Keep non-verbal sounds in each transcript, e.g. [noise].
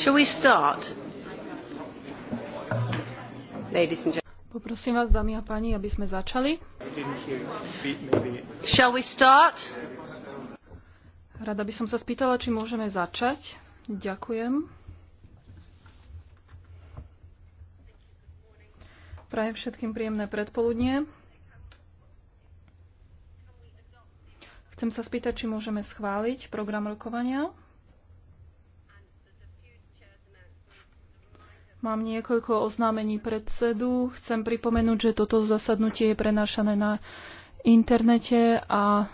Shall we start? Ladies and Poprosím vás, dámy a páni, aby sme začali. Shall we start? Rada by som sa spýtala, či môžeme začať. Ďakujem. Prajem všetkým príjemné predpoludnie. Chcem sa spýtať, či môžeme schváliť program rokovania. Mám niekoľko oznámení predsedu. Chcem pripomenúť, že toto zasadnutie je prenášané na internete a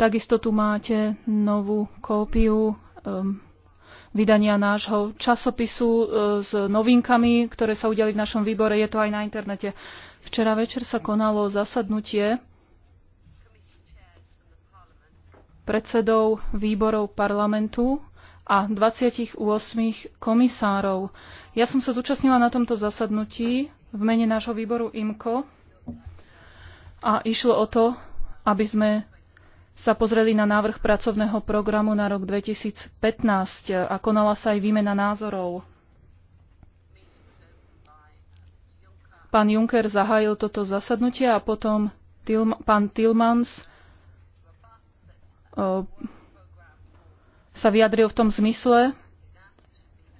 takisto tu máte novú kópiu um, vydania nášho časopisu uh, s novinkami, ktoré sa udiali v našom výbore. Je to aj na internete. Včera večer sa konalo zasadnutie predsedov výborov parlamentu a 28 komisárov. Ja som sa zúčastnila na tomto zasadnutí v mene nášho výboru IMCO a išlo o to, aby sme sa pozreli na návrh pracovného programu na rok 2015 a konala sa aj výmena názorov. Pán Juncker zahájil toto zasadnutie a potom pán Tilmans sa vyjadril v tom zmysle,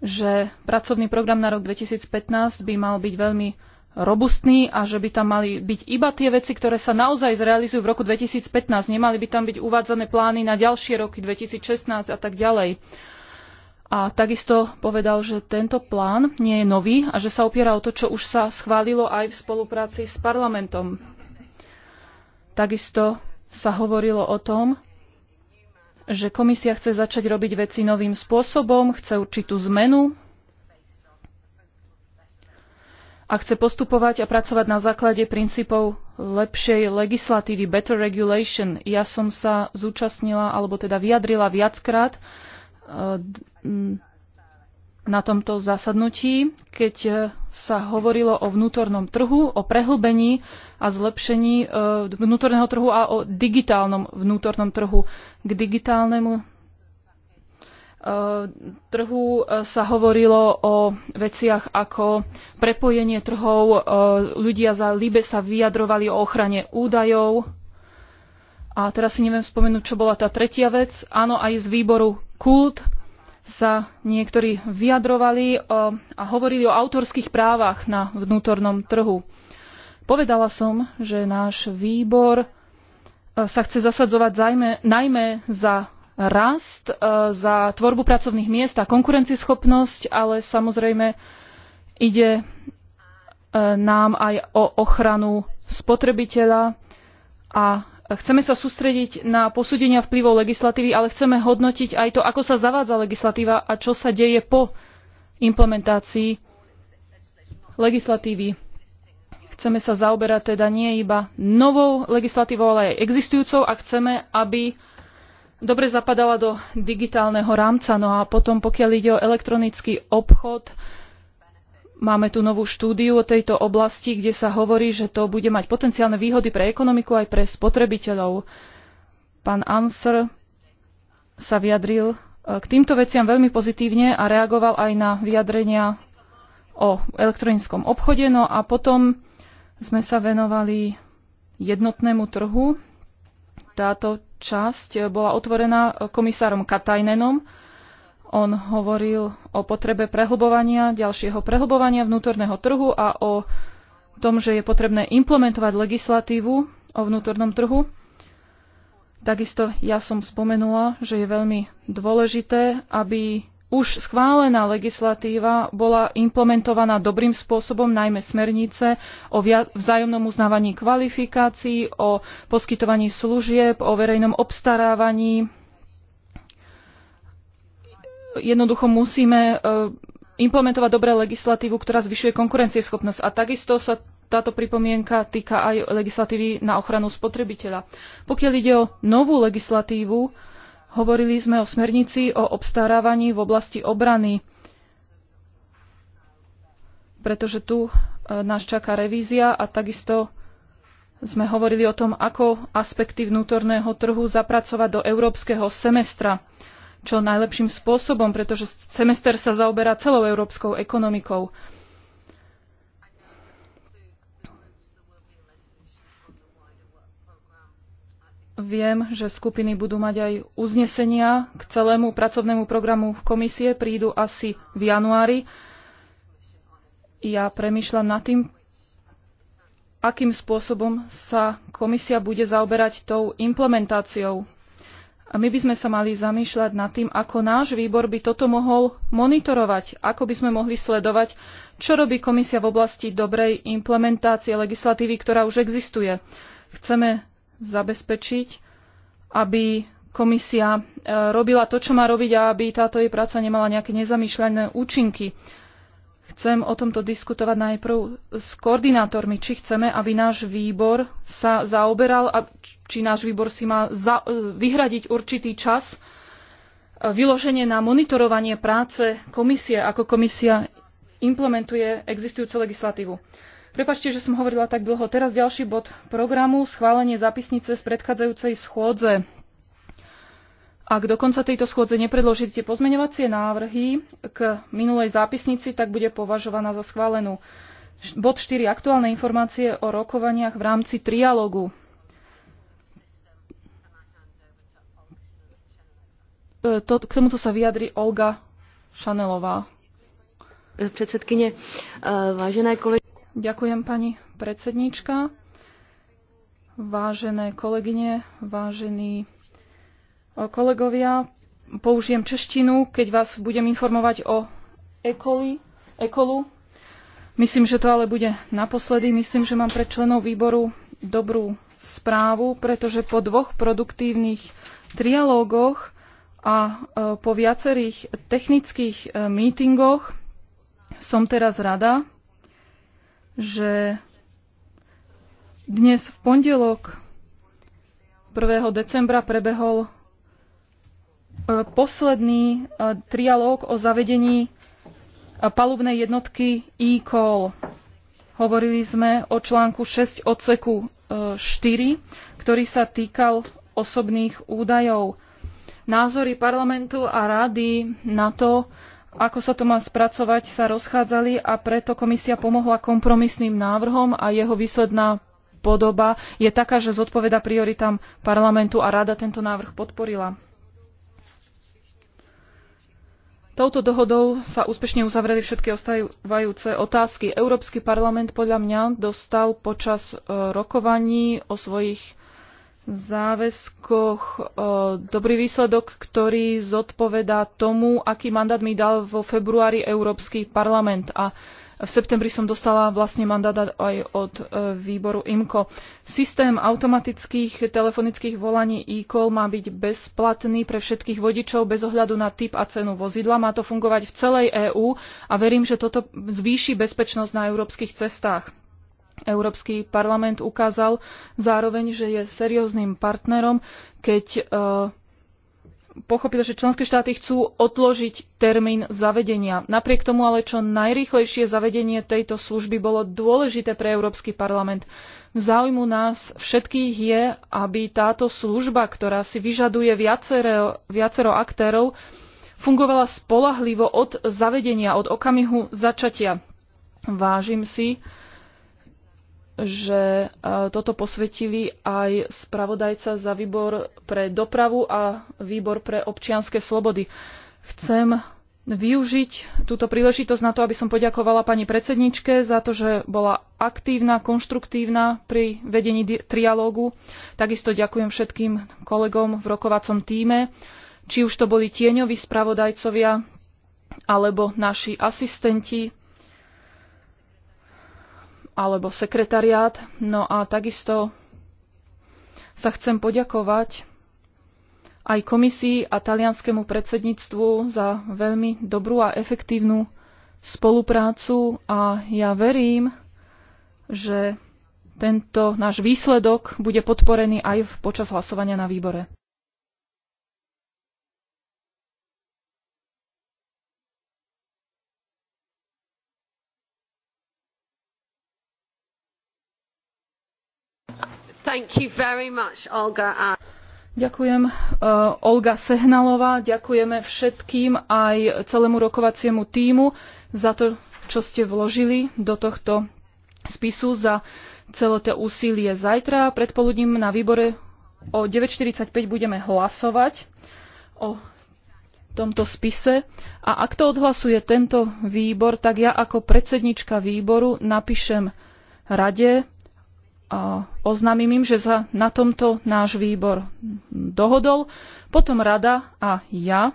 že pracovný program na rok 2015 by mal byť veľmi robustný a že by tam mali byť iba tie veci, ktoré sa naozaj zrealizujú v roku 2015. Nemali by tam byť uvádzané plány na ďalšie roky 2016 a tak ďalej. A takisto povedal, že tento plán nie je nový a že sa opiera o to, čo už sa schválilo aj v spolupráci s parlamentom. Takisto sa hovorilo o tom, že komisia chce začať robiť veci novým spôsobom, chce určitú zmenu a chce postupovať a pracovať na základe princípov lepšej legislatívy, better regulation. Ja som sa zúčastnila, alebo teda vyjadrila viackrát eh, na tomto zasadnutí, keď e, sa hovorilo o vnútornom trhu, o prehlbení a zlepšení e, vnútorného trhu a o digitálnom vnútornom trhu. K digitálnemu e, trhu sa hovorilo o veciach ako prepojenie trhov, ľudia za Libe sa vyjadrovali o ochrane údajov. A teraz si neviem spomenúť, čo bola tá tretia vec. Áno, aj z výboru Kult sa niektorí vyjadrovali a hovorili o autorských právach na vnútornom trhu. Povedala som, že náš výbor e, sa chce zasadzovať zajme, najmä za rast, e, za tvorbu pracovných miest a konkurencieschopnosť, ale samozrejme ide e, nám aj o ochranu spotrebiteľa a Chceme sa sústrediť na posúdenia vplyvov legislatívy, ale chceme hodnotiť aj to, ako sa zavádza legislatíva a čo sa deje po implementácii legislatívy. Chceme sa zaoberať teda nie iba novou legislatívou, ale aj existujúcou a chceme, aby dobre zapadala do digitálneho rámca. No a potom, pokiaľ ide o elektronický obchod, Máme tu novú štúdiu o tejto oblasti, kde sa hovorí, že to bude mať potenciálne výhody pre ekonomiku aj pre spotrebiteľov. Pán Anser sa vyjadril e, k týmto veciam veľmi pozitívne a reagoval aj na vyjadrenia o elektronickom obchode. No a potom sme sa venovali jednotnému trhu. Táto časť e, bola otvorená e, komisárom Katajnenom on hovoril o potrebe prehlbovania, ďalšieho prehlbovania vnútorného trhu a o tom, že je potrebné implementovať legislatívu o vnútornom trhu. Takisto ja som spomenula, že je veľmi dôležité, aby už schválená legislatíva bola implementovaná dobrým spôsobom, najmä smernice o vzájomnom uznávaní kvalifikácií, o poskytovaní služieb, o verejnom obstarávaní, jednoducho musíme e, implementovať dobré legislatívu, ktorá zvyšuje konkurencieschopnosť. A takisto sa táto pripomienka týka aj legislatívy na ochranu spotrebiteľa. Pokiaľ ide o novú legislatívu, hovorili sme o smernici o obstarávaní v oblasti obrany, pretože tu e, nás čaká revízia a takisto sme hovorili o tom, ako aspekty vnútorného trhu zapracovať do európskeho semestra čo najlepším spôsobom, pretože semester sa zaoberá celou európskou ekonomikou. Viem, že skupiny budú mať aj uznesenia k celému pracovnému programu komisie. Prídu asi v januári. Ja premyšľam nad tým, akým spôsobom sa komisia bude zaoberať tou implementáciou a my by sme sa mali zamýšľať nad tým, ako náš výbor by toto mohol monitorovať, ako by sme mohli sledovať, čo robí komisia v oblasti dobrej implementácie legislatívy, ktorá už existuje. Chceme zabezpečiť, aby komisia e, robila to, čo má robiť a aby táto jej práca nemala nejaké nezamýšľané účinky. Chcem o tomto diskutovať najprv s koordinátormi, či chceme, aby náš výbor sa zaoberal a či náš výbor si má za, e, vyhradiť určitý čas e, vyloženie na monitorovanie práce komisie, ako komisia implementuje existujúcu legislatívu. Prepačte, že som hovorila tak dlho. Teraz ďalší bod programu, schválenie zapisnice z predchádzajúcej schôdze. Ak do konca tejto schôdze nepredložíte pozmeňovacie návrhy k minulej zápisnici, tak bude považovaná za schválenú. Bod 4. Aktuálne informácie o rokovaniach v rámci trialógu. E, k tomuto sa vyjadri Olga Šanelová. Predsedkyne, e, vážené kolegy. Ďakujem pani predsedníčka. Vážené kolegyne, vážení Kolegovia, použijem češtinu, keď vás budem informovať o ekoli, ekolu. Myslím, že to ale bude naposledy. Myslím, že mám pre členov výboru dobrú správu, pretože po dvoch produktívnych trialógoch a e, po viacerých technických e, mítingoch som teraz rada, že dnes v pondelok 1. decembra prebehol E, posledný e, trialóg o zavedení e, palubnej jednotky e-call. Hovorili sme o článku 6 odseku 4, ktorý sa týkal osobných údajov. Názory parlamentu a rady na to, ako sa to má spracovať, sa rozchádzali a preto komisia pomohla kompromisným návrhom a jeho výsledná podoba je taká, že zodpoveda prioritám parlamentu a rada tento návrh podporila. Touto dohodou sa úspešne uzavreli všetky ostávajúce otázky. Európsky parlament podľa mňa dostal počas e, rokovaní o svojich záväzkoch e, dobrý výsledok, ktorý zodpovedá tomu, aký mandát mi dal vo februári Európsky parlament. A v septembri som dostala vlastne mandát aj od e, výboru IMCO. Systém automatických telefonických volaní e-call má byť bezplatný pre všetkých vodičov bez ohľadu na typ a cenu vozidla. Má to fungovať v celej EÚ a verím, že toto zvýši bezpečnosť na európskych cestách. Európsky parlament ukázal zároveň, že je serióznym partnerom, keď uh, pochopila, že členské štáty chcú odložiť termín zavedenia. Napriek tomu ale čo najrýchlejšie zavedenie tejto služby bolo dôležité pre Európsky parlament. V záujmu nás všetkých je, aby táto služba, ktorá si vyžaduje viacero, viacero aktérov, fungovala spolahlivo od zavedenia, od okamihu začatia. Vážim si, že e, toto posvetili aj spravodajca za výbor pre dopravu a výbor pre občianske slobody. Chcem využiť túto príležitosť na to, aby som poďakovala pani predsedničke za to, že bola aktívna, konštruktívna pri vedení trialógu. Takisto ďakujem všetkým kolegom v rokovacom týme, či už to boli tieňoví spravodajcovia alebo naši asistenti, alebo sekretariát. No a takisto sa chcem poďakovať aj komisii a talianskému predsedníctvu za veľmi dobrú a efektívnu spoluprácu a ja verím, že tento náš výsledok bude podporený aj počas hlasovania na výbore. Ďakujem uh, Olga Sehnalová, ďakujeme všetkým aj celému rokovaciemu týmu za to, čo ste vložili do tohto spisu, za celé to úsilie zajtra. Predpoludním na výbore o 9.45 budeme hlasovať o tomto spise. A ak to odhlasuje tento výbor, tak ja ako predsednička výboru napíšem rade, oznámim im, že sa na tomto náš výbor dohodol. Potom rada a ja e,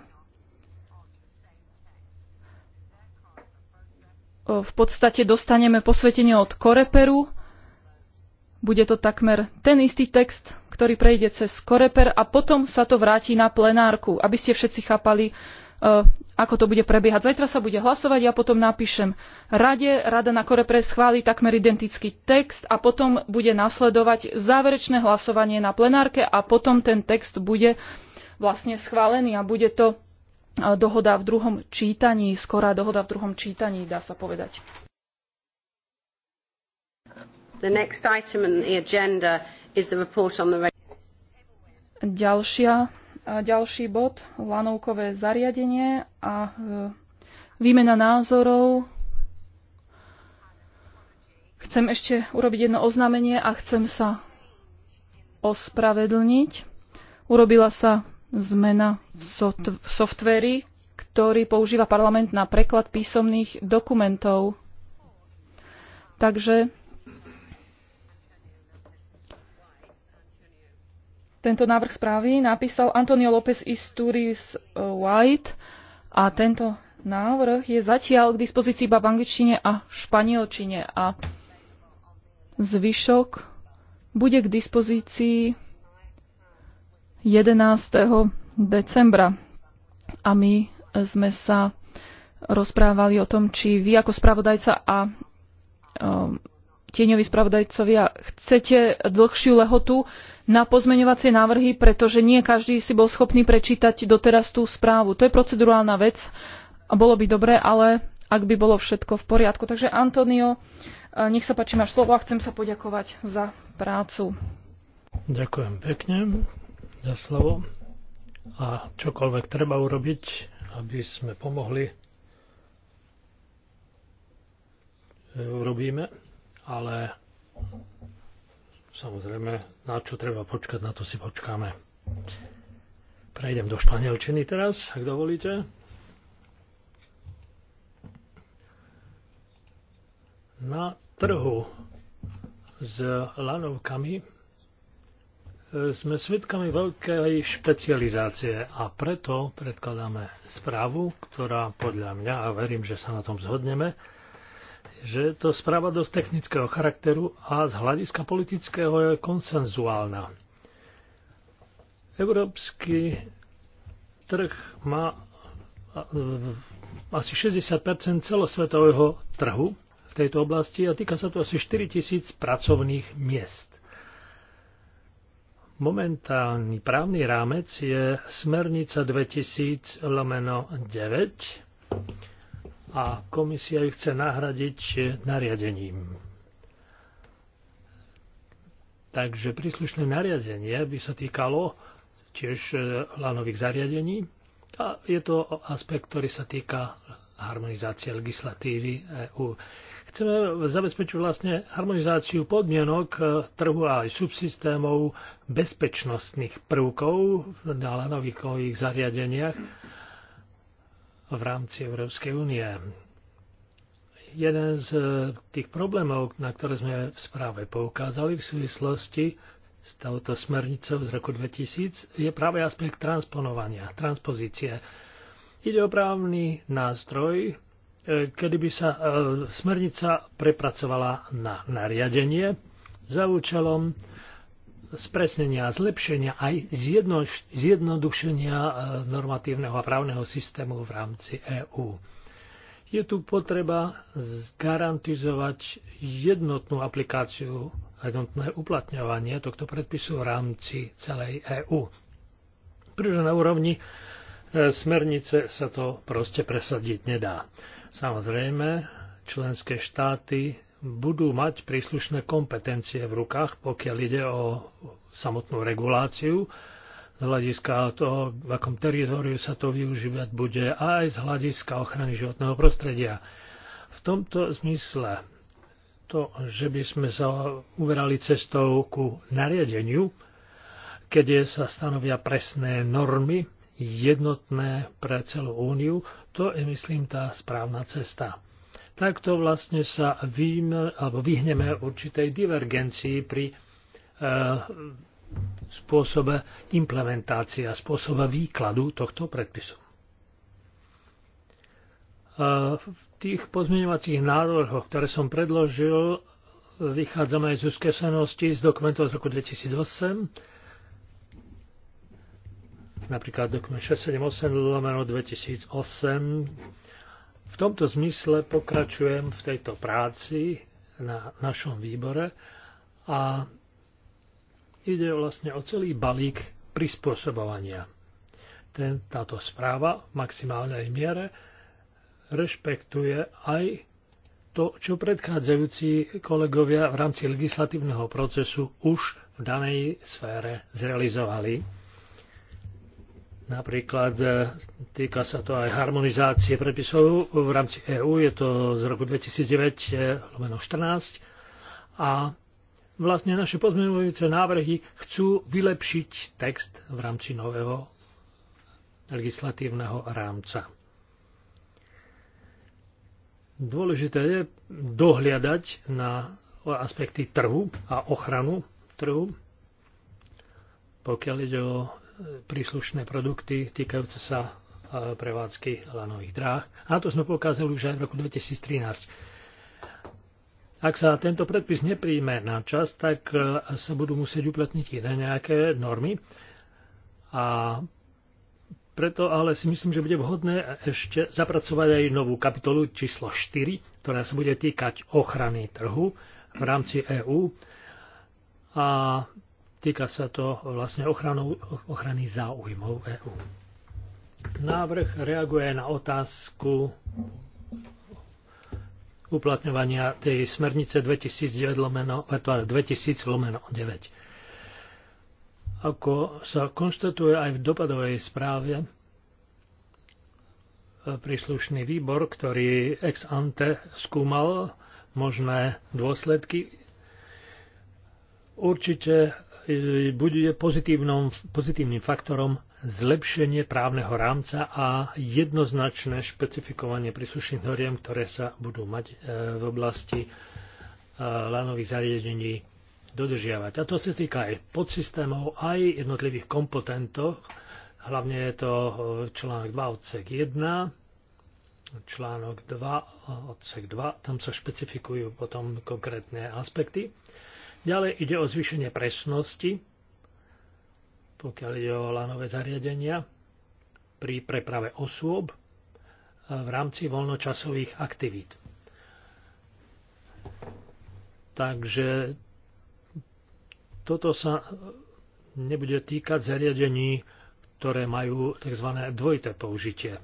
v podstate dostaneme posvetenie od Koreperu. Bude to takmer ten istý text, ktorý prejde cez Koreper a potom sa to vráti na plenárku, aby ste všetci chápali, E, ako to bude prebiehať. Zajtra sa bude hlasovať, ja potom napíšem rade, rada na Korepre schváli takmer identický text a potom bude nasledovať záverečné hlasovanie na plenárke a potom ten text bude vlastne schválený a bude to e, dohoda v druhom čítaní, skorá dohoda v druhom čítaní, dá sa povedať. The next item the agenda is the report on the... Ďalšia ďalší bod, lanovkové zariadenie a e, výmena názorov. Chcem ešte urobiť jedno oznámenie a chcem sa ospravedlniť. Urobila sa zmena v, sot- v softvéri, ktorý používa parlament na preklad písomných dokumentov. Takže Tento návrh správy napísal Antonio López Isturiz eh, White a tento návrh je zatiaľ k dispozícii iba v angličtine a španielčine a zvyšok bude k dispozícii 11. decembra. A my sme sa rozprávali o tom, či vy ako spravodajca a um, tieňoví spravodajcovia chcete dlhšiu lehotu na pozmeňovacie návrhy, pretože nie každý si bol schopný prečítať doteraz tú správu. To je procedurálna vec a bolo by dobre, ale ak by bolo všetko v poriadku. Takže Antonio, eh, nech sa páči, máš slovo a chcem sa poďakovať za prácu. Ďakujem pekne za slovo a čokoľvek treba urobiť, aby sme pomohli, eh, urobíme, ale Samozrejme, na čo treba počkať, na to si počkáme. Prejdem do španielčiny teraz, ak dovolíte. Na trhu s lanovkami e, sme svedkami veľkej špecializácie a preto predkladáme správu, ktorá podľa mňa, a verím, že sa na tom zhodneme, že to správa dosť technického charakteru a z hľadiska politického je konsenzuálna. Európsky trh má asi 60 celosvetového trhu v tejto oblasti a týka sa to asi 4 tisíc pracovných miest. Momentálny právny rámec je smernica 2000 lomeno 9 a komisia ju chce nahradiť nariadením. Takže príslušné nariadenie by sa týkalo tiež e, lánových zariadení a je to aspekt, ktorý sa týka harmonizácie legislatívy EU. Chceme zabezpečiť vlastne harmonizáciu podmienok e, trhu a aj subsystémov bezpečnostných prvkov na lanových zariadeniach v rámci Európskej únie. Jeden z eh, tých problémov, na ktoré sme v správe poukázali v súvislosti s touto smernicou z roku 2000, je práve aspekt transponovania, transpozície. Ide o právny nástroj, eh, kedy by sa eh, smernica prepracovala na nariadenie za účelom spresnenia, zlepšenia aj zjedno, zjednodušenia e, normatívneho a právneho systému v rámci EÚ. Je tu potreba zgarantizovať jednotnú aplikáciu a jednotné uplatňovanie tohto predpisu v rámci celej EÚ. Pretože na úrovni e, smernice sa to proste presadiť nedá. Samozrejme, členské štáty budú mať príslušné kompetencie v rukách, pokiaľ ide o samotnú reguláciu, z hľadiska toho, v akom teritoriu sa to využívať bude, a aj z hľadiska ochrany životného prostredia. V tomto zmysle to, že by sme sa uverali cestou ku nariadeniu, keď sa stanovia presné normy, jednotné pre celú úniu, to je, myslím, tá správna cesta takto vlastne sa vyjme, alebo vyhneme určitej divergencii pri e, spôsobe implementácie a spôsobe výkladu tohto predpisu. E, v tých pozmeňovacích návrhoch, ktoré som predložil, vychádzame aj z skúsenosti z dokumentov z roku 2008, napríklad dokument 678 lomeno 2008, v tomto zmysle pokračujem v tejto práci na našom výbore a ide vlastne o celý balík prispôsobovania. Ten, táto správa v maximálnej miere rešpektuje aj to, čo predchádzajúci kolegovia v rámci legislatívneho procesu už v danej sfére zrealizovali Napríklad e, týka sa to aj harmonizácie predpisov v rámci EÚ, je to z roku 2009 14 e, a vlastne naše pozmeňujúce návrhy chcú vylepšiť text v rámci nového legislatívneho rámca. Dôležité je dohliadať na aspekty trhu a ochranu trhu, pokiaľ ide o príslušné produkty týkajúce sa e, prevádzky lanových dráh. A to sme pokázali už aj v roku 2013. Ak sa tento predpis nepríjme na čas, tak e, sa budú musieť uplatniť iné nejaké normy. A preto ale si myslím, že bude vhodné ešte zapracovať aj novú kapitolu číslo 4, ktorá sa bude týkať ochrany trhu v rámci EÚ. A Týka sa to vlastne ochranu, ochrany záujmov EÚ. Návrh reaguje na otázku uplatňovania tej smernice 2009 lomeno, 2000 lomeno 9. Ako sa konštatuje aj v dopadovej správe, príslušný výbor, ktorý ex ante skúmal možné dôsledky, určite E, bude pozitívnym faktorom zlepšenie právneho rámca a jednoznačné špecifikovanie príslušných noriem, ktoré sa budú mať e, v oblasti e, lánových zariadení dodržiavať. A to sa týka aj podsystémov, aj jednotlivých kompotentov. Hlavne je to článok 2 odsek 1, článok 2 odsek 2, tam sa špecifikujú potom konkrétne aspekty. Ďalej ide o zvýšenie presnosti, pokiaľ ide o lanové zariadenia, pri preprave osôb e, v rámci voľnočasových aktivít. Takže toto sa nebude týkať zariadení, ktoré majú tzv. dvojité použitie.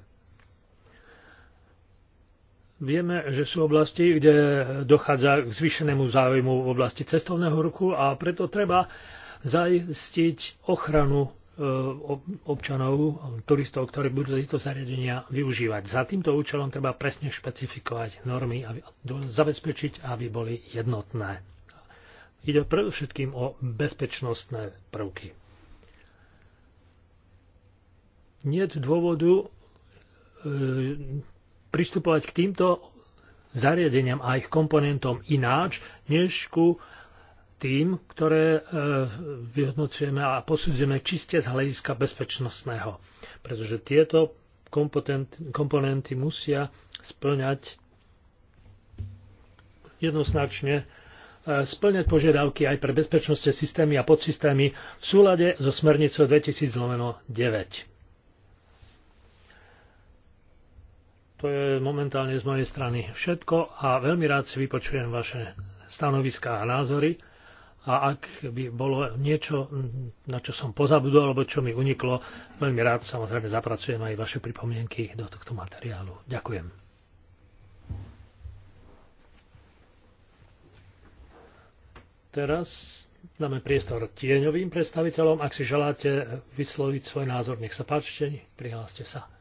Vieme, že sú oblasti, kde dochádza k zvýšenému záujmu v oblasti cestovného ruchu a preto treba zaistiť ochranu e, občanov, turistov, ktorí budú tieto zariadenia využívať. Za týmto účelom treba presne špecifikovať normy a zabezpečiť, aby boli jednotné. Ide predovšetkým o bezpečnostné prvky. Nie dôvodu e, pristupovať k týmto zariadeniam a ich komponentom ináč, než ku tým, ktoré e, vyhodnocujeme a posudzujeme čiste z hľadiska bezpečnostného. Pretože tieto komponenty musia splňať jednoznačne e, splňať požiadavky aj pre bezpečnostné systémy a podsystémy v súlade so smernicou 2009. To je momentálne z mojej strany všetko a veľmi rád si vypočujem vaše stanoviská a názory. A ak by bolo niečo, na čo som pozabudol, alebo čo mi uniklo, veľmi rád samozrejme zapracujem aj vaše pripomienky do tohto materiálu. Ďakujem. Teraz dáme priestor tieňovým predstaviteľom. Ak si želáte vysloviť svoj názor, nech sa páčte, prihláste sa.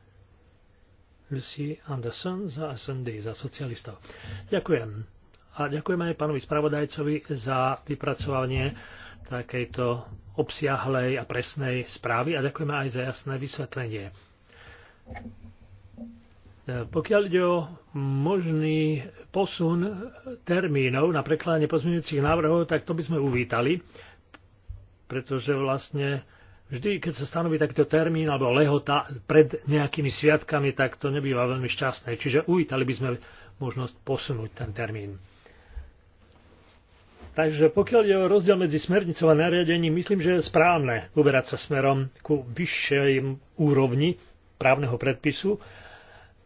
Lucy Anderson za SND, za socialistov. Ďakujem. A ďakujem aj pánovi spravodajcovi za vypracovanie takejto obsiahlej a presnej správy a ďakujeme aj za jasné vysvetlenie. Pokiaľ ide o možný posun termínov na prekladanie pozmeňujúcich návrhov, tak to by sme uvítali, pretože vlastne Vždy, keď sa stanoví takýto termín alebo lehota pred nejakými sviatkami, tak to nebýva veľmi šťastné. Čiže uvítali by sme možnosť posunúť ten termín. Takže pokiaľ je o rozdiel medzi smernicou a nariadením, myslím, že je správne uberať sa smerom ku vyššej úrovni právneho predpisu,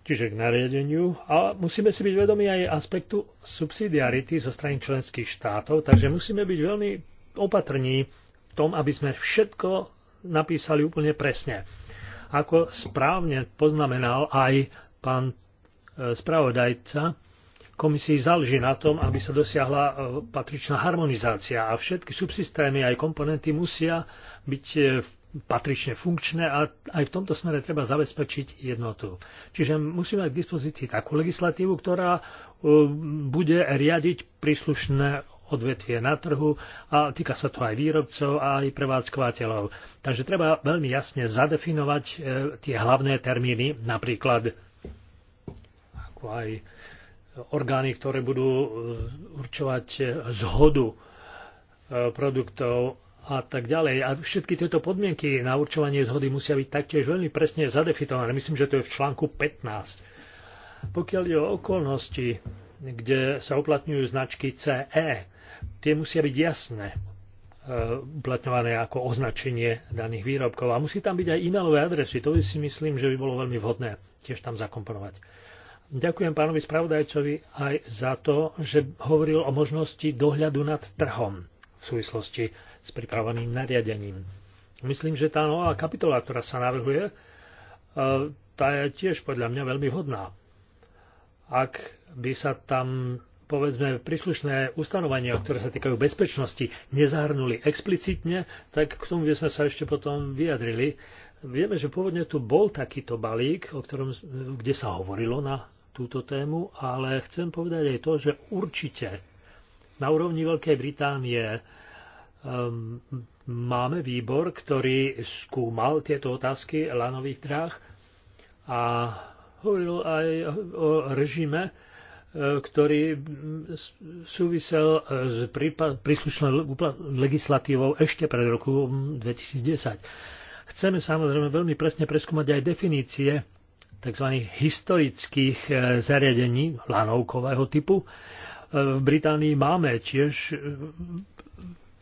čiže k nariadeniu. A musíme si byť vedomi aj aspektu subsidiarity zo strany členských štátov, takže musíme byť veľmi opatrní v tom, aby sme všetko napísali úplne presne. Ako správne poznamenal aj pán e, spravodajca, komisii záleží na tom, aby sa dosiahla e, patričná harmonizácia a všetky subsystémy aj komponenty musia byť e, patrične funkčné a aj v tomto smere treba zabezpečiť jednotu. Čiže musíme mať k dispozícii takú legislatívu, ktorá bude riadiť príslušné odvetvie na trhu a týka sa to aj výrobcov a aj prevádzkovateľov. Takže treba veľmi jasne zadefinovať e, tie hlavné termíny, napríklad ako aj orgány, ktoré budú e, určovať e, zhodu produktov a tak ďalej. A všetky tieto podmienky na určovanie zhody musia byť taktiež veľmi presne zadefinované. Myslím, že to je v článku 15. Pokiaľ je o okolnosti, kde sa uplatňujú značky CE, tie musia byť jasné e, uplatňované ako označenie daných výrobkov. A musí tam byť aj e-mailové adresy. To si myslím, že by bolo veľmi vhodné tiež tam zakomponovať. Ďakujem pánovi spravodajcovi aj za to, že hovoril o možnosti dohľadu nad trhom v súvislosti s pripravovaným nariadením. Myslím, že tá nová kapitola, ktorá sa navrhuje, e, tá je tiež podľa mňa veľmi vhodná. Ak by sa tam povedzme príslušné ustanovania, ktoré sa týkajú bezpečnosti, nezahrnuli explicitne, tak k tomu by sme sa ešte potom vyjadrili. Vieme, že pôvodne tu bol takýto balík, o ktorom, kde sa hovorilo na túto tému, ale chcem povedať aj to, že určite na úrovni Veľkej Británie um, máme výbor, ktorý skúmal tieto otázky lanových dráh a hovoril aj o režime, ktorý súvisel s príslušnou legislatívou ešte pred roku 2010. Chceme samozrejme veľmi presne preskúmať aj definície tzv. historických eh, zariadení lanovkového typu. Eh, v Británii máme tiež eh,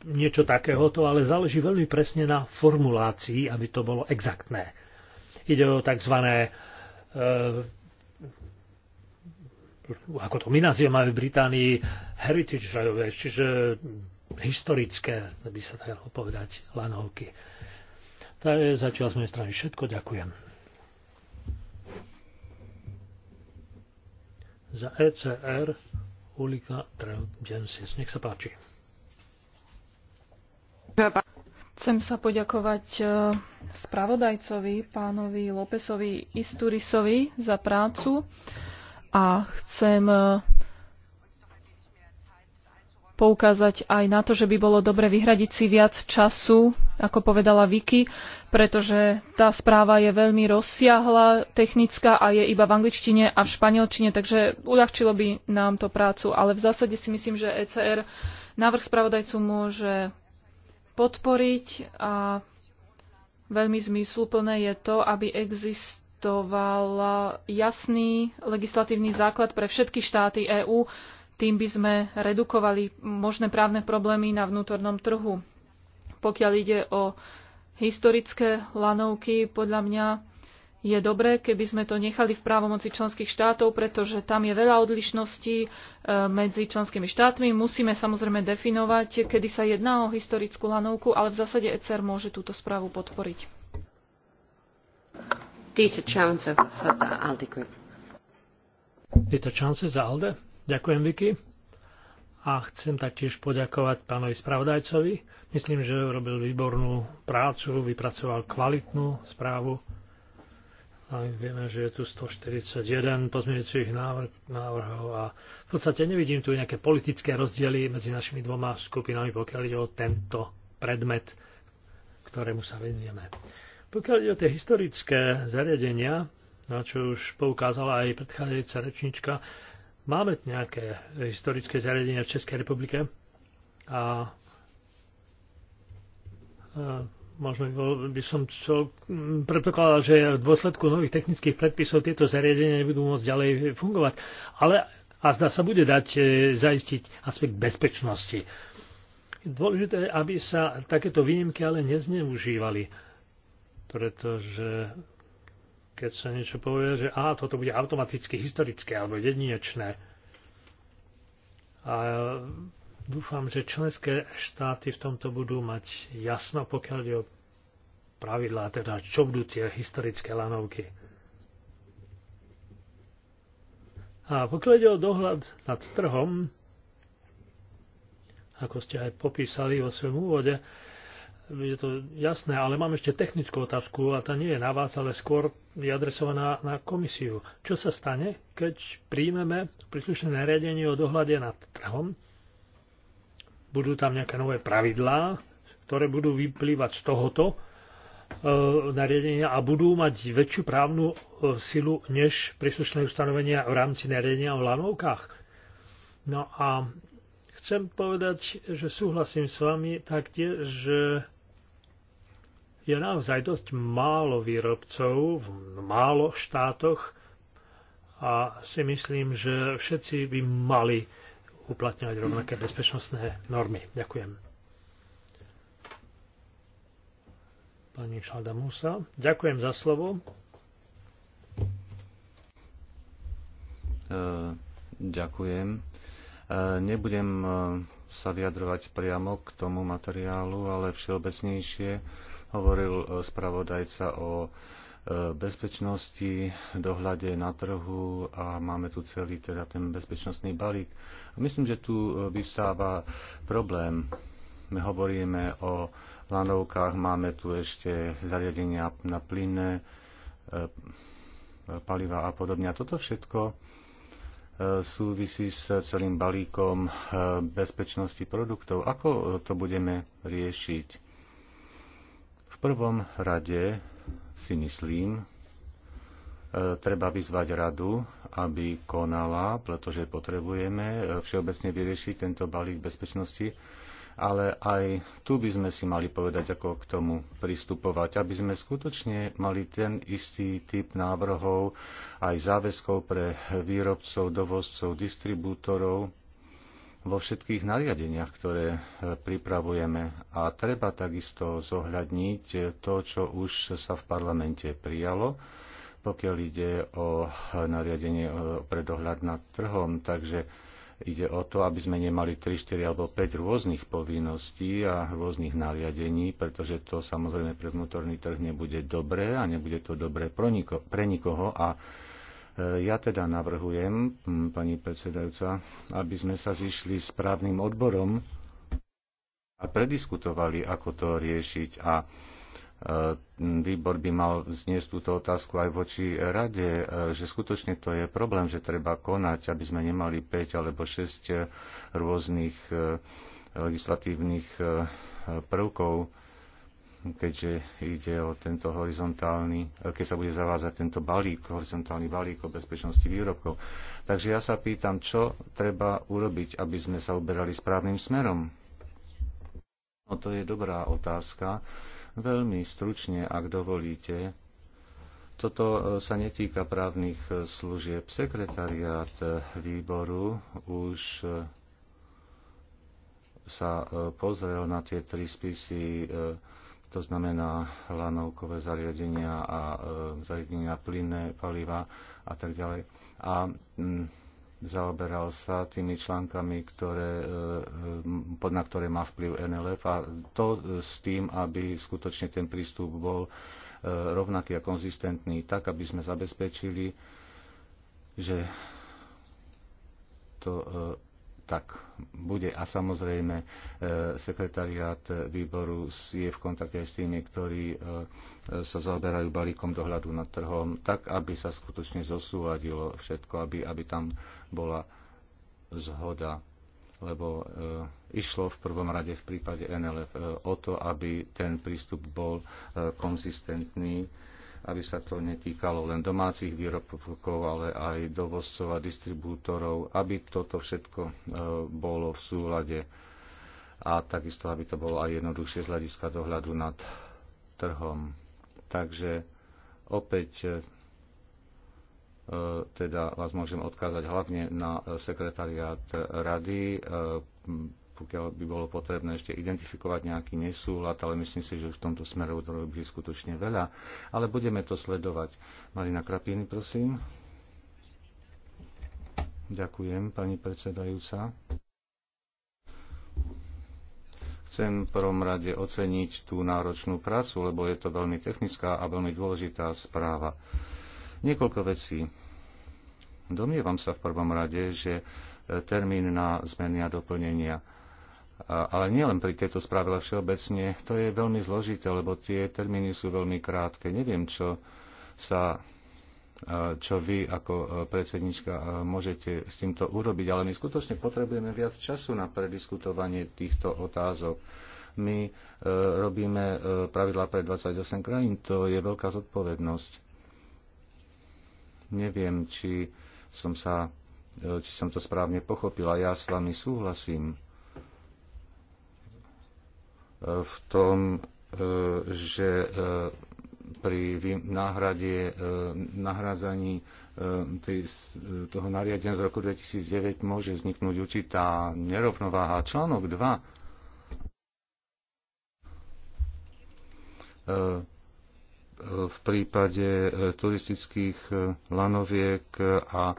niečo takéhoto, ale záleží veľmi presne na formulácii, aby to bolo exaktné. Ide o tzv ako to my máme v Británii heritage rajové, čiže historické, by sa dalo povedať, lanovky. je zatiaľ z mojej strany všetko. Ďakujem. Za ECR Ulika Trevdensis. Nech sa páči. Chcem sa poďakovať e, spravodajcovi, pánovi Lópezovi Isturisovi za prácu a chcem e, poukázať aj na to, že by bolo dobre vyhradiť si viac času, ako povedala Vicky, pretože tá správa je veľmi rozsiahla, technická a je iba v angličtine a v španielčine, takže uľahčilo by nám to prácu. Ale v zásade si myslím, že ECR návrh spravodajcu môže podporiť a veľmi zmysluplné je to, aby exist poskytovala jasný legislatívny základ pre všetky štáty EÚ, tým by sme redukovali možné právne problémy na vnútornom trhu. Pokiaľ ide o historické lanovky, podľa mňa je dobré, keby sme to nechali v právomoci členských štátov, pretože tam je veľa odlišností e, medzi členskými štátmi. Musíme samozrejme definovať, kedy sa jedná o historickú lanovku, ale v zásade ECR môže túto správu podporiť. Dieter Chance za ALDE. Ďakujem, Vicky. A chcem taktiež poďakovať pánovi spravodajcovi. Myslím, že robil výbornú prácu, vypracoval kvalitnú správu. A vieme, že je tu 141 pozmeňujúcich návrhov a v podstate nevidím tu nejaké politické rozdiely medzi našimi dvoma skupinami, pokiaľ ide o tento predmet, ktorému sa venujeme. Pokiaľ ide o tie historické zariadenia, na čo už poukázala aj predchádzajúca rečnička, máme nejaké historické zariadenia v Českej republike a možno by som predpokladal, že v dôsledku nových technických predpisov tieto zariadenia nebudú môcť ďalej fungovať. Ale a zdá sa bude dať e, zaistiť aspekt bezpečnosti. Dôležité, aby sa takéto výnimky ale nezneužívali pretože keď sa niečo povie, že a toto bude automaticky historické alebo jedinečné. A dúfam, že členské štáty v tomto budú mať jasno, pokiaľ je o pravidlá, teda čo budú tie historické lanovky. A pokiaľ ide o dohľad nad trhom, ako ste aj popísali vo svojom úvode, je to jasné, ale mám ešte technickú otázku a tá nie je na vás, ale skôr je adresovaná na komisiu. Čo sa stane, keď príjmeme príslušné nariadenie o dohľade nad trhom? Budú tam nejaké nové pravidlá, ktoré budú vyplývať z tohoto e, nariadenia a budú mať väčšiu právnu e, silu než príslušné ustanovenia v rámci nariadenia o lanovkách. No a chcem povedať, že súhlasím s vami taktiež, že je naozaj dosť málo výrobcov v málo štátoch a si myslím, že všetci by mali uplatňovať rovnaké bezpečnostné normy. Ďakujem. Pani Musa, ďakujem za slovo. E, ďakujem. E, nebudem e, sa vyjadrovať priamo k tomu materiálu, ale všeobecnejšie Hovoril e, spravodajca o e, bezpečnosti, dohľade na trhu a máme tu celý teda ten bezpečnostný balík. Myslím, že tu e, vystáva problém. My hovoríme o lanovkách, máme tu ešte zariadenia na plynné paliva a podobne. A toto všetko súvisí s celým balíkom bezpečnosti produktov. Ako to budeme riešiť? prvom rade si myslím, e, treba vyzvať radu, aby konala, pretože potrebujeme e, všeobecne vyriešiť tento balík bezpečnosti, ale aj tu by sme si mali povedať, ako k tomu pristupovať, aby sme skutočne mali ten istý typ návrhov aj záväzkov pre výrobcov, dovozcov, distribútorov, vo všetkých nariadeniach, ktoré e, pripravujeme. A treba takisto zohľadniť e, to, čo už sa v parlamente prijalo, pokiaľ ide o e, nariadenie pre dohľad nad trhom. Takže ide o to, aby sme nemali 3, 4 alebo 5 rôznych povinností a rôznych nariadení, pretože to samozrejme pre vnútorný trh nebude dobré a nebude to dobré pre nikoho a E, ja teda navrhujem, pani predsedajúca, aby sme sa zišli s právnym odborom a prediskutovali, ako to riešiť a e, výbor by mal zniesť túto otázku aj voči rade, e, že skutočne to je problém, že treba konať, aby sme nemali 5 alebo 6 rôznych legislatívnych prvkov keďže ide o tento horizontálny, eh, keď sa bude zavázať tento balík, horizontálny balík o bezpečnosti výrobkov. Takže ja sa pýtam, čo treba urobiť, aby sme sa uberali správnym smerom? No to je dobrá otázka. Veľmi stručne, ak dovolíte, toto eh, sa netýka právnych eh, služieb. Sekretariat výboru už sa pozrel na tie tri spisy to znamená lanovkové zariadenia a e, zariadenia plynné paliva a tak ďalej. A m, zaoberal sa tými článkami, ktoré, e, pod na ktoré má vplyv NLF a to e, s tým, aby skutočne ten prístup bol e, rovnaký a konzistentný, tak aby sme zabezpečili, že to e, tak bude. A samozrejme, e, sekretariát výboru je v kontakte aj s tými, ktorí e, sa zaoberajú balíkom dohľadu nad trhom, tak aby sa skutočne zosúladilo všetko, aby, aby tam bola zhoda. Lebo e, išlo v prvom rade v prípade NLF e, o to, aby ten prístup bol e, konzistentný aby sa to netýkalo len domácich výrobkov, ale aj dovozcov a distribútorov, aby toto všetko e, bolo v súlade a takisto, aby to bolo aj jednoduchšie z hľadiska dohľadu nad trhom. Takže opäť e, teda vás môžem odkázať hlavne na sekretariát rady e, pokiaľ by bolo potrebné ešte identifikovať nejaký nesúlad, ale myslím si, že v tomto smere urobili skutočne veľa. Ale budeme to sledovať. Marina Krapiny, prosím. Ďakujem, pani predsedajúca. Chcem v prvom rade oceniť tú náročnú prácu, lebo je to veľmi technická a veľmi dôležitá správa. Niekoľko vecí. Domnievam sa v prvom rade, že termín na zmeny a doplnenia ale nielen pri tejto správe, ale všeobecne, to je veľmi zložité, lebo tie termíny sú veľmi krátke. Neviem, čo sa čo vy ako predsednička môžete s týmto urobiť, ale my skutočne potrebujeme viac času na prediskutovanie týchto otázok. My e, robíme e, pravidlá pre 28 krajín, to je veľká zodpovednosť. Neviem, či som, sa, e, či som to správne pochopila. Ja s vami súhlasím v tom, e, že e, pri náhrade, e, nahrádzaní toho nariadenia z roku 2009 môže vzniknúť určitá nerovnováha. Článok 2 v prípade turistických lanoviek a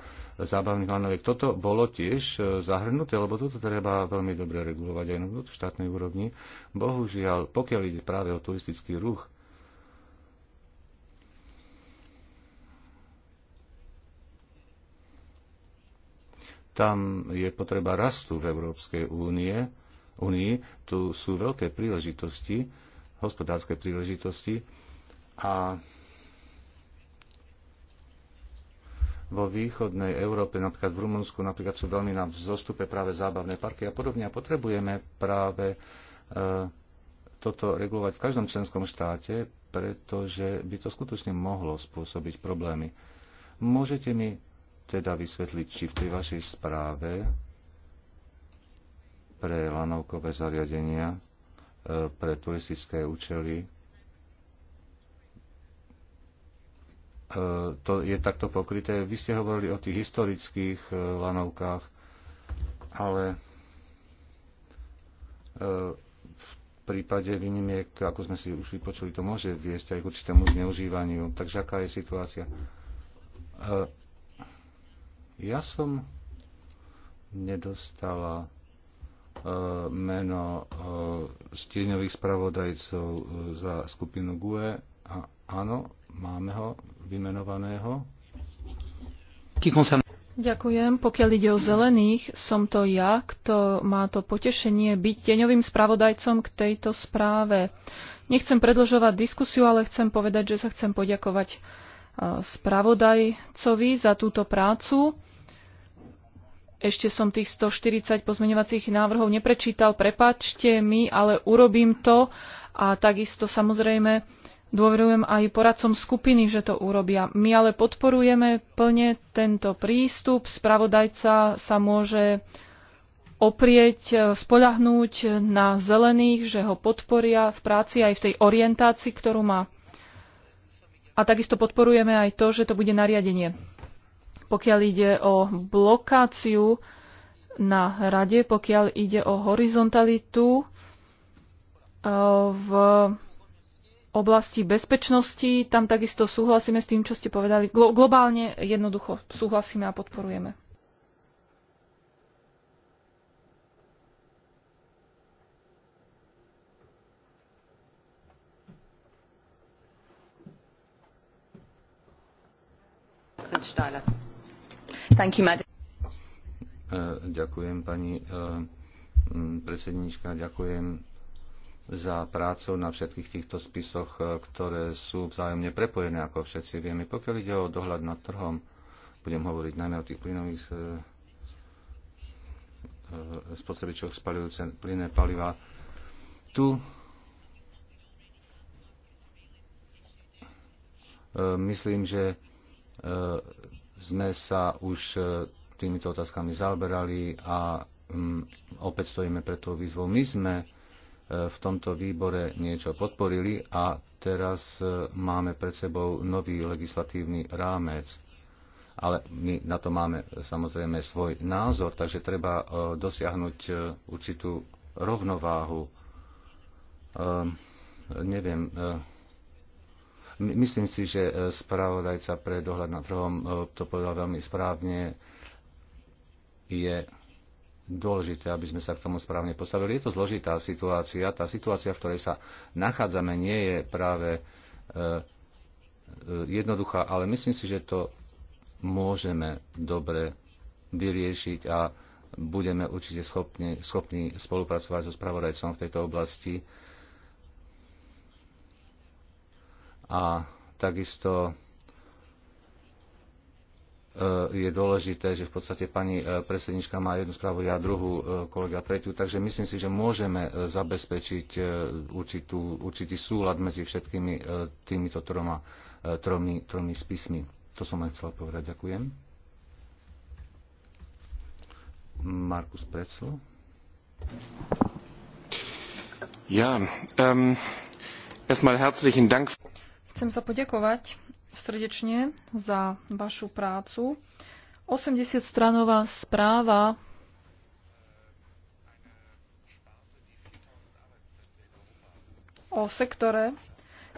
zábavných lanoviek. Toto bolo tiež e, zahrnuté, lebo toto treba veľmi dobre regulovať aj na štátnej úrovni. Bohužiaľ, pokiaľ ide práve o turistický ruch, tam je potreba rastu v Európskej únie, únii. Tu sú veľké príležitosti, hospodárske príležitosti a vo východnej Európe, napríklad v Rumunsku, napríklad sú veľmi na vzostupe práve zábavné parky a podobne. A potrebujeme práve e, toto regulovať v každom členskom štáte, pretože by to skutočne mohlo spôsobiť problémy. Môžete mi teda vysvetliť, či v tej vašej správe pre lanovkové zariadenia, e, pre turistické účely E, to je takto pokryté. Vy ste hovorili o tých historických e, lanovkách, ale e, v prípade výnimiek, ako sme si už vypočuli, to môže viesť aj k určitému zneužívaniu. Takže aká je situácia? Ja som nedostala meno stieňových spravodajcov za skupinu GUE. A, áno, Máme ho vymenovaného. Ďakujem. Pokiaľ ide o zelených, som to ja, kto má to potešenie byť deňovým spravodajcom k tejto správe. Nechcem predlžovať diskusiu, ale chcem povedať, že sa chcem poďakovať e, spravodajcovi za túto prácu. Ešte som tých 140 pozmeňovacích návrhov neprečítal, prepačte mi, ale urobím to a takisto samozrejme Dôverujem aj poradcom skupiny, že to urobia. My ale podporujeme plne tento prístup. Spravodajca sa môže oprieť, e, spolahnúť na zelených, že ho podporia v práci aj v tej orientácii, ktorú má. A takisto podporujeme aj to, že to bude nariadenie. Pokiaľ ide o blokáciu na rade, pokiaľ ide o horizontalitu e, v oblasti bezpečnosti, tam takisto súhlasíme s tým, čo ste povedali. Glo- globálne jednoducho súhlasíme a podporujeme. Eh, ďakujem, pani eh, predsednička, ďakujem za prácu na všetkých týchto spisoch, e, ktoré sú vzájomne prepojené, ako všetci vieme. Pokiaľ ide o dohľad nad trhom, budem hovoriť najmä o tých plynových e, e, spotrebičoch spalujúce plynné paliva. Tu myslím, že sme sa už týmito otázkami zaoberali a mm, opäť stojíme pred tou výzvou. My sme v tomto výbore niečo podporili a teraz e, máme pred sebou nový legislatívny rámec. Ale my na to máme e, samozrejme svoj názor, takže treba e, dosiahnuť určitú rovnováhu. Neviem, myslím si, že spravodajca pre dohľad nad trhom to povedal veľmi správne, je dôležité, aby sme sa k tomu správne postavili. Je to zložitá situácia. Tá situácia, v ktorej sa nachádzame, nie je práve e, e, jednoduchá, ale myslím si, že to môžeme dobre vyriešiť a budeme určite schopni, schopní spolupracovať so spravodajcom v tejto oblasti. A takisto E, je dôležité, že v podstate pani e, predsednička má jednu správu, ja druhú, e, kolega tretiu, takže myslím si, že môžeme zabezpečiť určitú, určitý súlad medzi všetkými týmito troma, tromi, tromi spismi. To som len chcel povedať. Ďakujem. Markus Precl. Ja, um, erstmal herzlichen Dank. Chcem sa poďakovať srdečne za vašu prácu. 80-stranová správa o sektore,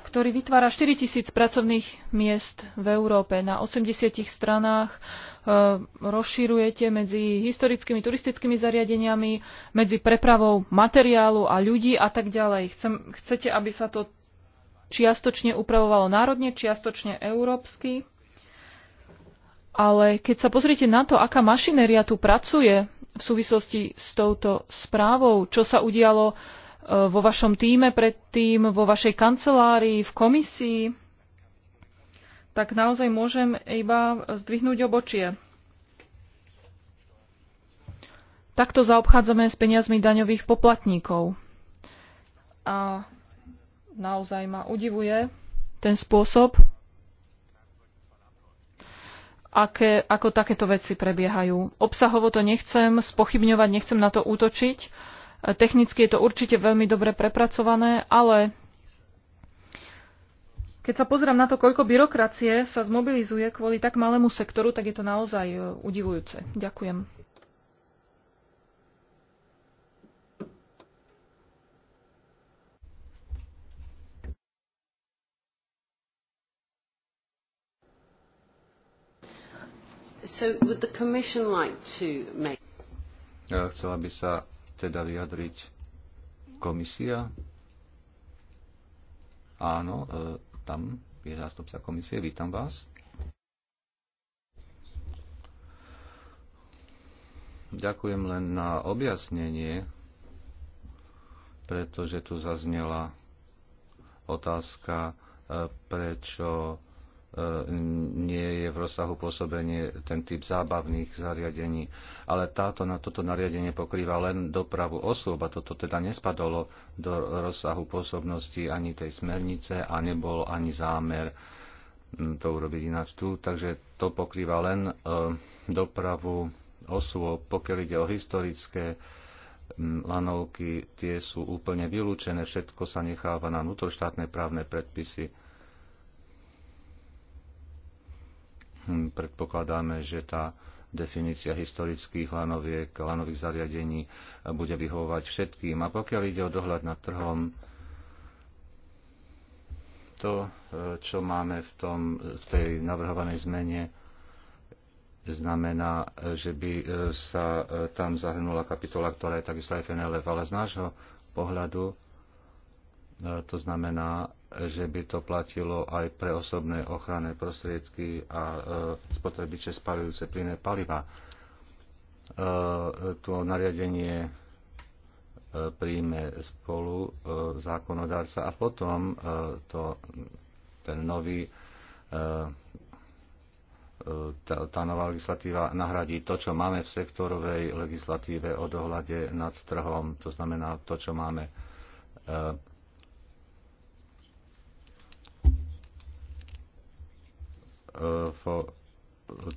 ktorý vytvára 4 tisíc pracovných miest v Európe. Na 80 stranách eh, rozširujete medzi historickými turistickými zariadeniami, medzi prepravou materiálu a ľudí a tak ďalej. Chcem, chcete, aby sa to čiastočne upravovalo národne, čiastočne európsky. Ale keď sa pozriete na to, aká mašinéria tu pracuje v súvislosti s touto správou, čo sa udialo e, vo vašom týme predtým, vo vašej kancelárii, v komisii, tak naozaj môžem iba zdvihnúť obočie. Takto zaobchádzame s peniazmi daňových poplatníkov. A naozaj ma udivuje ten spôsob, aké, ako takéto veci prebiehajú. Obsahovo to nechcem spochybňovať, nechcem na to útočiť. Technicky je to určite veľmi dobre prepracované, ale keď sa pozriem na to, koľko byrokracie sa zmobilizuje kvôli tak malému sektoru, tak je to naozaj e, udivujúce. Ďakujem. So would the Commission like to make... Chcela by sa teda vyjadriť komisia? Áno, e, tam je zástupca komisie. Vítam vás. Ďakujem len na objasnenie, pretože tu zaznela otázka, e, prečo E, nie je v rozsahu pôsobenie ten typ zábavných zariadení. Ale táto, na toto nariadenie pokrýva len dopravu osôb a toto teda nespadalo do rozsahu pôsobnosti ani tej smernice a nebol ani zámer to urobiť ináč tu. Takže to pokrýva len e, dopravu osôb. Pokiaľ ide o historické lanovky, tie sú úplne vylúčené, všetko sa necháva na vnútroštátne právne predpisy Hm, predpokladáme, že tá definícia historických lanoviek, lanových zariadení eh, bude vyhovovať všetkým. A pokiaľ ide o dohľad nad trhom, to, eh, čo máme v, tom, v tej navrhovanej zmene, znamená, eh, že by sa tam zahrnula kapitola, ktorá je takisto aj FNLF, ale z nášho pohľadu to znamená, že by to platilo aj pre osobné ochranné prostriedky a e, spotrebiče spalujúce plyné paliva. E, to nariadenie e, príjme spolu zákonodárca a potom to, ten nový tá, tá nová legislatíva nahradí to, čo máme v sektorovej legislatíve o dohľade nad trhom, to znamená to, čo máme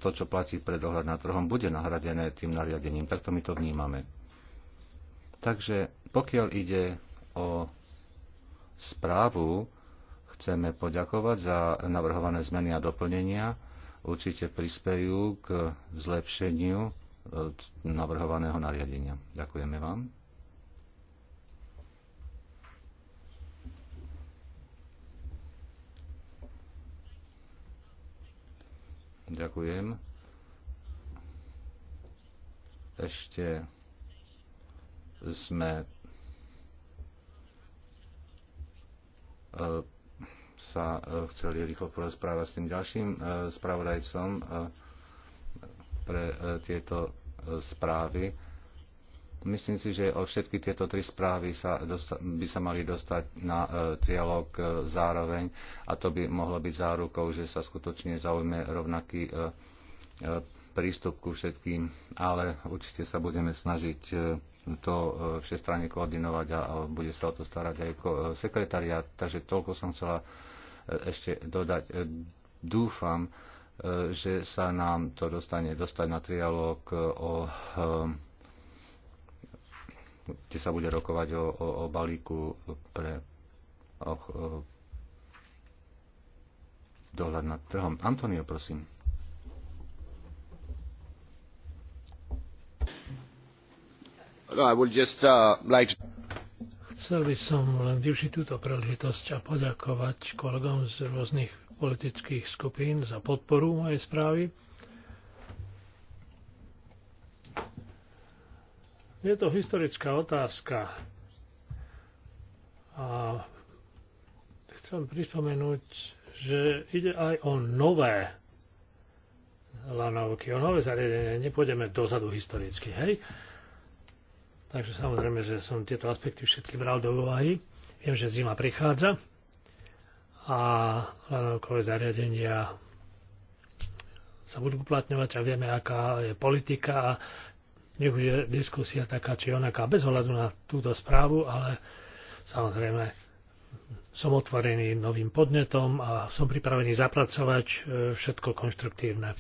to, čo platí pre dohľad nad trhom, bude nahradené tým nariadením. Takto my to vnímame. Takže pokiaľ ide o správu, chceme poďakovať za navrhované zmeny a doplnenia. Určite prispejú k zlepšeniu e, navrhovaného nariadenia. Ďakujeme vám. Ďakujem. Ešte sme e, sa e, chceli rýchlo porozprávať s tým ďalším e, spravodajcom pre tieto správy. Myslím si, že všetky tieto tri správy sa by sa mali dostať na e, trialog e, zároveň a to by mohlo byť zárukou, že sa skutočne zaujme rovnaký e, prístup ku všetkým, ale určite sa budeme snažiť to všestranne koordinovať a bude sa o to starať aj sekretariat. Takže toľko som chcela ešte dodať. Dúfam, že sa nám to dostane dostať na trialóg o kde sa bude rokovať o, o, o balíku pre o, o, dohľad nad trhom. Antonio, prosím. No, uh, Chcel by som len využiť túto príležitosť a poďakovať kolegom z rôznych politických skupín za podporu mojej správy Je to historická otázka. A chcem pripomenúť, že ide aj o nové lanovky, o nové zariadenie. Nepôjdeme dozadu historicky, hej? Takže samozrejme, že som tieto aspekty všetky bral do úvahy. Viem, že zima prichádza a lanovkové zariadenia sa budú uplatňovať a vieme, aká je politika a nech už je diskusia taká či onaká, bez ohľadu na túto správu, ale samozrejme som otvorený novým podnetom a som pripravený zapracovať e, všetko konštruktívne.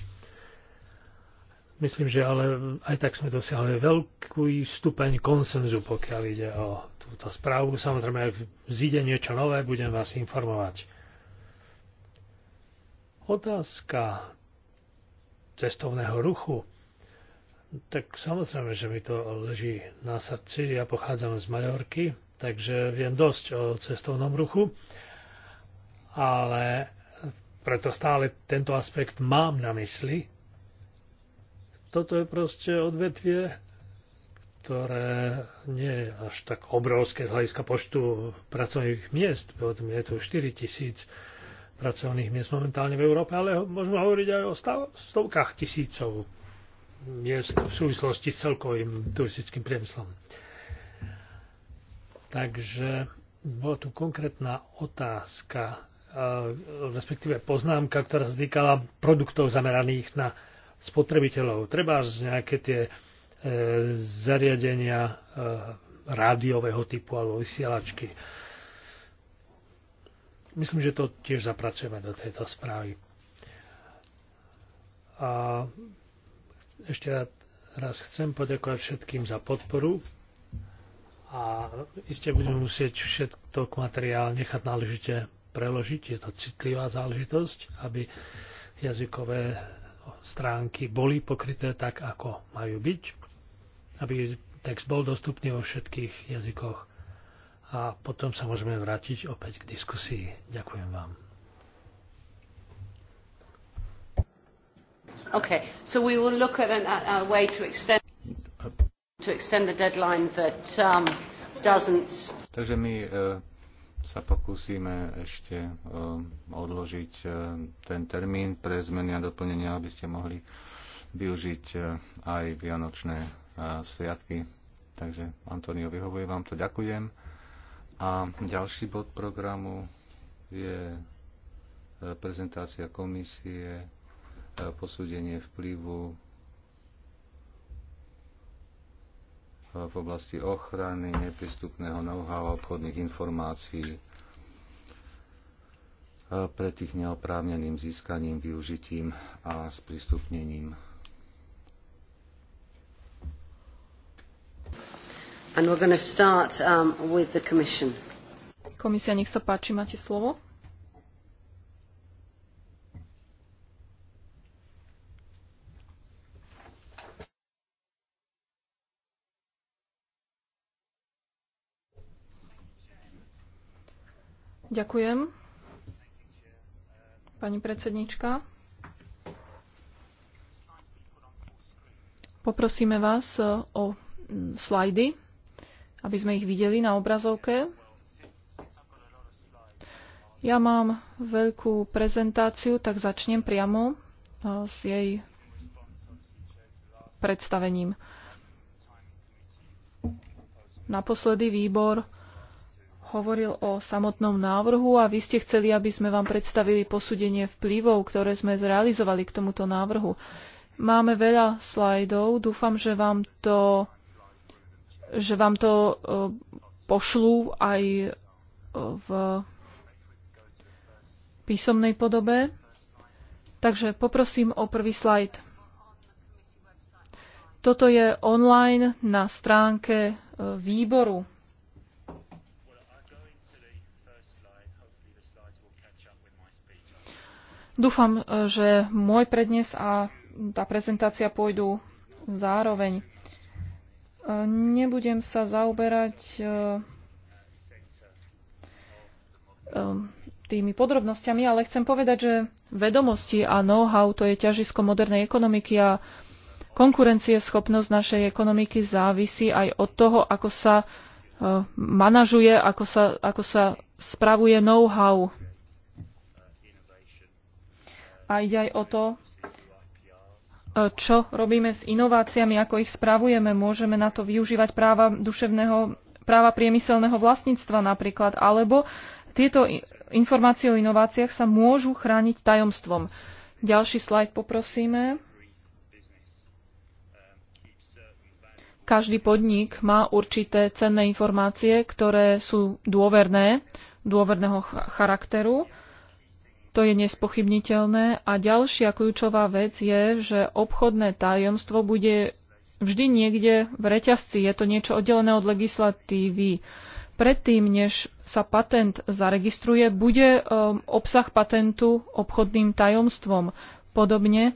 Myslím, že ale aj tak sme dosiahli veľký stupeň konsenzu, pokiaľ ide o túto správu. Samozrejme, ak zíde niečo nové, budem vás informovať. Otázka cestovného ruchu tak samozrejme, že mi to leží na srdci. Ja pochádzam z Majorky, takže viem dosť o cestovnom ruchu, ale preto stále tento aspekt mám na mysli. Toto je proste odvetvie, ktoré nie je až tak obrovské z hľadiska počtu pracovných miest. Potom je tu 4 tisíc pracovných miest momentálne v Európe, ale môžeme hovoriť aj o stovkách tisícov je v súvislosti s celkovým turistickým priemyslom. Takže bola tu konkrétna otázka, e, respektíve poznámka, ktorá sa týkala produktov zameraných na spotrebiteľov. Treba z nejaké tie e, zariadenia e, rádiového typu alebo vysielačky. Myslím, že to tiež zapracujeme do tejto správy. A ešte raz chcem poďakovať všetkým za podporu a iste budeme musieť k materiál nechať náležite preložiť. Je to citlivá záležitosť, aby jazykové stránky boli pokryté tak, ako majú byť, aby text bol dostupný vo všetkých jazykoch a potom sa môžeme vrátiť opäť k diskusii. Ďakujem vám. Okay, so we will look at an, a, a way to extend, to extend the deadline that um, doesn't. Takže my uh, sa pokúsime ešte uh, odložiť uh, ten termín pre zmeny a doplnenia, aby ste mohli využiť uh, aj vianočné uh, sviatky. Takže Antonio, vyhovuje vám to, ďakujem. A ďalší bod programu je prezentácia komisie posúdenie vplyvu v oblasti ochrany neprístupného know-how a obchodných informácií pred tých neoprávneným získaním, využitím a sprístupnením. And we're going to start um, with the commission. Komisia, nech sa páči, máte slovo. Ďakujem. Pani predsednička. Poprosíme vás e, o slajdy, aby sme ich videli na obrazovke. Ja mám veľkú prezentáciu, tak začnem priamo e, s jej predstavením. Naposledy výbor hovoril o samotnom návrhu a vy ste chceli, aby sme vám predstavili posúdenie vplyvov, ktoré sme zrealizovali k tomuto návrhu. Máme veľa slajdov, dúfam, že vám to, že vám to e, pošlú aj e, v písomnej podobe. Takže poprosím o prvý slajd. Toto je online na stránke e, výboru. Dúfam, e, že môj prednes a tá prezentácia pôjdu zároveň. E, nebudem sa zaoberať e, tými podrobnosťami, ale chcem povedať, že vedomosti a know-how to je ťažisko modernej ekonomiky a konkurencieschopnosť našej ekonomiky závisí aj od toho, ako sa manažuje, ako sa, ako sa spravuje know-how a ide aj o to, e, čo robíme s inováciami, ako ich spravujeme. Môžeme na to využívať práva duševného, práva priemyselného vlastníctva napríklad, alebo tieto informácie o inováciách sa môžu chrániť tajomstvom. Ďalší slajd poprosíme. Každý podnik má určité cenné informácie, ktoré sú dôverné, dôverného charakteru to je nespochybniteľné. A ďalšia kľúčová vec je, že obchodné tajomstvo bude vždy niekde v reťazci. Je to niečo oddelené od legislatívy. Predtým, než sa patent zaregistruje, bude um, obsah patentu obchodným tajomstvom. Podobne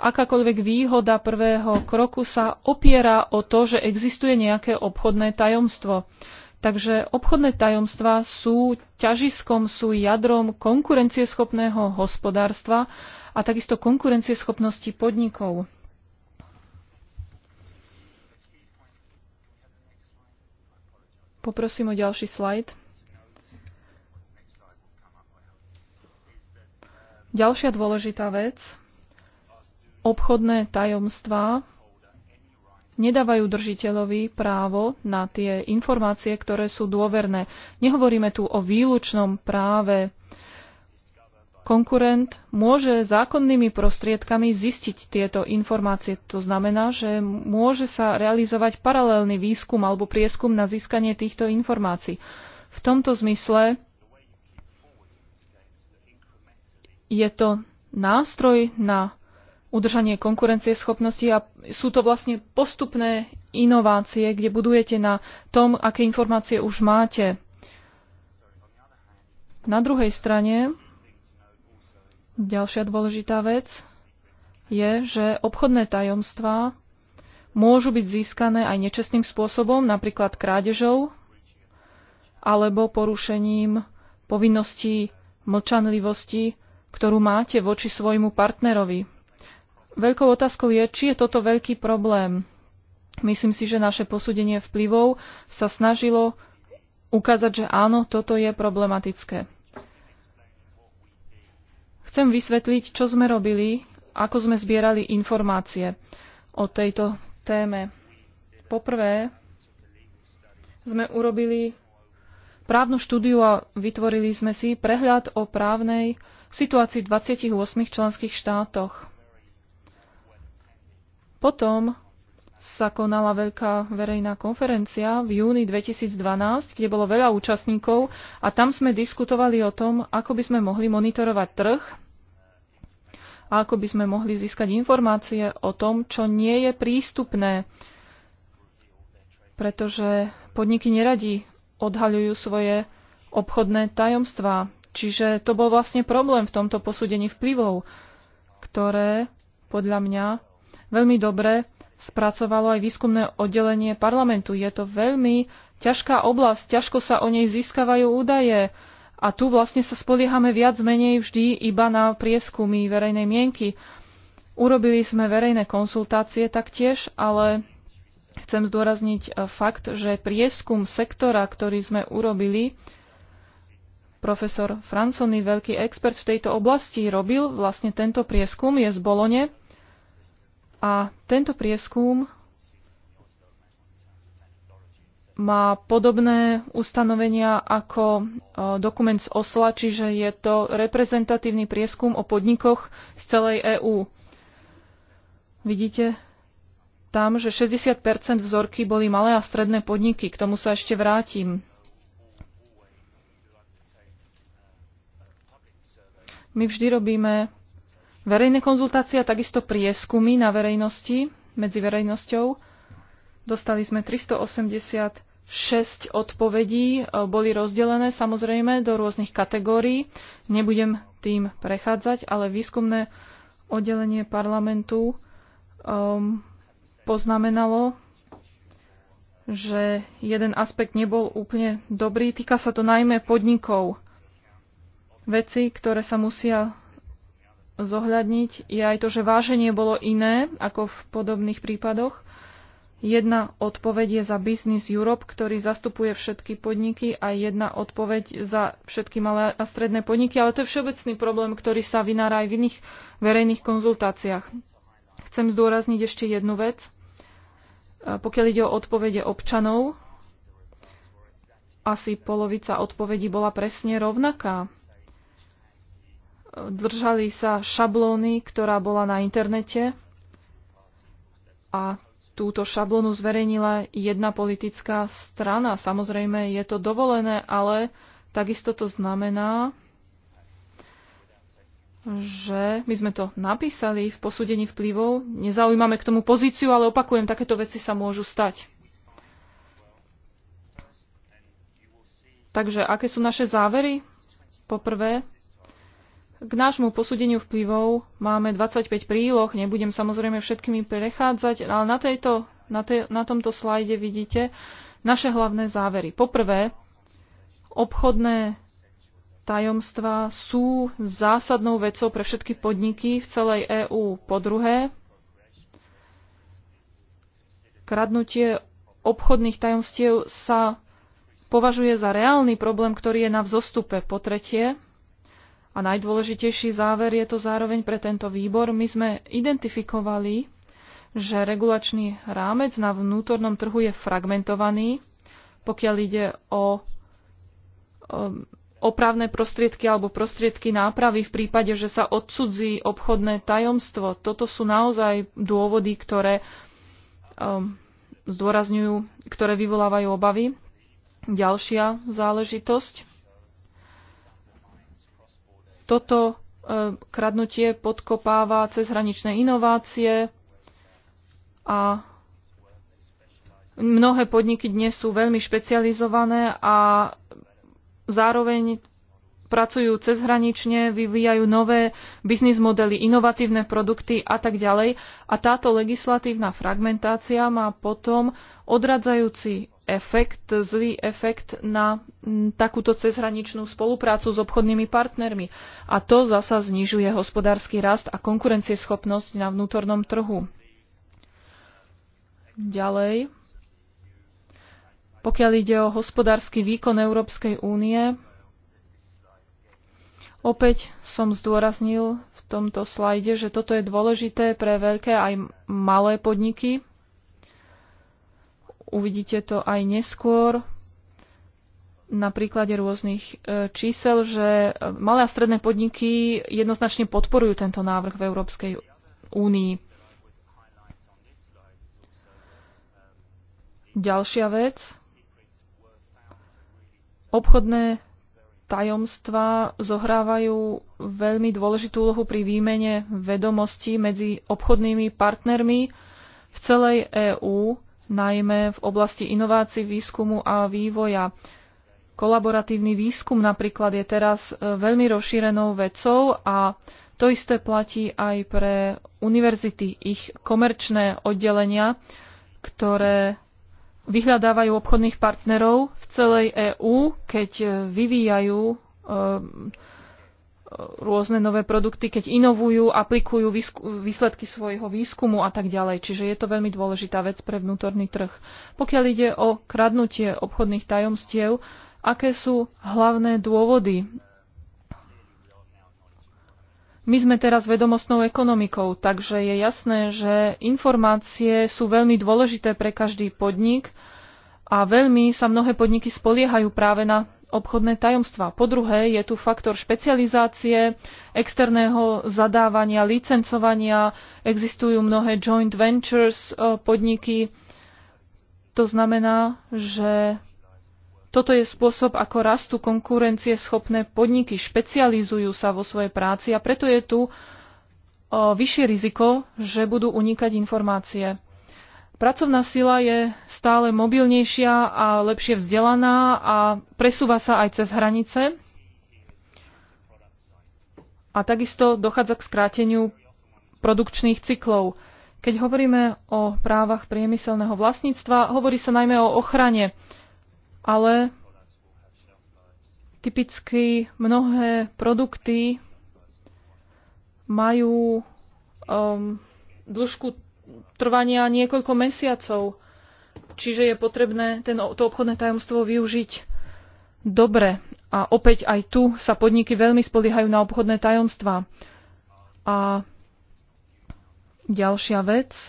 akákoľvek výhoda prvého kroku sa opiera o to, že existuje nejaké obchodné tajomstvo. Takže obchodné tajomstvá sú ťažiskom, sú jadrom konkurencieschopného hospodárstva a takisto konkurencieschopnosti podnikov. Poprosím o ďalší slajd. Ďalšia dôležitá vec. Obchodné tajomstvá nedávajú držiteľovi právo na tie informácie, ktoré sú dôverné. Nehovoríme tu o výlučnom práve. Konkurent môže zákonnými prostriedkami zistiť tieto informácie. To znamená, že môže sa realizovať paralelný výskum alebo prieskum na získanie týchto informácií. V tomto zmysle je to nástroj na udržanie konkurencie schopnosti a sú to vlastne postupné inovácie, kde budujete na tom, aké informácie už máte. Na druhej strane, ďalšia dôležitá vec je, že obchodné tajomstvá môžu byť získané aj nečestným spôsobom, napríklad krádežou alebo porušením povinností mlčanlivosti, ktorú máte voči svojmu partnerovi. Veľkou otázkou je, či je toto veľký problém. Myslím si, že naše posúdenie vplyvov sa snažilo ukázať, že áno, toto je problematické. Chcem vysvetliť, čo sme robili, ako sme zbierali informácie o tejto téme. Poprvé sme urobili právnu štúdiu a vytvorili sme si prehľad o právnej situácii v 28 členských štátoch. Potom sa konala veľká verejná konferencia v júni 2012, kde bolo veľa účastníkov a tam sme diskutovali o tom, ako by sme mohli monitorovať trh a ako by sme mohli získať informácie o tom, čo nie je prístupné, pretože podniky neradi odhaľujú svoje obchodné tajomstvá. Čiže to bol vlastne problém v tomto posúdení vplyvov, ktoré podľa mňa veľmi dobre spracovalo aj výskumné oddelenie parlamentu. Je to veľmi ťažká oblasť, ťažko sa o nej získavajú údaje. A tu vlastne sa spoliehame viac menej vždy iba na prieskumy verejnej mienky. Urobili sme verejné konsultácie taktiež, ale chcem zdôrazniť e, fakt, že prieskum sektora, ktorý sme urobili, profesor Francony, veľký expert v tejto oblasti, robil vlastne tento prieskum, je z Bolone a tento prieskum má podobné ustanovenia ako e, dokument z Osla, čiže je to reprezentatívny prieskum o podnikoch z celej EÚ. Vidíte tam, že 60 vzorky boli malé a stredné podniky. K tomu sa ešte vrátim. My vždy robíme Verejné konzultácie a takisto prieskumy na verejnosti, medzi verejnosťou. Dostali sme 386 odpovedí, e, boli rozdelené samozrejme do rôznych kategórií. Nebudem tým prechádzať, ale výskumné oddelenie parlamentu um, poznamenalo, že jeden aspekt nebol úplne dobrý. Týka sa to najmä podnikov. Veci, ktoré sa musia zohľadniť, je aj to, že váženie bolo iné ako v podobných prípadoch. Jedna odpoveď je za Business Europe, ktorý zastupuje všetky podniky a jedna odpoveď za všetky malé a stredné podniky, ale to je všeobecný problém, ktorý sa vynára aj v iných verejných konzultáciách. Chcem zdôrazniť ešte jednu vec. Pokiaľ ide o odpovede občanov, asi polovica odpovedí bola presne rovnaká. Držali sa šablóny, ktorá bola na internete a túto šablónu zverejnila jedna politická strana. Samozrejme, je to dovolené, ale takisto to znamená, že my sme to napísali v posúdení vplyvov, nezaujímame k tomu pozíciu, ale opakujem, takéto veci sa môžu stať. Takže aké sú naše závery? Poprvé, k nášmu posúdeniu vplyvov máme 25 príloh, nebudem samozrejme všetkými prechádzať, ale na, tejto, na, te, na tomto slajde vidíte naše hlavné závery. Poprvé, obchodné tajomstva sú zásadnou vecou pre všetky podniky v celej EÚ. Po druhé, kradnutie obchodných tajomstiev sa považuje za reálny problém, ktorý je na vzostupe. Po tretie, a najdôležitejší záver je to zároveň pre tento výbor. My sme identifikovali, že regulačný rámec na vnútornom trhu je fragmentovaný, pokiaľ ide o um, opravné prostriedky alebo prostriedky nápravy v prípade, že sa odsudzí obchodné tajomstvo. Toto sú naozaj dôvody, ktoré um, zdôrazňujú, ktoré vyvolávajú obavy. Ďalšia záležitosť. Toto e, kradnutie podkopáva cezhraničné inovácie a mnohé podniky dnes sú veľmi špecializované a zároveň pracujú cezhranične, vyvíjajú nové biznis modely, inovatívne produkty a tak ďalej. A táto legislatívna fragmentácia má potom odradzajúci efekt, zlý efekt na takúto cezhraničnú spoluprácu s obchodnými partnermi. A to zasa znižuje hospodársky rast a konkurencieschopnosť na vnútornom trhu. Ďalej. Pokiaľ ide o hospodársky výkon Európskej únie, opäť som zdôraznil v tomto slajde, že toto je dôležité pre veľké aj malé podniky, uvidíte to aj neskôr na príklade rôznych e, čísel, že e, malé a stredné podniky jednoznačne podporujú tento návrh v Európskej únii. Ďalšia vec. Obchodné tajomstva zohrávajú veľmi dôležitú úlohu pri výmene vedomostí medzi obchodnými partnermi v celej EÚ najmä v oblasti inovácií, výskumu a vývoja. Kolaboratívny výskum napríklad je teraz e, veľmi rozšírenou vecou a to isté platí aj pre univerzity, ich komerčné oddelenia, ktoré vyhľadávajú obchodných partnerov v celej EÚ, keď e, vyvíjajú e, rôzne nové produkty, keď inovujú, aplikujú výsledky svojho výskumu a tak ďalej. Čiže je to veľmi dôležitá vec pre vnútorný trh. Pokiaľ ide o kradnutie obchodných tajomstiev, aké sú hlavné dôvody? My sme teraz vedomostnou ekonomikou, takže je jasné, že informácie sú veľmi dôležité pre každý podnik a veľmi sa mnohé podniky spoliehajú práve na obchodné tajomstvá. Po druhé, je tu faktor špecializácie, externého zadávania, licencovania. Existujú mnohé joint ventures e, podniky. To znamená, že toto je spôsob, ako rastú konkurencie schopné podniky, špecializujú sa vo svojej práci a preto je tu e, vyššie riziko, že budú unikať informácie. Pracovná sila je stále mobilnejšia a lepšie vzdelaná a presúva sa aj cez hranice. A takisto dochádza k skráteniu produkčných cyklov. Keď hovoríme o právach priemyselného vlastníctva, hovorí sa najmä o ochrane, ale typicky mnohé produkty majú um, dĺžku trvania niekoľko mesiacov. Čiže je potrebné ten, to obchodné tajomstvo využiť dobre. A opäť aj tu sa podniky veľmi spoliehajú na obchodné tajomstvá. A ďalšia vec. E,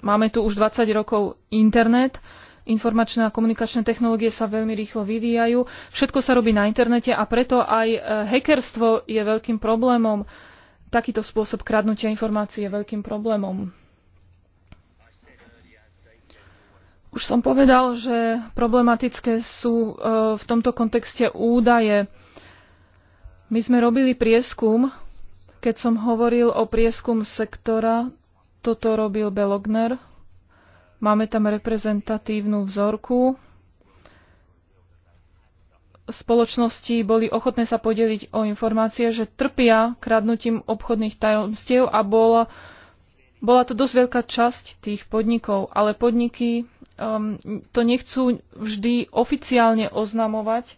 máme tu už 20 rokov internet. Informačné a komunikačné technológie sa veľmi rýchlo vyvíjajú. Všetko sa robí na internete a preto aj e, hackerstvo je veľkým problémom. Takýto spôsob kradnutia informácií je veľkým problémom. Už som povedal, že problematické sú e, v tomto kontexte údaje. My sme robili prieskum, keď som hovoril o prieskum sektora, toto robil Belogner. Máme tam reprezentatívnu vzorku. Spoločnosti boli ochotné sa podeliť o informácie, že trpia kradnutím obchodných tajomstiev a bola, bola to dosť veľká časť tých podnikov, ale podniky um, to nechcú vždy oficiálne oznamovať,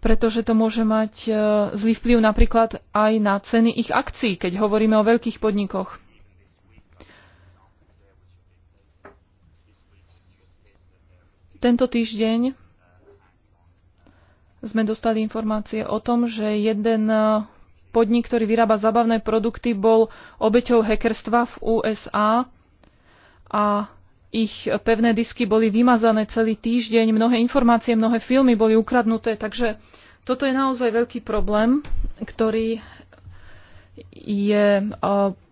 pretože to môže mať uh, zlý vplyv napríklad aj na ceny ich akcií, keď hovoríme o veľkých podnikoch. Tento týždeň sme dostali informácie o tom, že jeden uh, podnik, ktorý vyrába zabavné produkty, bol obeťou hackerstva v USA a ich pevné disky boli vymazané celý týždeň, mnohé informácie, mnohé filmy boli ukradnuté, takže toto je naozaj veľký problém, ktorý je e,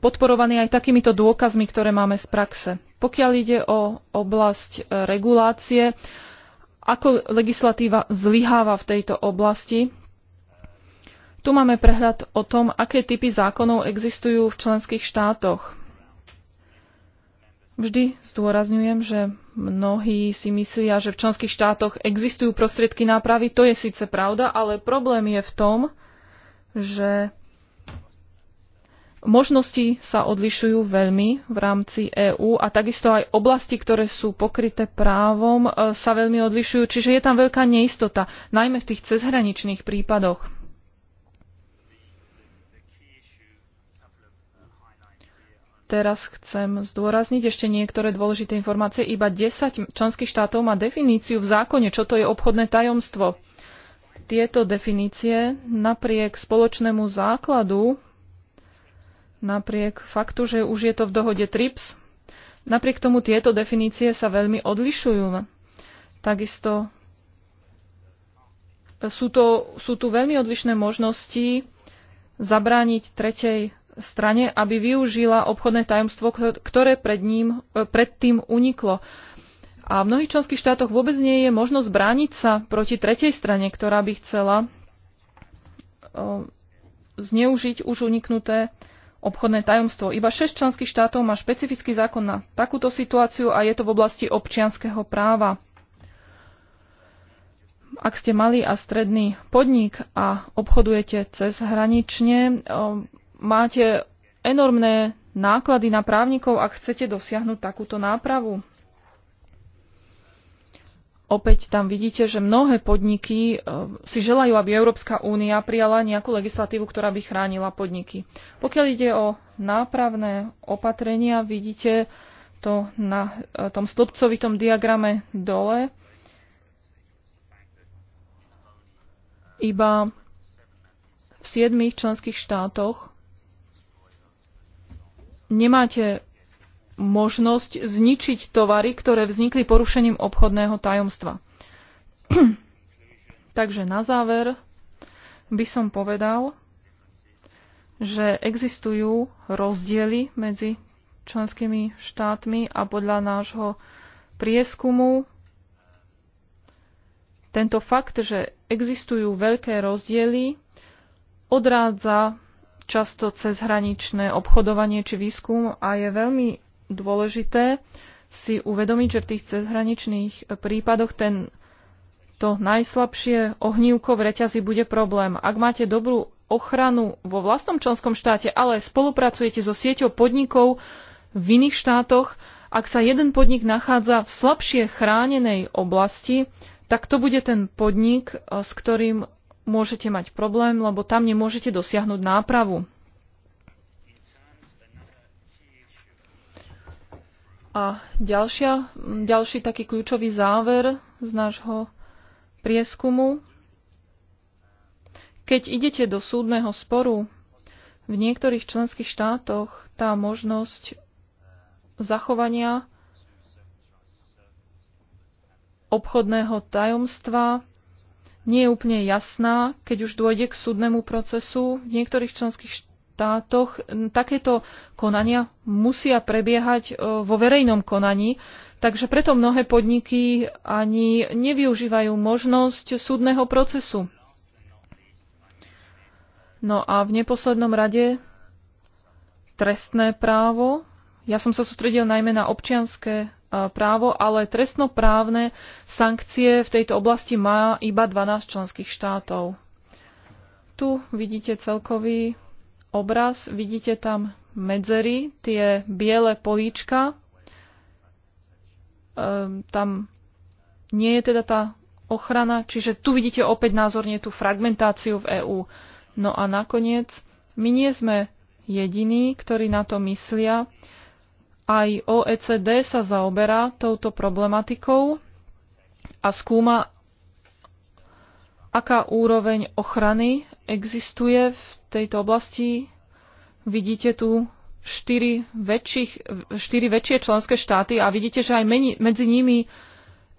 podporovaný aj takýmito dôkazmi, ktoré máme z praxe. Pokiaľ ide o oblasť e, regulácie, ako legislatíva zlyháva v tejto oblasti, tu máme prehľad o tom, aké typy zákonov existujú v členských štátoch. Vždy zdôrazňujem, že mnohí si myslia, že v členských štátoch existujú prostriedky nápravy. To je síce pravda, ale problém je v tom, že možnosti sa odlišujú veľmi v rámci EÚ a takisto aj oblasti, ktoré sú pokryté právom, e, sa veľmi odlišujú. Čiže je tam veľká neistota, najmä v tých cezhraničných prípadoch. teraz chcem zdôrazniť ešte niektoré dôležité informácie. Iba 10 členských štátov má definíciu v zákone, čo to je obchodné tajomstvo. Tieto definície napriek spoločnému základu, napriek faktu, že už je to v dohode TRIPS, napriek tomu tieto definície sa veľmi odlišujú. Takisto sú, to, sú tu veľmi odlišné možnosti zabrániť tretej strane, aby využila obchodné tajomstvo, ktoré pred ním, e, predtým uniklo. A v mnohých členských štátoch vôbec nie je možnosť brániť sa proti tretej strane, ktorá by chcela e, zneužiť už uniknuté obchodné tajomstvo. Iba 6 členských štátov má špecifický zákon na takúto situáciu a je to v oblasti občianského práva. Ak ste malý a stredný podnik a obchodujete cez hranične, e, máte enormné náklady na právnikov, ak chcete dosiahnuť takúto nápravu. Opäť tam vidíte, že mnohé podniky e, si želajú, aby Európska únia prijala nejakú legislatívu, ktorá by chránila podniky. Pokiaľ ide o nápravné opatrenia, vidíte to na e, tom stĺpcovitom diagrame dole. Iba v siedmých členských štátoch nemáte možnosť zničiť tovary, ktoré vznikli porušením obchodného tajomstva. [clears throat] Takže na záver by som povedal, že existujú rozdiely medzi členskými štátmi a podľa nášho prieskumu tento fakt, že existujú veľké rozdiely, odrádza často cezhraničné obchodovanie či výskum a je veľmi dôležité si uvedomiť, že v tých cezhraničných prípadoch ten, to najslabšie ohnívko v reťazi bude problém. Ak máte dobrú ochranu vo vlastnom členskom štáte, ale spolupracujete so sieťou podnikov v iných štátoch, ak sa jeden podnik nachádza v slabšie chránenej oblasti, tak to bude ten podnik, s ktorým môžete mať problém, lebo tam nemôžete dosiahnuť nápravu. A ďalšia, ďalší taký kľúčový záver z nášho prieskumu. Keď idete do súdneho sporu, v niektorých členských štátoch tá možnosť zachovania obchodného tajomstva nie je úplne jasná, keď už dôjde k súdnemu procesu. V niektorých členských štátoch takéto konania musia prebiehať e, vo verejnom konaní, takže preto mnohé podniky ani nevyužívajú možnosť súdneho procesu. No a v neposlednom rade trestné právo. Ja som sa sústredil najmä na občianské E, právo, ale trestnoprávne sankcie v tejto oblasti má iba 12 členských štátov. Tu vidíte celkový obraz, vidíte tam medzery, tie biele políčka. E, tam nie je teda tá ochrana, čiže tu vidíte opäť názorne tú fragmentáciu v EÚ. No a nakoniec, my nie sme jediní, ktorí na to myslia. Aj OECD sa zaoberá touto problematikou a skúma, aká úroveň ochrany existuje v tejto oblasti. Vidíte tu štyri, väčších, štyri väčšie členské štáty a vidíte, že aj meni, medzi nimi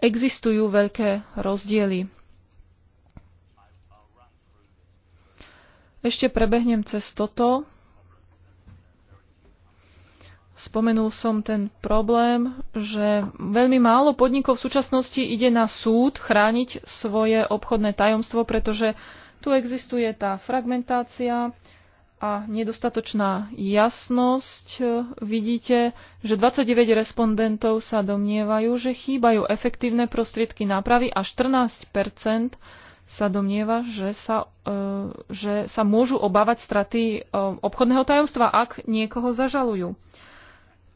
existujú veľké rozdiely. Ešte prebehnem cez toto. Spomenul som ten problém, že veľmi málo podnikov v súčasnosti ide na súd chrániť svoje obchodné tajomstvo, pretože tu existuje tá fragmentácia a nedostatočná jasnosť. Vidíte, že 29 respondentov sa domnievajú, že chýbajú efektívne prostriedky nápravy a 14 sa domnieva, že sa, e, že sa môžu obávať straty e, obchodného tajomstva, ak niekoho zažalujú.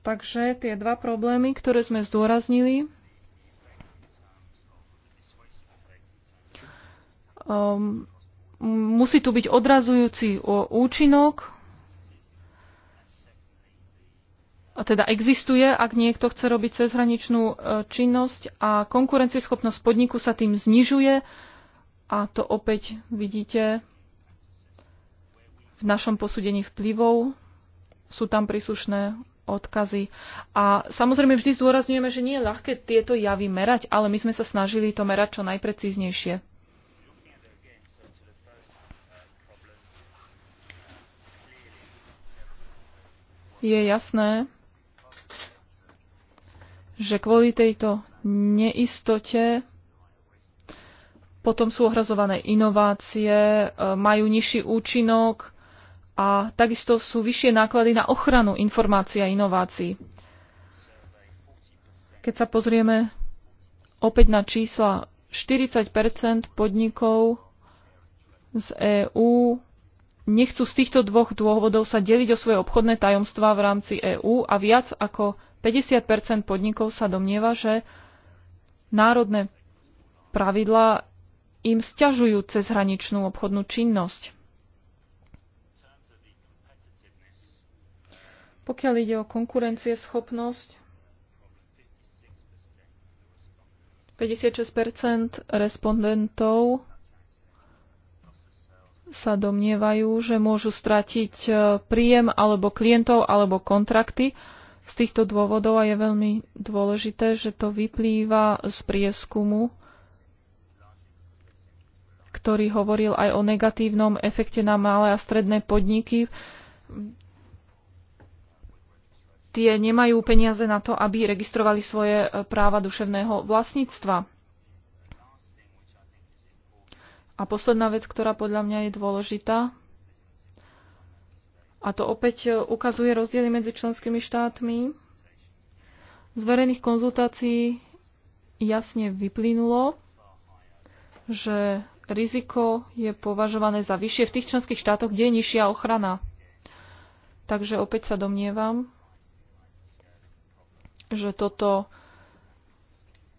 Takže tie dva problémy, ktoré sme zdôraznili, um, musí tu byť odrazujúci účinok, a teda existuje, ak niekto chce robiť cezhraničnú e, činnosť a konkurencieschopnosť podniku sa tým znižuje a to opäť vidíte v našom posúdení vplyvov. Sú tam príslušné odkazy. A samozrejme vždy zdôrazňujeme, že nie je ľahké tieto javy merať, ale my sme sa snažili to merať čo najprecíznejšie. Je jasné, že kvôli tejto neistote potom sú ohrazované inovácie, e, majú nižší účinok, a takisto sú vyššie náklady na ochranu informácií a inovácií. Keď sa pozrieme opäť na čísla, 40 podnikov z EÚ nechcú z týchto dvoch dôvodov sa deliť o svoje obchodné tajomstvá v rámci EÚ a viac ako 50 podnikov sa domnieva, že národné pravidlá im stiažujú cezhraničnú obchodnú činnosť. Pokiaľ ide o konkurencieschopnosť, 56 respondentov sa domnievajú, že môžu stratiť e, príjem alebo klientov alebo kontrakty. Z týchto dôvodov a je veľmi dôležité, že to vyplýva z prieskumu, ktorý hovoril aj o negatívnom efekte na malé a stredné podniky tie nemajú peniaze na to, aby registrovali svoje e, práva duševného vlastníctva. A posledná vec, ktorá podľa mňa je dôležitá, a to opäť e, ukazuje rozdiely medzi členskými štátmi, z verejných konzultácií jasne vyplynulo, že riziko je považované za vyššie v tých členských štátoch, kde je nižšia ochrana. Takže opäť sa domnievam, že toto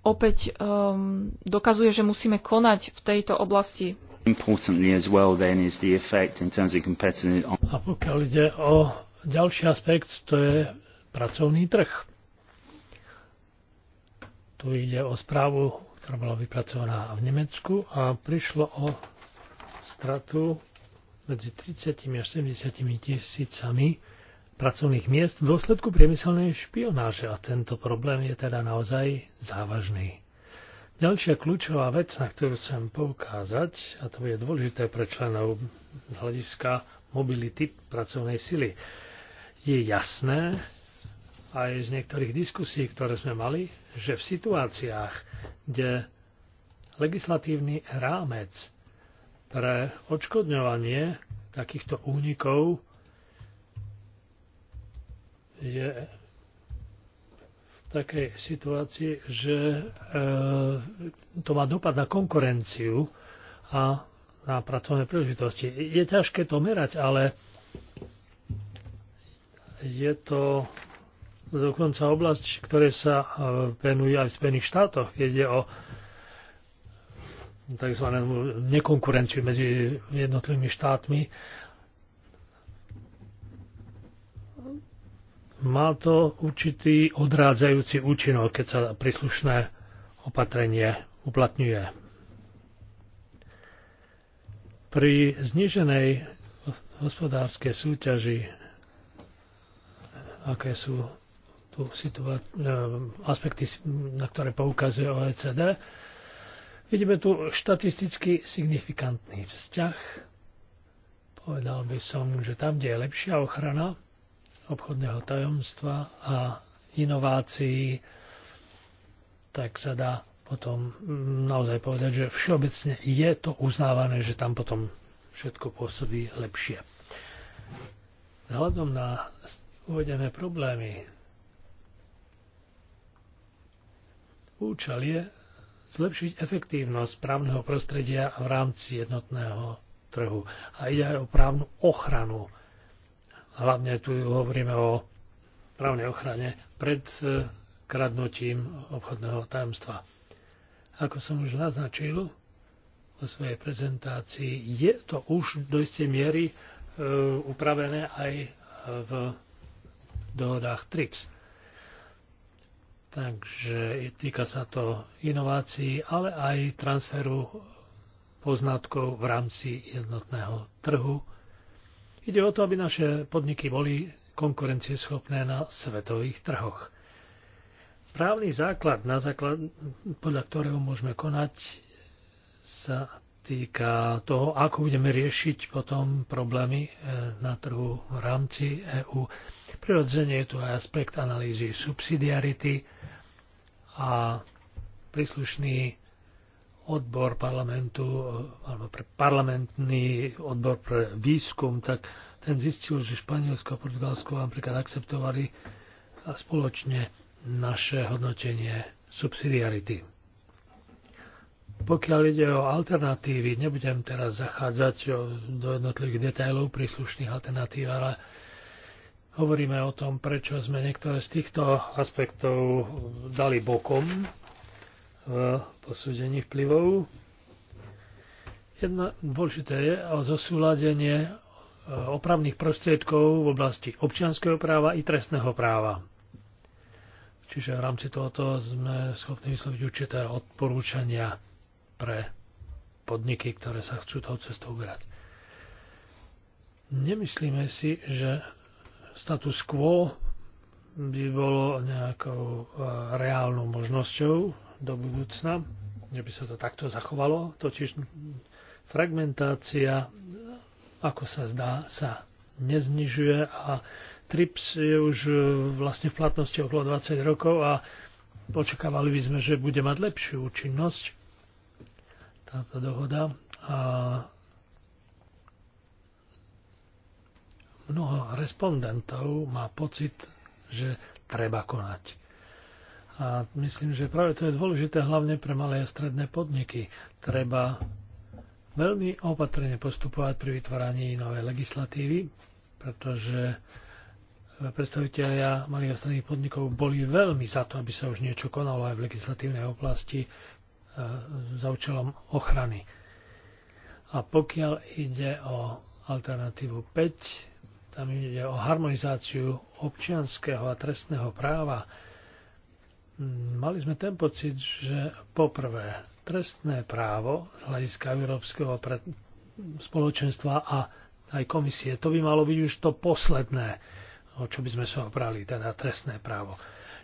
opäť um, dokazuje, že musíme konať v tejto oblasti. A pokiaľ ide o ďalší aspekt, to je pracovný trh. Tu ide o správu, ktorá bola vypracovaná v Nemecku a prišlo o stratu medzi 30 až 70 tisícami pracovných miest v dôsledku priemyselnej špionáže a tento problém je teda naozaj závažný. Ďalšia kľúčová vec, na ktorú chcem poukázať, a to je dôležité pre členov z hľadiska mobility pracovnej sily, je jasné aj z niektorých diskusí, ktoré sme mali, že v situáciách, kde legislatívny rámec pre odškodňovanie takýchto únikov je v takej situácii, že e, to má dopad na konkurenciu a na pracovné príležitosti. Je ťažké to merať, ale je to dokonca oblasť, ktoré sa e, venuje aj v Spojených štátoch, keď je o tzv. nekonkurenciu medzi jednotlivými štátmi má to určitý odrádzajúci účinok, keď sa príslušné opatrenie uplatňuje. Pri zniženej hospodárskej súťaži, aké sú tu situá- e, aspekty, na ktoré poukazuje OECD, vidíme tu štatisticky signifikantný vzťah. Povedal by som, že tam, kde je lepšia ochrana, obchodného tajomstva a inovácií, tak sa dá potom mm, naozaj povedať, že všeobecne je to uznávané, že tam potom všetko pôsobí lepšie. Vzhľadom na uvedené problémy, účel je zlepšiť efektívnosť právneho prostredia v rámci jednotného trhu a ide aj o právnu ochranu Hlavne tu hovoríme o právnej ochrane pred e, kradnutím obchodného tajomstva. Ako som už naznačil vo svojej prezentácii, je to už do istej miery e, upravené aj v dohodách TRIPS. Takže týka sa to inovácií, ale aj transferu poznatkov v rámci jednotného trhu Ide o to, aby naše podniky boli konkurencieschopné na svetových trhoch. Právny základ, na základ, podľa ktorého môžeme konať, sa týka toho, ako budeme riešiť potom problémy eh, na trhu v rámci EÚ. Prirodzene je tu aj aspekt analýzy subsidiarity a príslušný odbor parlamentu, alebo pre parlamentný odbor pre výskum, tak ten zistil, že Španielsko a Portugalsko napríklad akceptovali spoločne naše hodnotenie subsidiarity. Pokiaľ ide o alternatívy, nebudem teraz zachádzať do jednotlivých detajlov príslušných alternatív, ale hovoríme o tom, prečo sme niektoré z týchto aspektov dali bokom v posúdení vplyvov. Jedna dôležité je o zosúladenie e, opravných prostriedkov v oblasti občianského práva i trestného práva. Čiže v rámci tohoto sme schopní vysloviť určité odporúčania pre podniky, ktoré sa chcú tou cestou uberať. Nemyslíme si, že status quo by bolo nejakou e, reálnou možnosťou do budúcna, že by sa to takto zachovalo, totiž fragmentácia, ako sa zdá, sa neznižuje a TRIPS je už e, vlastne v platnosti okolo 20 rokov a očakávali by sme, že bude mať lepšiu účinnosť táto dohoda a mnoho respondentov má pocit, že treba konať a myslím, že práve to je dôležité hlavne pre malé a stredné podniky. Treba veľmi opatrne postupovať pri vytváraní novej legislatívy, pretože eh, predstaviteľia malých a stredných podnikov boli veľmi za to, aby sa už niečo konalo aj v legislatívnej oblasti eh, za účelom ochrany. A pokiaľ ide o alternatívu 5, tam ide o harmonizáciu občianského a trestného práva, mali sme ten pocit, že poprvé trestné právo z hľadiska Európskeho spoločenstva a aj komisie, to by malo byť už to posledné, o čo by sme sa oprali, teda trestné právo.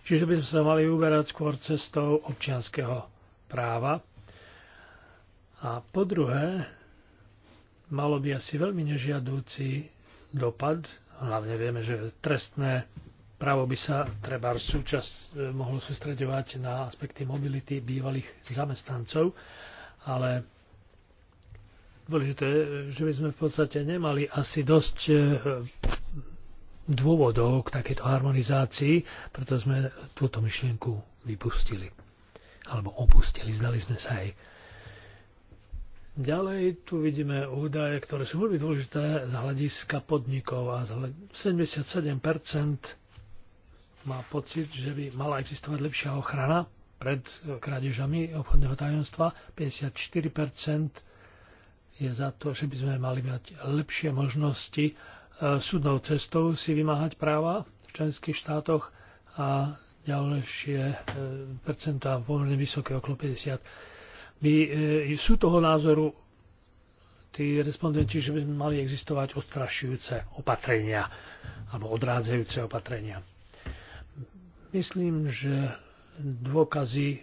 Čiže by sme sa mali uberať skôr cestou občianského práva. A po druhé, malo by asi veľmi nežiadúci dopad, hlavne vieme, že trestné právo by sa treba súčasť eh, mohlo sústredovať na aspekty mobility bývalých zamestnancov, ale dôležité, že by sme v podstate nemali asi dosť eh, dôvodov k takéto harmonizácii, preto sme túto myšlienku vypustili. Alebo opustili, zdali sme sa jej. Ďalej tu vidíme údaje, ktoré sú veľmi dôležité z hľadiska podnikov a 77 má pocit, že by mala existovať lepšia ochrana pred eh, krádežami obchodného tajomstva. 54% je za to, že by sme mali mať lepšie možnosti eh, súdnou cestou si vymáhať práva v členských štátoch a ďalšie eh, percentá pomerne vysoké, okolo 50. By, sú toho názoru tí respondenti, že by sme mali existovať odstrašujúce opatrenia alebo odrádzajúce opatrenia. Myslím, že dôkazy e,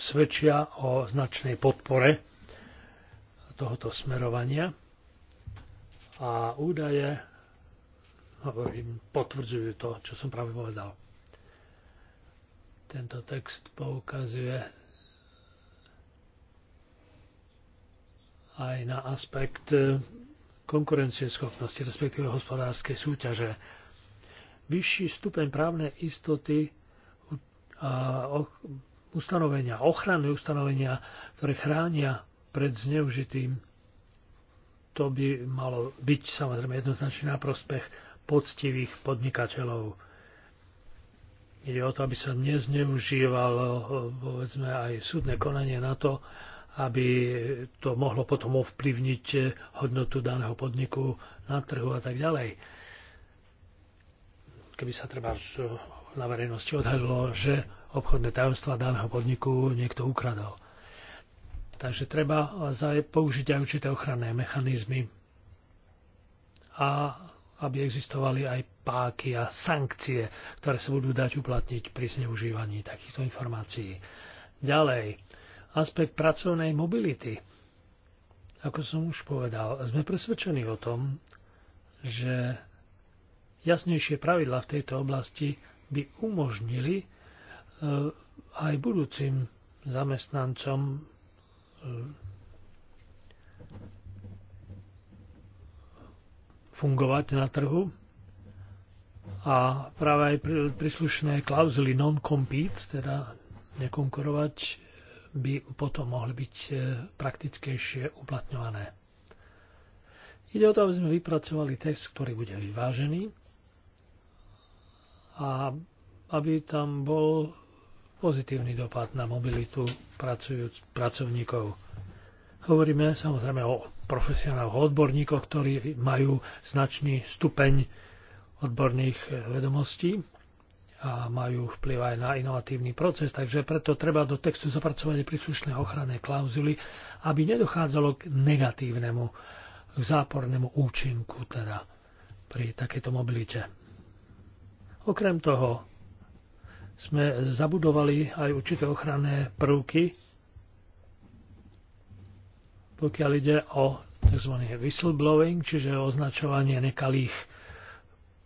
svedčia o značnej podpore tohoto smerovania a údaje hovorím, potvrdzujú to, čo som práve povedal. Tento text poukazuje aj na aspekt e, konkurencieschopnosti, respektíve hospodárskej súťaže vyšší stupeň právnej istoty a ustanovenia, ochranné ustanovenia, ktoré chránia pred zneužitým. To by malo byť samozrejme jednoznačný na prospech poctivých podnikateľov. Ide o to, aby sa nezneužívalo povedzme, aj súdne konanie na to, aby to mohlo potom ovplyvniť hodnotu daného podniku na trhu a tak ďalej keby sa treba na verejnosti odhalilo, že obchodné tajomstva daného podniku niekto ukradol. Takže treba použiť aj určité ochranné mechanizmy a aby existovali aj páky a sankcie, ktoré sa budú dať uplatniť pri zneužívaní takýchto informácií. Ďalej, aspekt pracovnej mobility. Ako som už povedal, sme presvedčení o tom, že Jasnejšie pravidla v tejto oblasti by umožnili e, aj budúcim zamestnancom e, fungovať na trhu a práve aj príslušné klauzuly non-compete, teda nekonkurovať, by potom mohli byť e, praktickejšie uplatňované. Ide o to, aby sme vypracovali text, ktorý bude vyvážený, a aby tam bol pozitívny dopad na mobilitu pracujúc pracovníkov. Hovoríme samozrejme o profesionálnych odborníkoch, ktorí majú značný stupeň odborných eh, vedomostí a majú vplyv aj na inovatívny proces, takže preto treba do textu zapracovať príslušné ochranné klauzuly, aby nedochádzalo k negatívnemu, k zápornému účinku teda pri takejto mobilite. Okrem toho sme zabudovali aj určité ochranné prvky, pokiaľ ide o tzv. whistleblowing, čiže označovanie nekalých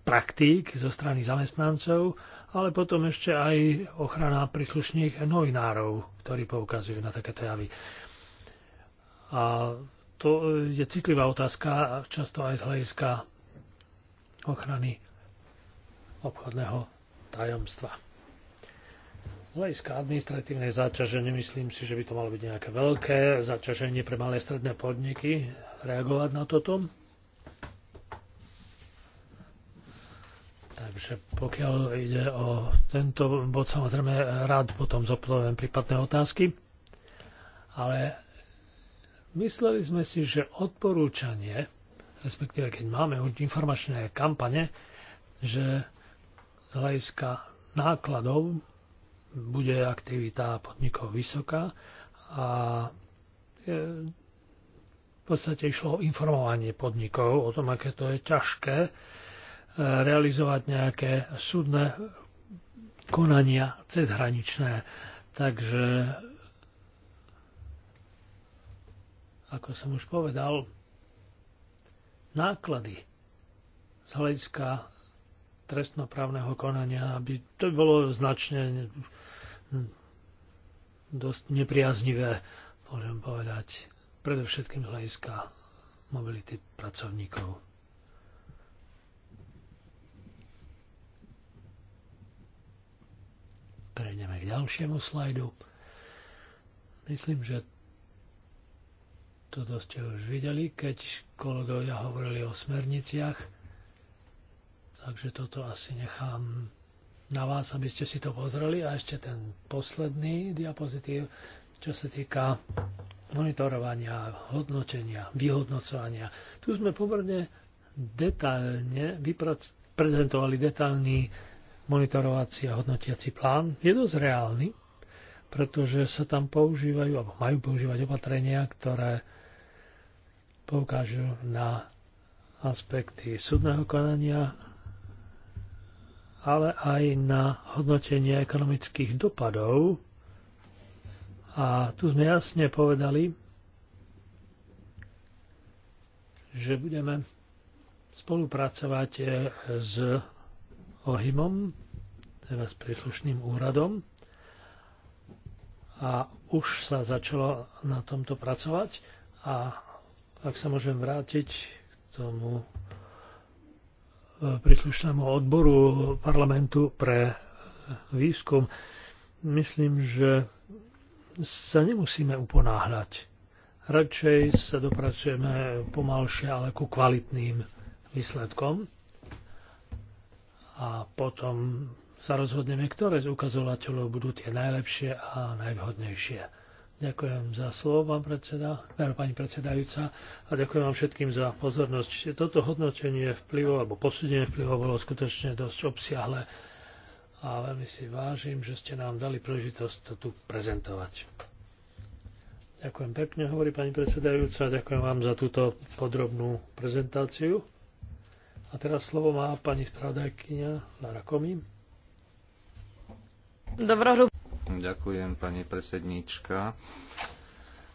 praktík zo strany zamestnancov, ale potom ešte aj ochrana príslušných novinárov, ktorí poukazujú na takéto javy. A to je citlivá otázka, často aj z hľadiska ochrany obchodného tajomstva. Z hľadiska administratívnej záťaže nemyslím si, že by to malo byť nejaké veľké zaťaženie pre malé stredné podniky reagovať na toto. Takže pokiaľ ide o tento bod, samozrejme rád potom zodpoviem prípadné otázky. Ale mysleli sme si, že odporúčanie, respektíve keď máme už informačné kampane, že z hľadiska nákladov bude aktivita podnikov vysoká a e, v podstate išlo o informovanie podnikov o tom, aké to je ťažké e, realizovať nejaké súdne konania cezhraničné. Takže, ako som už povedal, náklady z hľadiska trestnoprávneho konania, aby to bolo značne dosť nepriaznivé, môžem povedať, predovšetkým z hľadiska mobility pracovníkov. Prejdeme k ďalšiemu slajdu. Myslím, že toto ste už videli, keď kolegovia hovorili o smerniciach Takže toto asi nechám na vás, aby ste si to pozreli. A ešte ten posledný diapozitív, čo sa týka monitorovania, hodnotenia, vyhodnocovania. Tu sme pomerne detailne prezentovali detailný monitorovací a hodnotiaci plán. Je dosť reálny, pretože sa tam používajú, alebo majú používať opatrenia, ktoré poukážu na aspekty súdneho konania, ale aj na hodnotenie ekonomických dopadov. A tu sme jasne povedali, že budeme spolupracovať e, s OHIMom, teda s príslušným úradom. A už sa začalo na tomto pracovať a ak sa môžem vrátiť k tomu príslušnému odboru parlamentu pre výskum, myslím, že sa nemusíme uponáhľať. Radšej sa dopracujeme pomalšie, ale ku kvalitným výsledkom. A potom sa rozhodneme, ktoré z ukazovateľov budú tie najlepšie a najvhodnejšie. Ďakujem za slovo, pán predseda, eh, pani predsedajúca, a ďakujem vám všetkým za pozornosť. Toto hodnotenie vplyvov, alebo posúdenie vplyvov bolo skutočne dosť obsiahle a veľmi si vážim, že ste nám dali príležitosť to tu prezentovať. Ďakujem pekne, hovorí pani predsedajúca, ďakujem vám za túto podrobnú prezentáciu. A teraz slovo má pani spravodajkyňa Lara Komín. Dobrorú. Ďakujem, pani predsedníčka.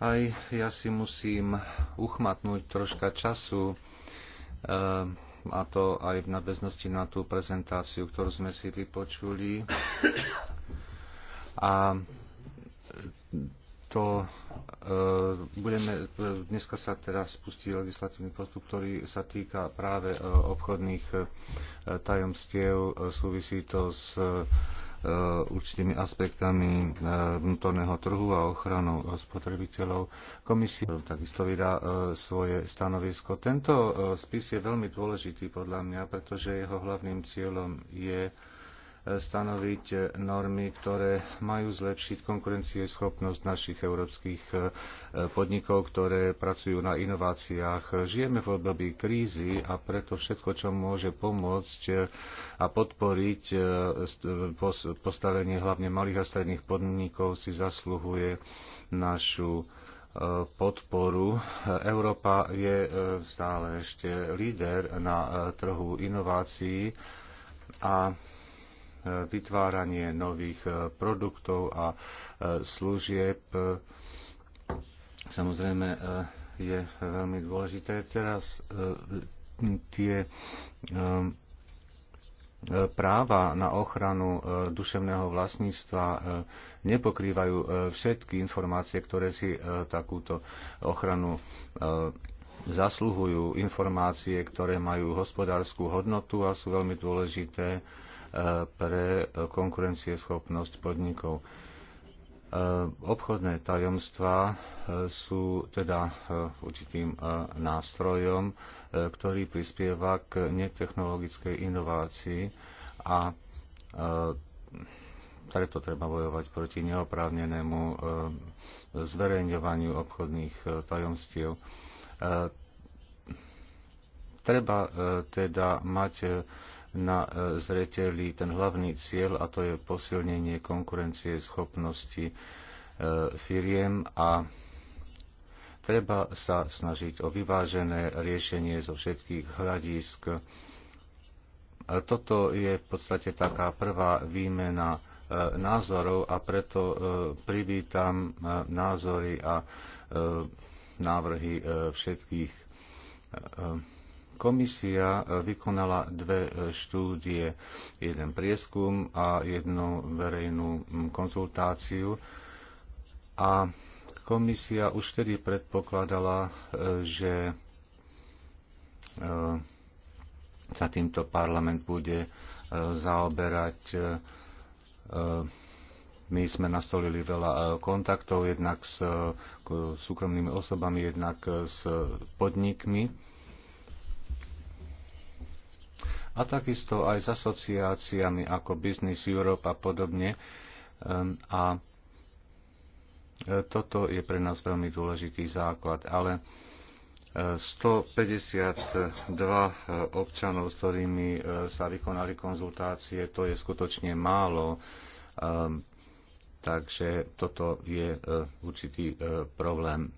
Aj ja si musím uchmatnúť troška času, eh, a to aj v nadväznosti na tú prezentáciu, ktorú sme si vypočuli. A to eh, budeme, eh, dneska sa teda spustí legislatívny postup, ktorý sa týka práve obchodných tajomstiev. Súvisí to s E, určitými aspektami e, vnútorného trhu a ochranou spotrebiteľov. Komisia takisto vydá e, svoje stanovisko. Tento spis je veľmi dôležitý podľa mňa, pretože jeho hlavným cieľom je stanoviť normy, ktoré majú zlepšiť konkurencieschopnosť našich európskych e, podnikov, ktoré pracujú na inováciách. Žijeme v období krízy a preto všetko, čo môže pomôcť e, a podporiť e, postavenie hlavne malých a stredných podnikov, si zasluhuje našu podporu. Európa je stále ešte líder na trhu inovácií a vytváranie nových e, produktov a e, služieb samozrejme e, je veľmi dôležité. Teraz tie práva na ochranu duševného vlastníctva nepokrývajú všetky informácie, ktoré si takúto ochranu zasluhujú. Informácie, ktoré majú hospodárskú hodnotu a sú veľmi dôležité pre konkurencieschopnosť podnikov. E, obchodné tajomstvá e, sú teda e, určitým nástrojom, ktorý prispieva k netechnologickej inovácii a preto treba bojovať proti neoprávnenému zverejňovaniu obchodných tajomstiev. Treba teda mať na e, zreteli ten hlavný cieľ a to je posilnenie konkurencie schopnosti e, firiem a treba sa snažiť o vyvážené riešenie zo všetkých hľadísk. E, toto je v podstate taká prvá výmena názorov a preto privítam názory a návrhy všetkých Komisia e, vykonala dve e, štúdie, jeden prieskum a jednu verejnú konzultáciu. A komisia už vtedy predpokladala, e, že sa týmto parlament bude zaoberať. My sme nastolili veľa kontaktov jednak s súkromnými osobami, jednak s podnikmi a takisto aj s asociáciami ako Business Europe a podobne. Ehm, a e, toto je pre nás veľmi dôležitý základ, ale 152 e, e, občanov, s ktorými sa vykonali konzultácie, to je skutočne málo, ehm, takže toto je určitý problém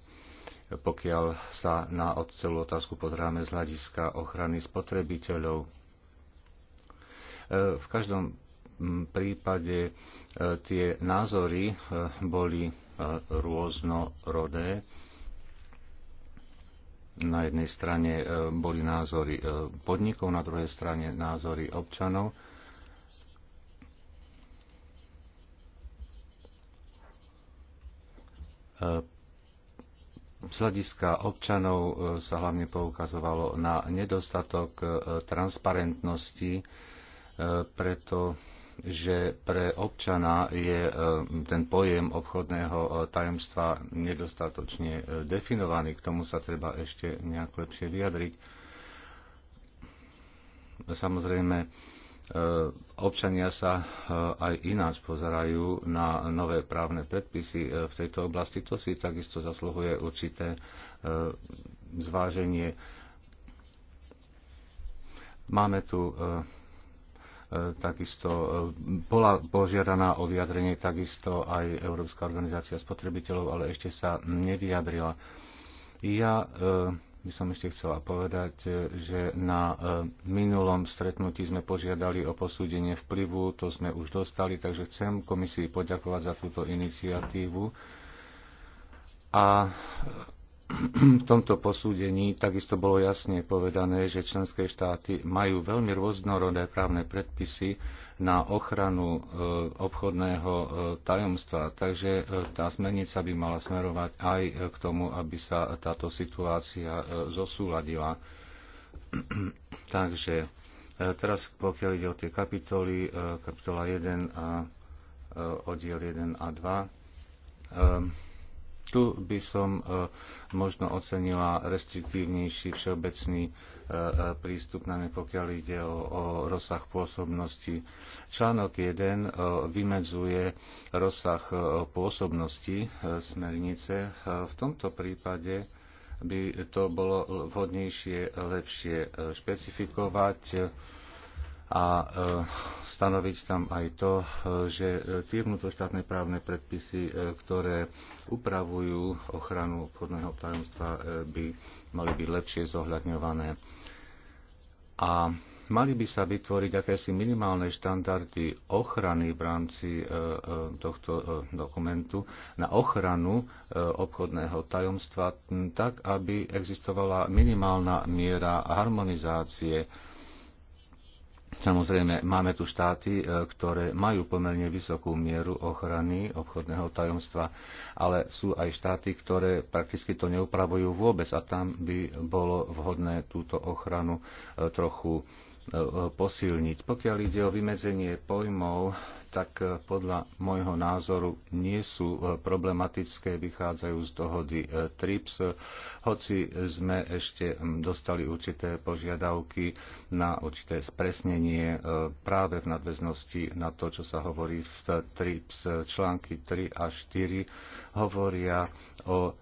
pokiaľ sa na celú otázku pozráme z hľadiska ochrany spotrebiteľov. V každom mm, prípade e, tie názory e, boli e, rôznorodé. Na jednej strane boli názory podnikov, na druhej strane názory občanov. Z hľadiska občanov sa hlavne poukazovalo na nedostatok transparentnosti pretože pre občana je e, ten pojem obchodného e, tajomstva nedostatočne e, definovaný. K tomu sa treba ešte nejak lepšie vyjadriť. Samozrejme, občania sa aj ináč pozerajú na nové právne predpisy v tejto oblasti. To si takisto zasluhuje určité zváženie. Máme tu E, takisto e, bola požiadaná o vyjadrenie takisto aj Európska organizácia spotrebiteľov, ale ešte sa nevyjadrila. Ja e, by som ešte chcela povedať, že na minulom stretnutí sme požiadali o posúdenie vplyvu, to sme už dostali, takže chcem komisii poďakovať za túto iniciatívu. A v tomto posúdení takisto bolo jasne povedané, že členské štáty majú veľmi rôznorodé právne predpisy na ochranu e, obchodného e, tajomstva. Takže e, tá smernica by mala smerovať aj k tomu, aby sa táto situácia zosúladila. [clears throat] Takže teraz pokiaľ ide o tie kapitoly, kapitola 1 a oddiel 1 a 2, tu by som e, možno ocenila restriktívnejší všeobecný e, e, prístup, najmä pokiaľ ide o, o rozsah pôsobnosti. Článok 1 vymedzuje rozsah pôsobnosti smernice. V tomto prípade by to bolo vhodnejšie, lepšie špecifikovať a e, stanoviť tam aj to, e, že e, tie vnútroštátne právne predpisy, ktoré upravujú ochranu obchodného tajomstva, by mali byť lepšie zohľadňované. A mali by sa vytvoriť akési minimálne štandardy ochrany v rámci tohto dokumentu na ochranu obchodného tajomstva, tak aby existovala minimálna miera harmonizácie Samozrejme, máme tu štáty, e, ktoré majú pomerne vysokú mieru ochrany obchodného tajomstva, ale sú aj štáty, ktoré prakticky to neupravujú vôbec a tam by bolo vhodné túto ochranu e, trochu e, posilniť. Pokiaľ ide o vymedzenie pojmov, tak eh, podľa môjho názoru nie sú eh, problematické, vychádzajú z dohody eh, TRIPS, hoci sme ešte mm, dostali určité požiadavky na určité spresnenie práve v nadväznosti na to, čo sa hovorí v TRIPS. Články 3 a 4 hovoria o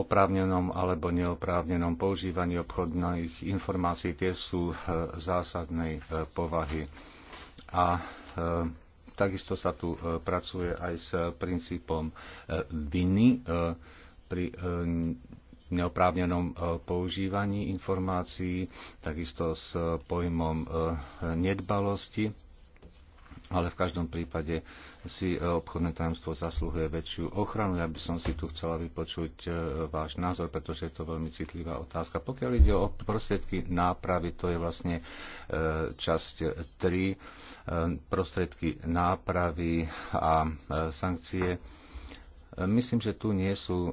oprávnenom alebo neoprávnenom používaní obchodných informácií tie sú zásadnej povahy. A takisto sa tu e, pracuje aj s princípom e, viny e, pri neoprávnenom používaní informácií, takisto s pojmom nedbalosti, ale v každom prípade si obchodné tajomstvo zaslúhuje väčšiu ochranu. Ja by som si tu chcela vypočuť váš názor, pretože je to veľmi citlivá otázka. Pokiaľ ide o prostriedky nápravy, to je vlastne časť 3 prostriedky nápravy a e, sankcie. E, myslím, že tu nie sú e,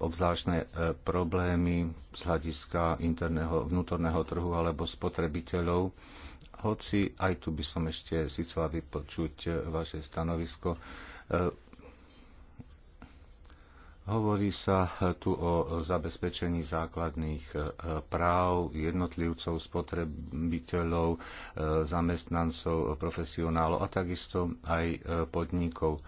obzvláštne problémy z hľadiska interného, vnútorného trhu alebo spotrebiteľov. Hoci aj tu by som ešte si chcela vypočuť vaše stanovisko. Hovorí sa tu o zabezpečení základných e, práv jednotlivcov, spotrebiteľov, e, zamestnancov, profesionálov a takisto aj e, podnikov.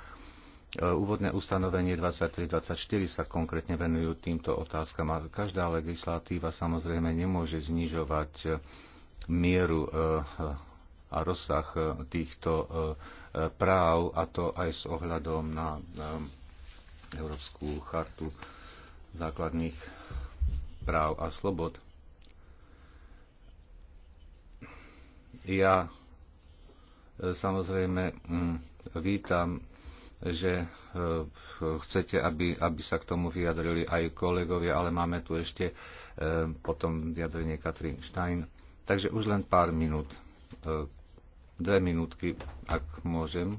Úvodné ustanovenie 23-24 sa konkrétne venujú týmto otázkam a každá legislatíva samozrejme nemôže znižovať mieru a rozsah týchto práv a to aj s ohľadom na Európsku chartu základných práv a slobod. Ja e, samozrejme mm, vítam, že e, chcete, aby, aby sa k tomu vyjadrili aj kolegovia, ale máme tu ešte e, potom vyjadrenie Katrin Stein. Takže už len pár minút. Dve minútky, ak môžem.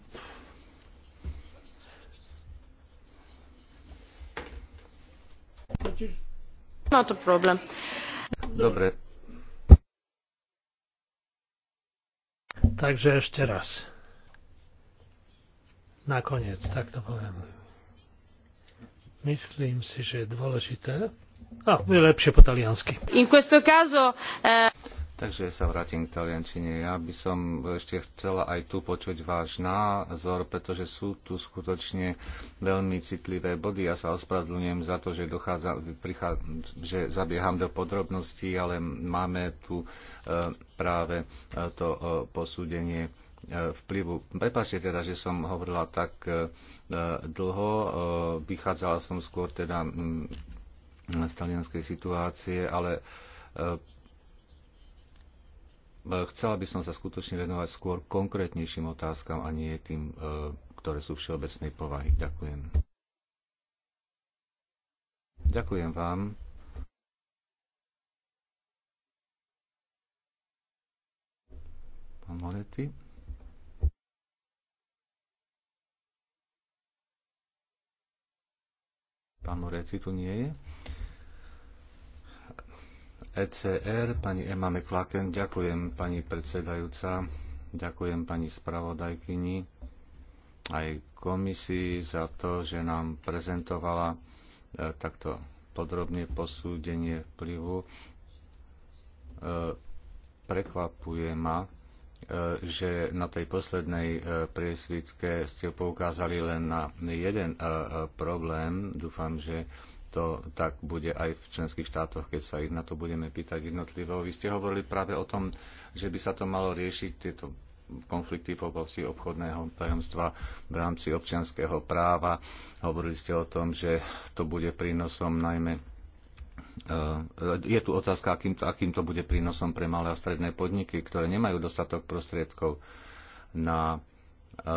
Not a problem. Dobre. Takže ešte raz. Nakoniec, tak to poviem. Myslím si, že je dôležité. A, no, je lepšie po taliansky. In questo caso, eh... Takže sa vrátim k taliančine. Ja by som ešte chcela aj tu počuť váš názor, pretože sú tu skutočne veľmi citlivé body. Ja sa ospravedlňujem za to, že, dochádza, prichá, že zabieham do podrobností, ale máme tu e, práve e, to e, posúdenie vplyvu. Prepašte teda, že som hovorila tak dlho, vychádzala som skôr teda z talianskej situácie, ale E, chcela by som sa skutočne venovať skôr konkrétnejším otázkam a nie tým, e, ktoré sú všeobecnej povahy. Ďakujem. Ďakujem vám. Pán Moretti. Pán Moretti tu nie je. ECR, pani Emma McClacken, Ďakujem pani predsedajúca, ďakujem pani spravodajkyni aj komisii za to, že nám prezentovala e, takto podrobne posúdenie vplyvu. E, prekvapuje ma, e, že na tej poslednej priesvitke ste poukázali len na jeden problém. Dúfam, že to tak bude aj v členských štátoch, keď sa ich na to budeme pýtať jednotlivo. Vy ste hovorili práve o tom, že by sa to malo riešiť, tieto konflikty v oblasti obchodného tajomstva v rámci občianského práva. Hovorili ste o tom, že to bude prínosom najmä e, je tu otázka, akým to, akým to bude prínosom pre malé a stredné podniky, ktoré nemajú dostatok prostriedkov na e,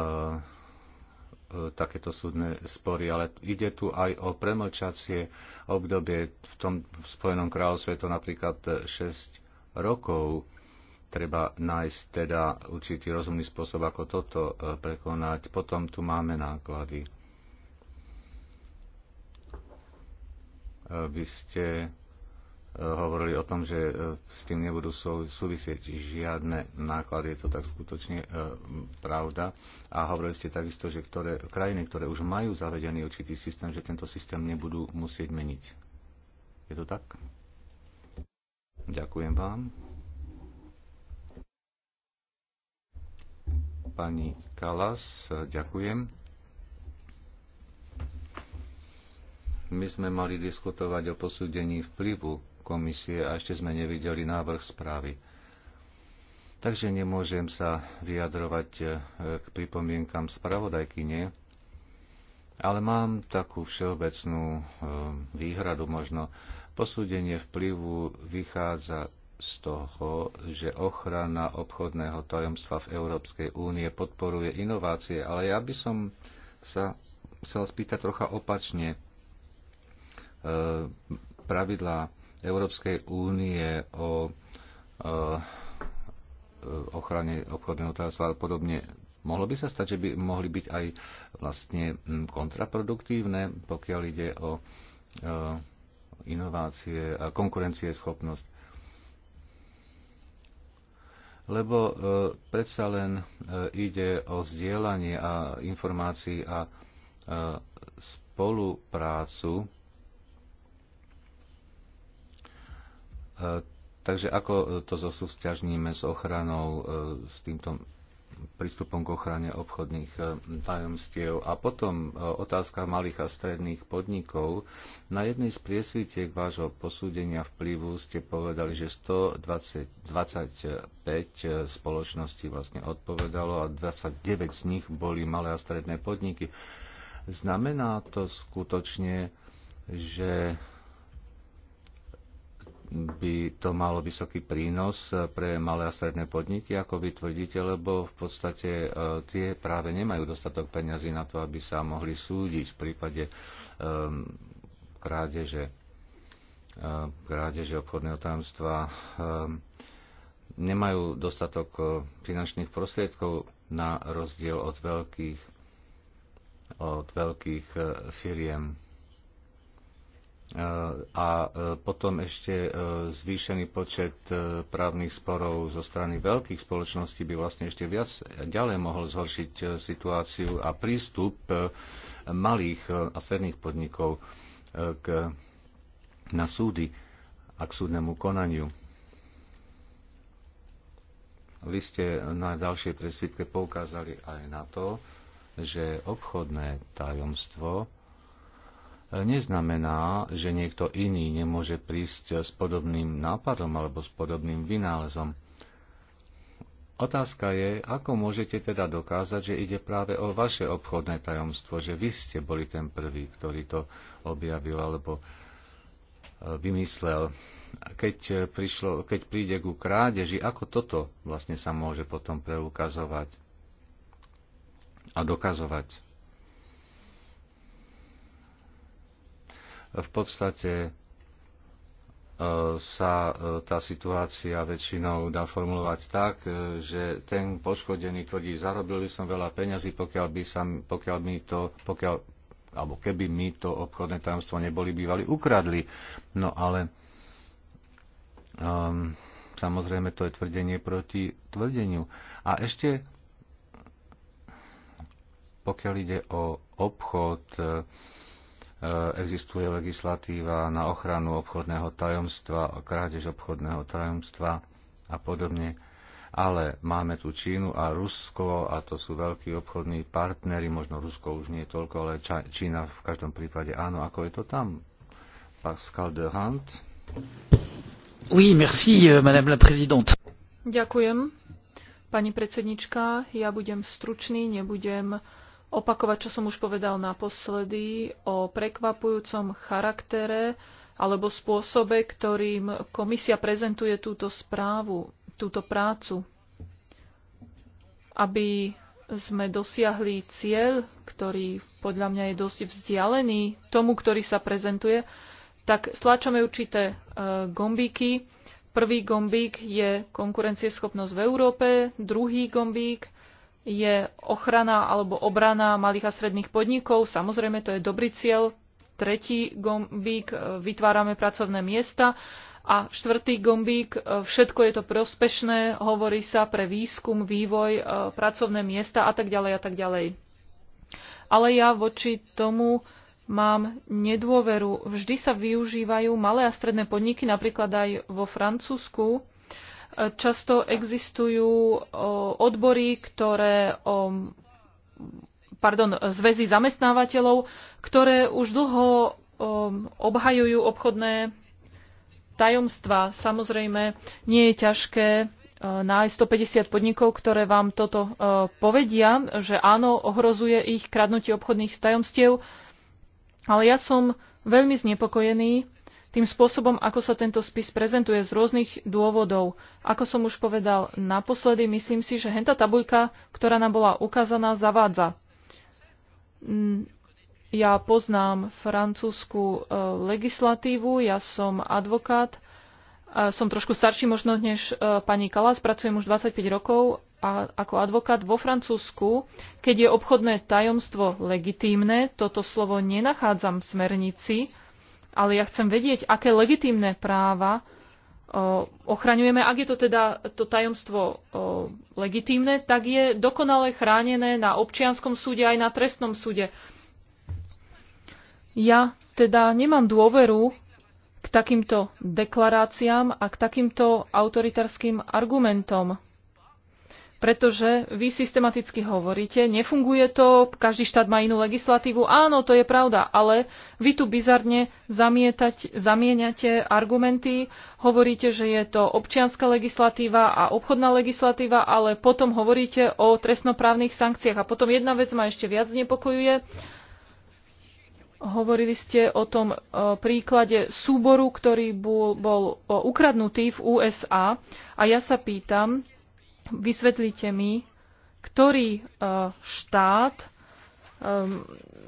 E, takéto súdne spory, ale ide tu aj o premlčacie obdobie. V tom v Spojenom kráľovstve to napríklad 6 e, rokov. Treba nájsť teda určitý rozumný spôsob, ako toto e, prekonať. Potom tu máme náklady. Vy ste hovorili o tom, že e, s tým nebudú súvisieť žiadne náklady. Je to tak skutočne e, pravda. A hovorili ste takisto, že ktoré, krajiny, ktoré už majú zavedený určitý systém, že tento systém nebudú musieť meniť. Je to tak? Ďakujem vám. Pani Kalas, ďakujem. my sme mali diskutovať o posúdení vplyvu komisie a ešte sme nevideli návrh správy. Takže nemôžem sa vyjadrovať e, k pripomienkam spravodajkyne, ale mám takú všeobecnú e, výhradu možno. Posúdenie vplyvu vychádza z toho, že ochrana obchodného tajomstva v Európskej únie podporuje inovácie, ale ja by som sa chcel spýtať trocha opačne. E, pravidlá Európskej únie o ochrane obchodného tajomstva a podobne. Mohlo by sa stať, že by mohli byť aj vlastne kontraproduktívne, pokiaľ ide o inovácie a schopnosť. Lebo e, predsa len e, ide o zdieľanie a informácií a e, spoluprácu E, takže ako e, to zosúvzťažníme s ochranou, e, s týmto prístupom k ochrane obchodných tajomstiev. A potom otázka malých a stredných podnikov. Na jednej z priesvitiek vášho posúdenia vplyvu ste povedali, že 125 spoločností vlastne odpovedalo a 29 z nich boli malé a stredné podniky. Znamená to skutočne, že by to malo vysoký prínos pre malé a stredné podniky, ako vy tvrdíte, lebo v podstate e, tie práve nemajú dostatok peňazí na to, aby sa mohli súdiť v prípade ehm, krádeže, e, krádeže obchodného tajomstva. Ehm, nemajú dostatok e, finančných prostriedkov na rozdiel od veľkých, od veľkých firiem a potom ešte e, zvýšený počet e, právnych sporov zo strany veľkých spoločností by vlastne ešte viac ďalej mohol zhoršiť e, situáciu a prístup malých a stredných podnikov k, na súdy a k súdnemu konaniu. Vy ste na ďalšej presvitke poukázali aj na to, že obchodné tajomstvo neznamená, že niekto iný nemôže prísť s podobným nápadom alebo s podobným vynálezom. Otázka je, ako môžete teda dokázať, že ide práve o vaše obchodné tajomstvo, že vy ste boli ten prvý, ktorý to objavil alebo e, vymyslel. Keď, prišlo, keď príde ku krádeži, ako toto vlastne sa môže potom preukazovať a dokazovať? v podstate e, sa e, tá situácia väčšinou dá formulovať tak, e, že ten poškodený tvrdí, zarobil by som veľa peňazí, pokiaľ by sa, pokiaľ mi to, pokiaľ, alebo keby mi to obchodné tajomstvo neboli bývali ukradli. No ale um, samozrejme to je tvrdenie proti tvrdeniu. A ešte pokiaľ ide o obchod, Eh, existuje legislatíva na ochranu obchodného tajomstva, krádež obchodného tajomstva a podobne. Ale máme tu Čínu a Rusko a to sú veľkí obchodní partnery, možno Rusko už nie toľko, ale Čína v každom prípade áno, ako je to tam. Pascal de Hunt. Oui, merci, euh, madame la présidente. Ďakujem. Pani predsednička, ja budem stručný, nebudem uh, opakovať, čo som už povedal naposledy o prekvapujúcom charaktere alebo spôsobe, ktorým komisia prezentuje túto správu, túto prácu, aby sme dosiahli cieľ, ktorý podľa mňa je dosť vzdialený tomu, ktorý sa prezentuje, tak stláčame určité e, gombíky. Prvý gombík je konkurencieschopnosť v Európe, druhý gombík je ochrana alebo obrana malých a stredných podnikov. Samozrejme, to je dobrý cieľ. Tretí gombík, e, vytvárame pracovné miesta. A štvrtý gombík, e, všetko je to prospešné, hovorí sa pre výskum, vývoj, e, pracovné miesta a tak ďalej a tak ďalej. Ale ja voči tomu mám nedôveru. Vždy sa využívajú malé a stredné podniky, napríklad aj vo Francúzsku, Často existujú odbory, ktoré pardon, zväzy zamestnávateľov, ktoré už dlho obhajujú obchodné tajomstva. Samozrejme, nie je ťažké nájsť 150 podnikov, ktoré vám toto povedia, že áno, ohrozuje ich kradnutie obchodných tajomstiev. Ale ja som veľmi znepokojený tým spôsobom, ako sa tento spis prezentuje z rôznych dôvodov. Ako som už povedal naposledy, myslím si, že henta tabuľka, ktorá nám bola ukázaná, zavádza. Mm, ja poznám francúzsku e, legislatívu, ja som advokát, e, som trošku starší možno než e, pani Kalas, pracujem už 25 rokov a ako advokát vo Francúzsku, keď je obchodné tajomstvo legitímne, toto slovo nenachádzam v smernici, ale ja chcem vedieť, aké legitímne práva ochraňujeme. Ak je to teda to tajomstvo legitímne, tak je dokonale chránené na občianskom súde aj na trestnom súde. Ja teda nemám dôveru k takýmto deklaráciám a k takýmto autoritárskym argumentom pretože vy systematicky hovoríte, nefunguje to, každý štát má inú legislatívu, áno, to je pravda, ale vy tu bizarne zamietať, zamieňate argumenty, hovoríte, že je to občianská legislatíva a obchodná legislatíva, ale potom hovoríte o trestnoprávnych sankciách. A potom jedna vec ma ešte viac znepokojuje, Hovorili ste o tom e, príklade súboru, ktorý bol, bol e, ukradnutý v USA. A ja sa pýtam, vysvetlíte mi, ktorý e, štát e,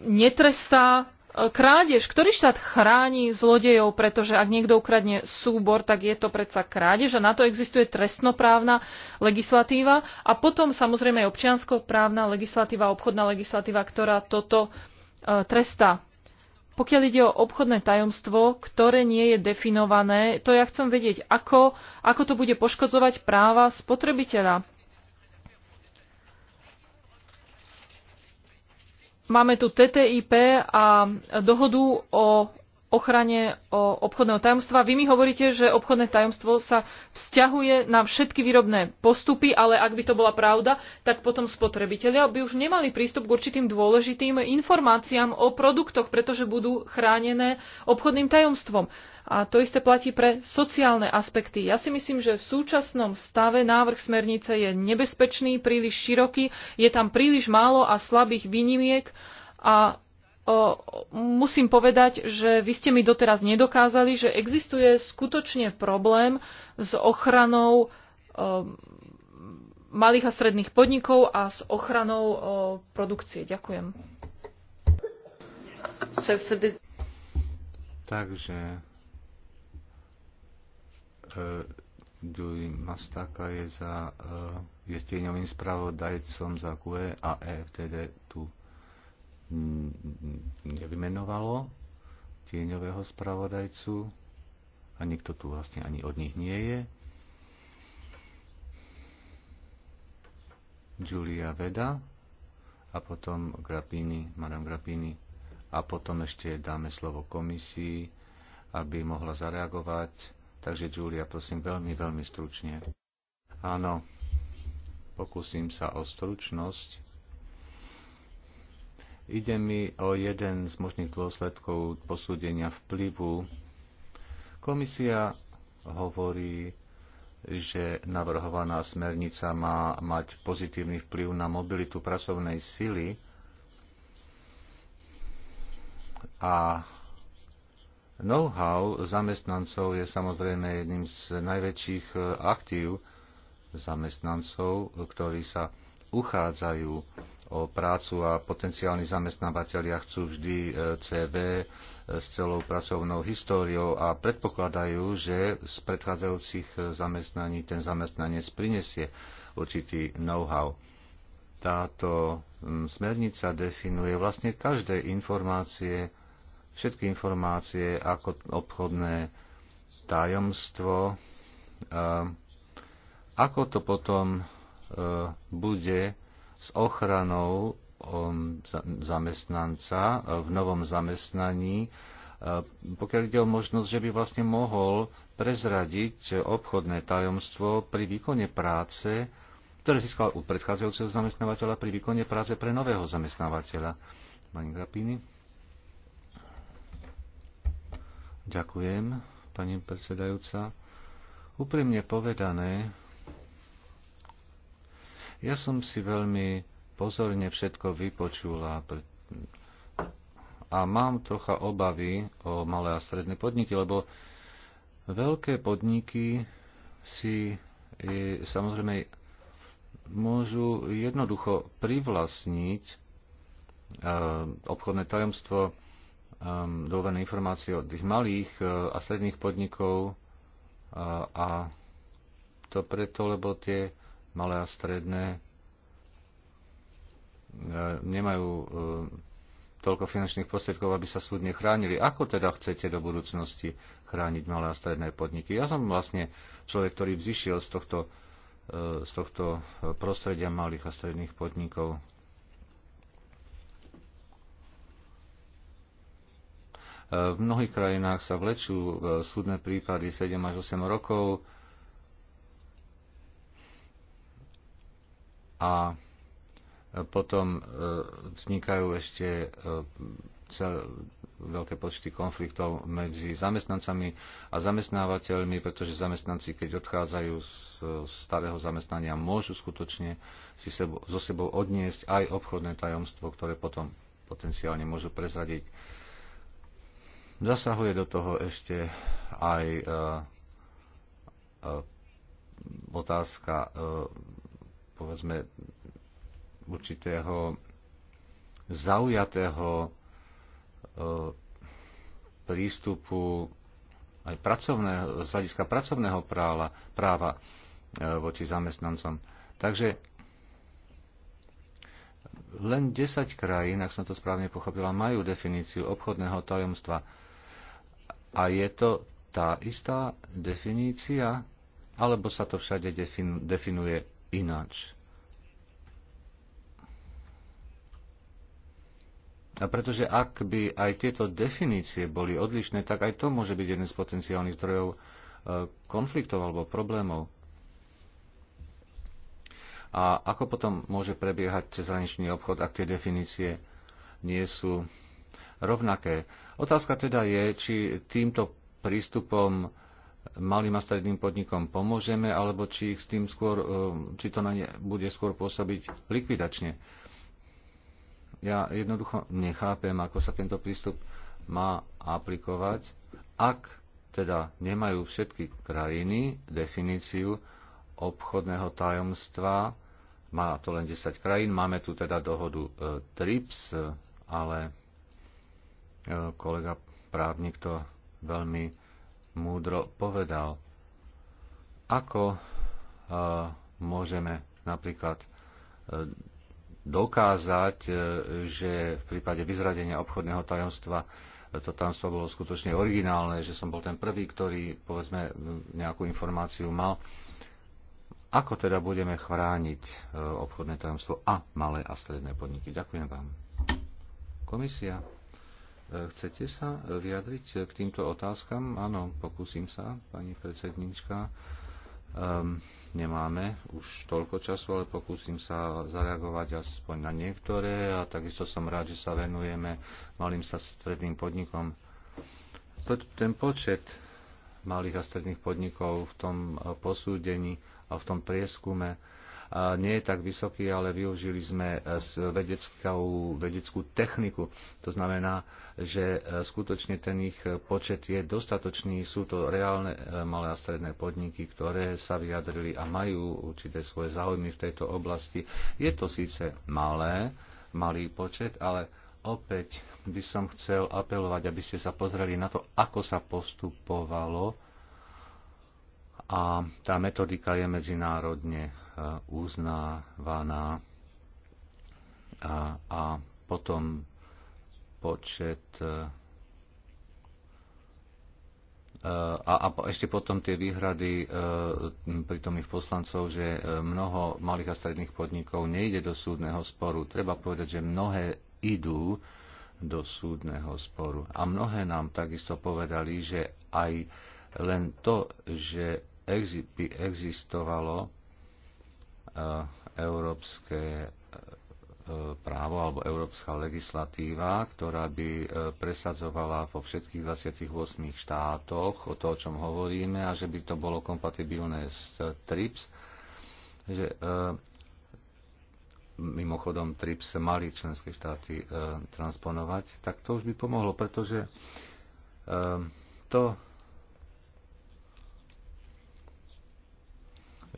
netrestá e, krádež. Ktorý štát chráni zlodejov, pretože ak niekto ukradne súbor, tak je to predsa krádež a na to existuje trestnoprávna legislatíva a potom samozrejme aj občianskoprávna legislatíva, obchodná legislatíva, ktorá toto trestá. Pokiaľ ide o obchodné tajomstvo, ktoré nie je definované, to ja chcem vedieť, ako, ako to bude poškodzovať práva spotrebiteľa. Máme tu TTIP a dohodu o ochrane obchodného tajomstva. Vy mi hovoríte, že obchodné tajomstvo sa vzťahuje na všetky výrobné postupy, ale ak by to bola pravda, tak potom spotrebitelia by už nemali prístup k určitým dôležitým informáciám o produktoch, pretože budú chránené obchodným tajomstvom. A to isté platí pre sociálne aspekty. Ja si myslím, že v súčasnom stave návrh smernice je nebezpečný, príliš široký, je tam príliš málo a slabých výnimiek a musím povedať, že vy ste mi doteraz nedokázali, že existuje skutočne problém s ochranou ehm, malých a stredných podnikov a s ochranou e, produkcie. Ďakujem. Takže e, Julie Mastaka je, za, e, je spravodajcom za QE a EFTD tu Mm, nevymenovalo tieňového spravodajcu a nikto tu vlastne ani od nich nie je. Julia Veda a potom Grapini, Madame Grapini a potom ešte dáme slovo komisii, aby mohla zareagovať. Takže Julia, prosím, veľmi, veľmi stručne. Áno, pokúsim sa o stručnosť Ide mi o jeden z možných dôsledkov posúdenia vplyvu. Komisia hovorí, že navrhovaná smernica má mať pozitívny vplyv na mobilitu pracovnej sily a know-how zamestnancov je samozrejme jedným z najväčších aktív zamestnancov, ktorí sa uchádzajú o prácu a potenciálni zamestnávateľia chcú vždy e, CV e, s celou pracovnou históriou a predpokladajú, že z predchádzajúcich e, zamestnaní ten zamestnanec prinesie určitý know-how. Táto smernica definuje vlastne každé informácie, všetky informácie ako obchodné tajomstvo, ako to potom bude s ochranou um, zamestnanca uh, v novom zamestnaní, uh, pokiaľ ide o možnosť, že by vlastne mohol prezradiť obchodné tajomstvo pri výkone práce, ktoré získal u predchádzajúceho zamestnávateľa pri výkone práce pre nového zamestnávateľa. Pani Grapini. Ďakujem, pani predsedajúca. Úprimne povedané, ja som si veľmi pozorne všetko vypočul a mám trocha obavy o malé a stredné podniky, lebo veľké podniky si e, samozrejme môžu jednoducho privlastniť e, obchodné tajomstvo e, dovolené informácie od tých malých a stredných podnikov a to preto, lebo tie malé a stredné e, nemajú e, toľko finančných prostriedkov, aby sa súdne chránili. Ako teda chcete do budúcnosti chrániť malé a stredné podniky? Ja som vlastne človek, ktorý vzýšiel z tohto, e, z tohto prostredia malých a stredných podnikov. V mnohých krajinách sa vlečú súdne prípady 7 až 8 rokov a e, potom e, vznikajú ešte e, cel, veľké počty konfliktov medzi zamestnancami a zamestnávateľmi, pretože zamestnanci, keď odchádzajú z starého zamestnania, môžu skutočne si sebo, so sebou odniesť aj obchodné tajomstvo, ktoré potom potenciálne môžu prezradiť. Zasahuje do toho ešte aj otázka povedzme, určitého zaujatého e, prístupu aj pracovného, z hľadiska pracovného práva, práva e, voči zamestnancom. Takže len 10 krajín, ak som to správne pochopila, majú definíciu obchodného tajomstva. A je to tá istá definícia, alebo sa to všade definuje ináč. A pretože ak by aj tieto definície boli odlišné, tak aj to môže byť jeden z potenciálnych zdrojov e, konfliktov alebo problémov. A ako potom môže prebiehať cezhraničný obchod, ak tie definície nie sú rovnaké? Otázka teda je, či týmto prístupom malým a stredným podnikom pomôžeme, alebo či, ich s tým skôr, e, či to na ne bude skôr pôsobiť likvidačne. Ja jednoducho nechápem, ako sa tento prístup má aplikovať, ak teda nemajú všetky krajiny definíciu obchodného tajomstva, má to len 10 krajín, máme tu teda dohodu e, TRIPS, e, ale kolega právnik to veľmi múdro povedal. Ako e, môžeme napríklad e, dokázať, e, že v prípade vyzradenia obchodného tajomstva to tajomstvo bolo skutočne originálne, že som bol ten prvý, ktorý povedzme nejakú informáciu mal. Ako teda budeme chrániť obchodné tajomstvo a malé a stredné podniky? Ďakujem vám. Komisia. Chcete sa vyjadriť k týmto otázkam? Áno, pokúsim sa, pani predsednička. Um, nemáme už toľko času, ale pokúsim sa zareagovať aspoň na niektoré a takisto som rád, že sa venujeme malým sa stredným podnikom. Ten počet malých a stredných podnikov v tom eh, posúdení a v tom prieskume nie je tak vysoký, ale využili sme e, vedeckú, vedeckú techniku. To znamená, že e, skutočne ten ich počet je dostatočný. Sú to reálne e, malé a stredné podniky, ktoré sa vyjadrili a majú určité svoje záujmy v tejto oblasti. Je to síce malé, malý počet, ale opäť by som chcel apelovať, aby ste sa pozreli na to, ako sa postupovalo a tá metodika je medzinárodne e, uznávaná a, a potom počet e, e, a, a ešte potom tie výhrady tom ich poslancov, že mnoho malých a stredných podnikov nejde do súdneho sporu. Treba povedať, že mnohé idú do súdneho sporu. A mnohé nám takisto povedali, že aj len to, že by existovalo e, európske e, právo alebo európska legislatíva, ktorá by e, presadzovala vo všetkých 28 štátoch o to, o čom hovoríme a že by to bolo kompatibilné s TRIPS, že mimochodom TRIPS mali členské štáty transponovať, tak to už by pomohlo, pretože to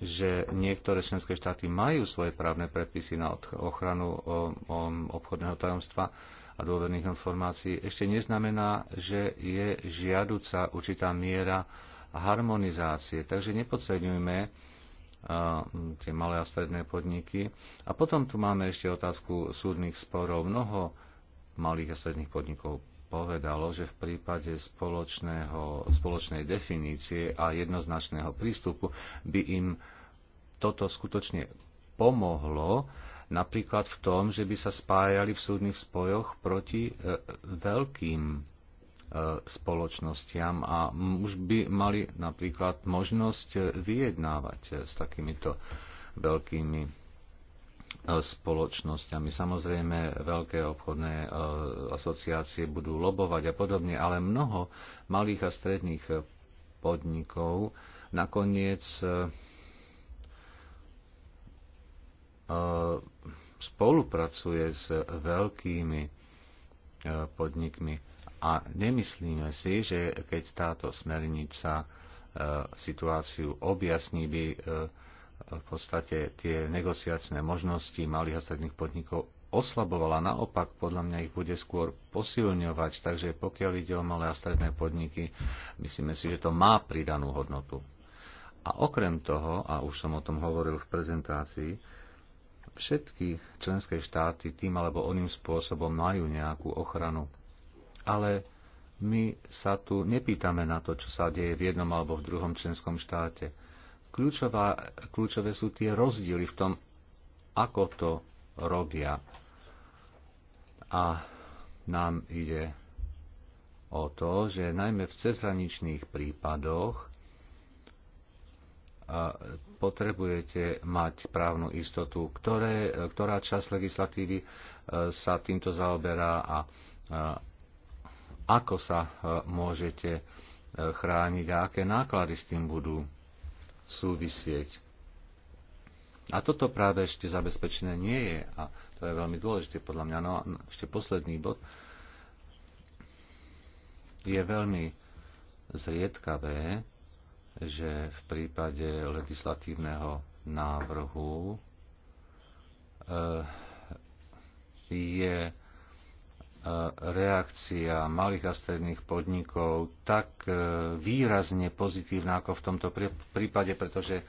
že niektoré členské štáty majú svoje právne predpisy na ochranu obchodného tajomstva a dôverných informácií, ešte neznamená, že je žiaduca určitá miera harmonizácie. Takže nepodceňujme tie malé a stredné podniky. A potom tu máme ešte otázku súdnych sporov. Mnoho malých a stredných podnikov povedalo, že v prípade spoločného, spoločnej definície a jednoznačného prístupu by im toto skutočne pomohlo, napríklad v tom, že by sa spájali v súdnych spojoch proti e, veľkým e, spoločnostiam a už by mali napríklad možnosť e, vyjednávať e, s takýmito veľkými spoločnosťami. Samozrejme, veľké obchodné e, asociácie budú lobovať a podobne, ale mnoho malých a stredných podnikov nakoniec e, e, spolupracuje s veľkými podnikmi. A nemyslíme si, že keď táto smernica situáciu objasní, by v podstate tie negociačné možnosti malých a stredných podnikov oslabovala. Naopak, podľa mňa ich bude skôr posilňovať. Takže pokiaľ ide o malé a stredné podniky, myslíme si, že to má pridanú hodnotu. A okrem toho, a už som o tom hovoril v prezentácii, všetky členské štáty tým alebo oným spôsobom majú nejakú ochranu. Ale my sa tu nepýtame na to, čo sa deje v jednom alebo v druhom členskom štáte Kľúčová, kľúčové sú tie rozdiely v tom, ako to robia. A nám ide o to, že najmä v cezhraničných prípadoch potrebujete mať právnu istotu, ktoré, ktorá časť legislatívy e, sa týmto zaoberá a e, ako sa e, môžete chrániť a aké náklady s tým budú súvisieť. A toto práve ešte zabezpečené nie je a to je veľmi dôležité podľa mňa. No a ešte posledný bod je veľmi zriedkavé, že v prípade legislatívneho návrhu eh, je reakcia malých a stredných podnikov tak e, výrazne pozitívna ako v tomto prípade, pretože e,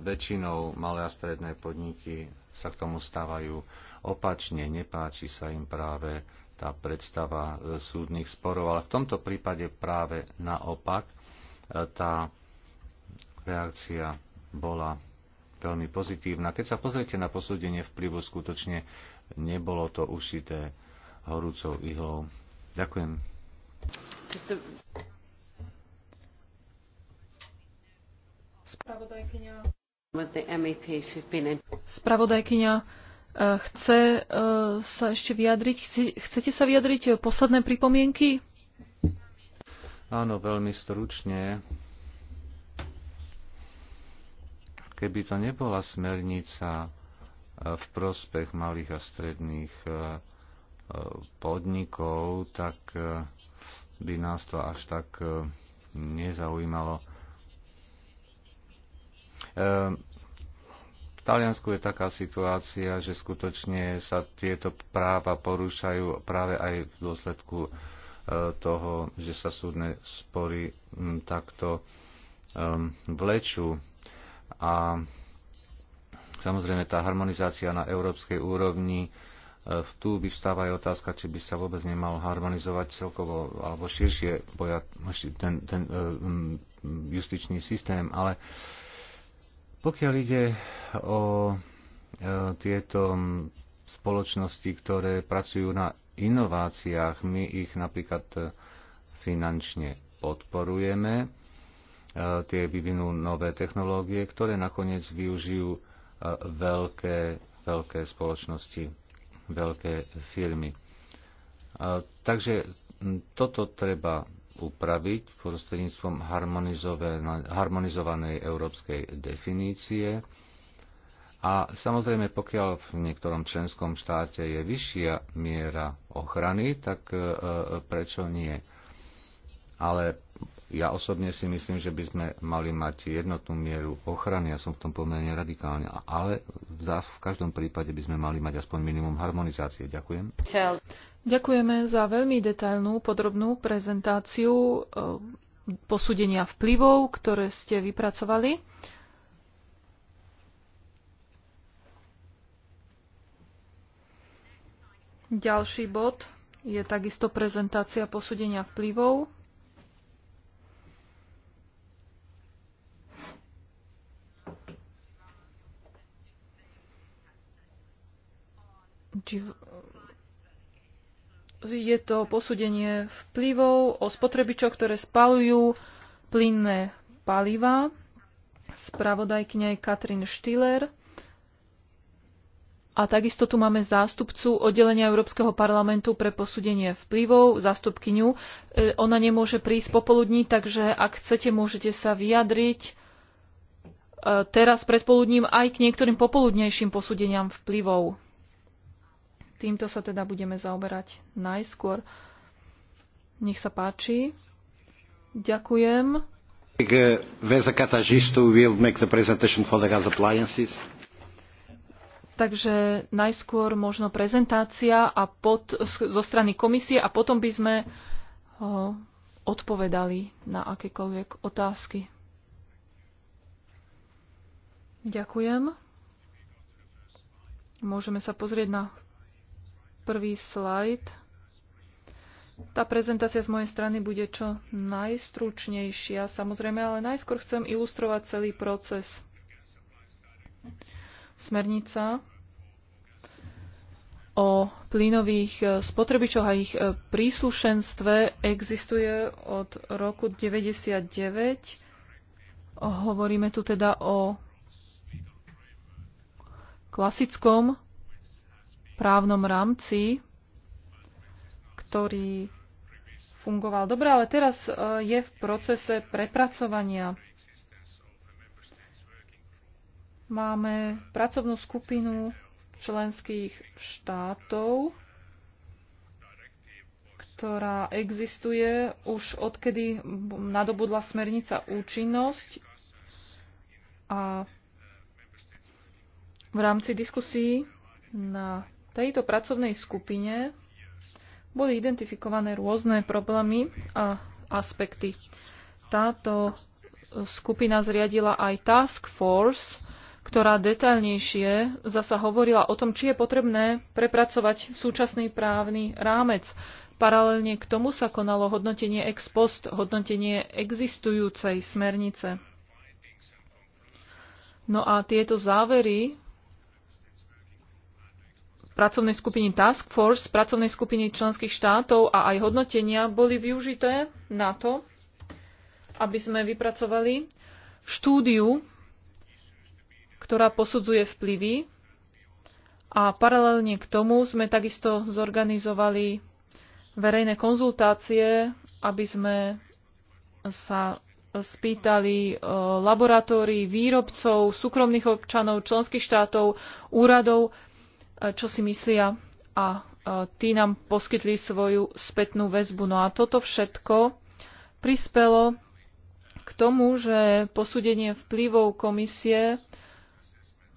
väčšinou malé a stredné podniky sa k tomu stávajú opačne, nepáči sa im práve tá predstava e, súdnych sporov, ale v tomto prípade práve naopak tá reakcia bola veľmi pozitívna. Keď sa pozriete na posúdenie vplyvu, skutočne nebolo to ušité horúcou ihlou. Ďakujem. Spravodajkyňa, e e, chce e, sa ešte vyjadriť. Chcete sa vyjadriť posledné pripomienky? Áno, veľmi stručne. Keby to nebola smernica v prospech malých a stredných podnikov, tak e, by nás to až tak e, nezaujímalo. E, v Taliansku je taká situácia, že skutočne sa tieto práva porúšajú práve aj v dôsledku toho, že sa súdne spory takto vlečú. A samozrejme tá harmonizácia na európskej úrovni tu vyvstáva aj otázka, či by sa vôbec nemal harmonizovať celkovo alebo širšie boja, ten, ten um, justičný systém, ale pokiaľ ide o e, tieto mm, spoločnosti, ktoré pracujú na inováciách, my ich napríklad e, finančne podporujeme, tie vyvinú nové technológie, ktoré nakoniec využijú veľké, veľké spoločnosti veľké firmy. Takže toto treba upraviť prostredníctvom harmonizovanej európskej definície. A samozrejme, pokiaľ v niektorom členskom štáte je vyššia miera ochrany, tak e, e, prečo nie? Ale ja osobne si myslím, že by sme mali mať jednotnú mieru ochrany, ja som v tom pomerne radikálne, ale v každom prípade by sme mali mať aspoň minimum harmonizácie. Ďakujem. Ďakujeme za veľmi detailnú, podrobnú prezentáciu e, posúdenia vplyvov, ktoré ste vypracovali. Ďalší bod je takisto prezentácia posúdenia vplyvov je to posúdenie vplyvov o spotrebičoch, ktoré spalujú plynné paliva. Spravodajkňa je Katrin Štiller. A takisto tu máme zástupcu oddelenia Európskeho parlamentu pre posúdenie vplyvov, zástupkyňu. E, ona nemôže prísť popoludní, takže ak chcete, môžete sa vyjadriť e, teraz predpoludním aj k niektorým popoludnejším posúdeniam vplyvov. Týmto sa teda budeme zaoberať najskôr. Nech sa páči. Ďakujem. Uh, Takže najskôr možno prezentácia a pod, zo strany komisie a potom by sme oh, odpovedali na akékoľvek otázky. Ďakujem. Môžeme sa pozrieť na prvý slajd. Tá prezentácia z mojej strany bude čo najstručnejšia, samozrejme, ale najskôr chcem ilustrovať celý proces. Smernica o plynových e, spotrebičoch a ich e, príslušenstve existuje od roku 1999. Hovoríme tu teda o klasickom právnom rámci, ktorý fungoval dobre, ale teraz e, je v procese prepracovania. Máme pracovnú skupinu členských štátov, ktorá existuje už odkedy nadobudla smernica účinnosť a v rámci diskusí na tejto pracovnej skupine boli identifikované rôzne problémy a aspekty. Táto skupina zriadila aj Task Force, ktorá detaľnejšie zasa hovorila o tom, či je potrebné prepracovať súčasný právny rámec. Paralelne k tomu sa konalo hodnotenie ex post, hodnotenie existujúcej smernice. No a tieto závery pracovnej skupiny Task Force, pracovnej skupiny členských štátov a aj hodnotenia boli využité na to, aby sme vypracovali štúdiu, ktorá posudzuje vplyvy a paralelne k tomu sme takisto zorganizovali verejné konzultácie, aby sme sa spýtali e, laboratórií, výrobcov, súkromných občanov, členských štátov, úradov E, čo si myslia a e, tí nám poskytli svoju spätnú väzbu. No a toto všetko prispelo k tomu, že posúdenie vplyvov komisie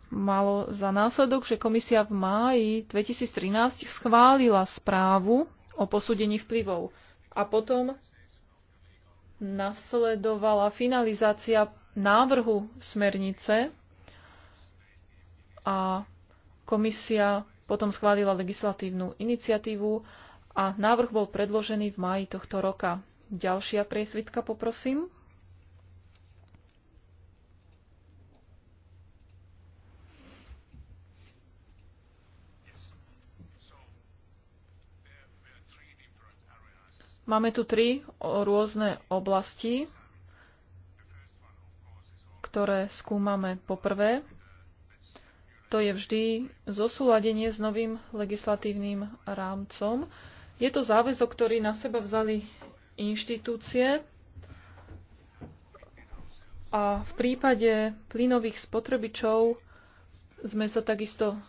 malo za následok, že komisia v máji 2013 schválila správu o posúdení vplyvov a potom nasledovala finalizácia návrhu smernice a Komisia potom schválila legislatívnu iniciatívu a návrh bol predložený v máji tohto roka. Ďalšia priesvitka, poprosím. Máme tu tri rôzne oblasti, ktoré skúmame. Poprvé, to je vždy zosúladenie s novým legislatívnym rámcom. Je to záväzok, ktorý na seba vzali inštitúcie a v prípade plynových spotrebičov sme sa takisto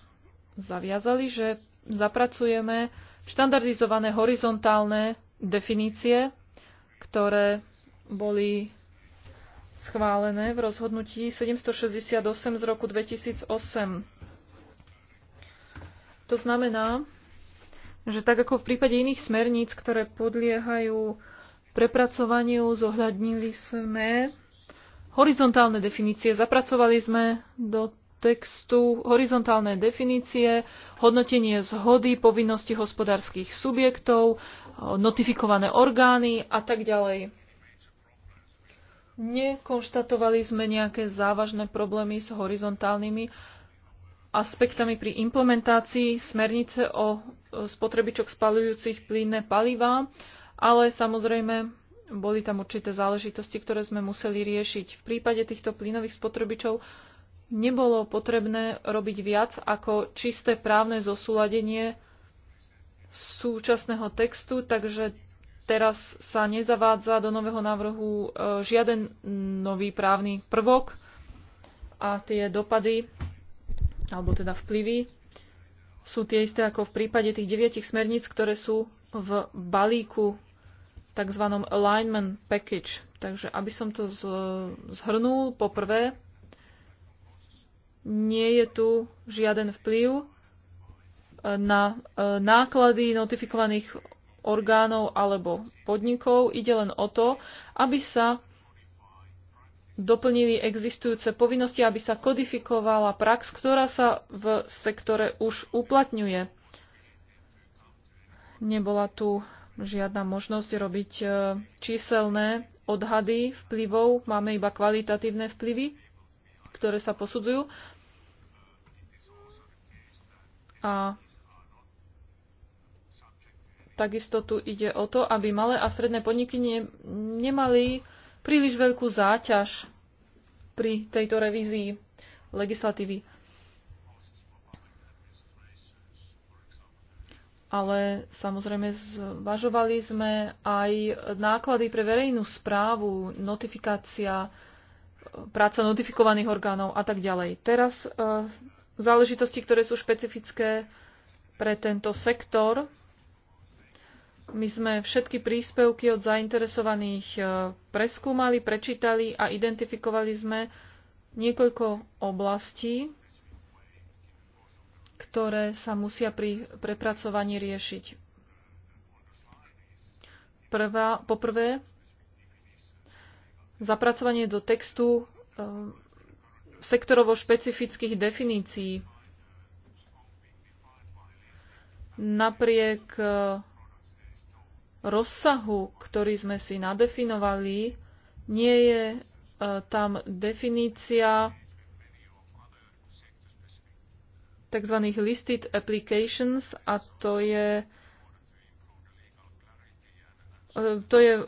zaviazali, že zapracujeme štandardizované horizontálne definície, ktoré boli schválené v rozhodnutí 768 z roku 2008. To znamená, že tak ako v prípade iných smerníc, ktoré podliehajú prepracovaniu, zohľadnili sme horizontálne definície. Zapracovali sme do textu horizontálne definície, hodnotenie zhody, povinnosti hospodárskych subjektov, notifikované orgány a tak ďalej. Nekonštatovali sme nejaké závažné problémy s horizontálnymi aspektami pri implementácii smernice o e, spotrebičok spalujúcich plynné palivá, ale samozrejme boli tam určité záležitosti, ktoré sme museli riešiť. V prípade týchto plynových spotrebičov nebolo potrebné robiť viac ako čisté právne zosúladenie súčasného textu, takže Teraz sa nezavádza do nového návrhu e, žiaden nový právny prvok a tie dopady, alebo teda vplyvy, sú tie isté ako v prípade tých deviatich smerníc, ktoré sú v balíku tzv. alignment package. Takže aby som to zhrnul, poprvé, nie je tu žiaden vplyv e, na e, náklady notifikovaných orgánov alebo podnikov. Ide len o to, aby sa doplnili existujúce povinnosti, aby sa kodifikovala prax, ktorá sa v sektore už uplatňuje. Nebola tu žiadna možnosť robiť e, číselné odhady vplyvov, máme iba kvalitatívne vplyvy, ktoré sa posudzujú. A Takisto tu ide o to, aby malé a stredné podniky ne, nemali príliš veľkú záťaž pri tejto revízii legislatívy. Ale samozrejme zvažovali sme aj náklady pre verejnú správu, notifikácia, práca notifikovaných orgánov a tak ďalej. Teraz eh, záležitosti, ktoré sú špecifické pre tento sektor, my sme všetky príspevky od zainteresovaných e, preskúmali, prečítali a identifikovali sme niekoľko oblastí, ktoré sa musia pri prepracovaní riešiť. Prvá, poprvé, zapracovanie do textu e, sektorovo špecifických definícií. Napriek e, rozsahu, ktorý sme si nadefinovali, nie je e, tam definícia tzv. listed applications a to je e, to je e,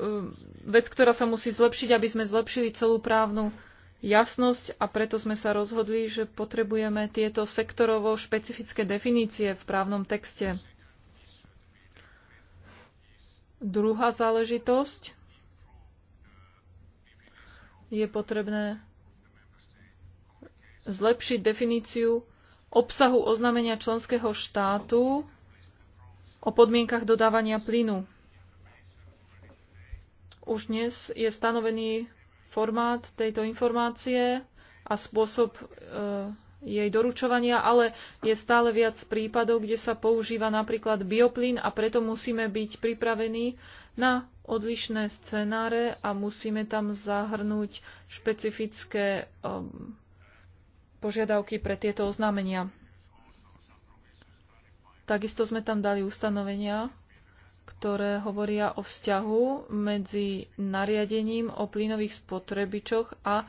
vec, ktorá sa musí zlepšiť, aby sme zlepšili celú právnu jasnosť a preto sme sa rozhodli, že potrebujeme tieto sektorovo špecifické definície v právnom texte. Druhá záležitosť je potrebné zlepšiť definíciu obsahu oznámenia členského štátu o podmienkach dodávania plynu. Už dnes je stanovený formát tejto informácie a spôsob e, jej doručovania, ale je stále viac prípadov, kde sa používa napríklad bioplyn a preto musíme byť pripravení na odlišné scenáre a musíme tam zahrnúť špecifické um, požiadavky pre tieto oznámenia. Takisto sme tam dali ustanovenia, ktoré hovoria o vzťahu medzi nariadením o plynových spotrebičoch a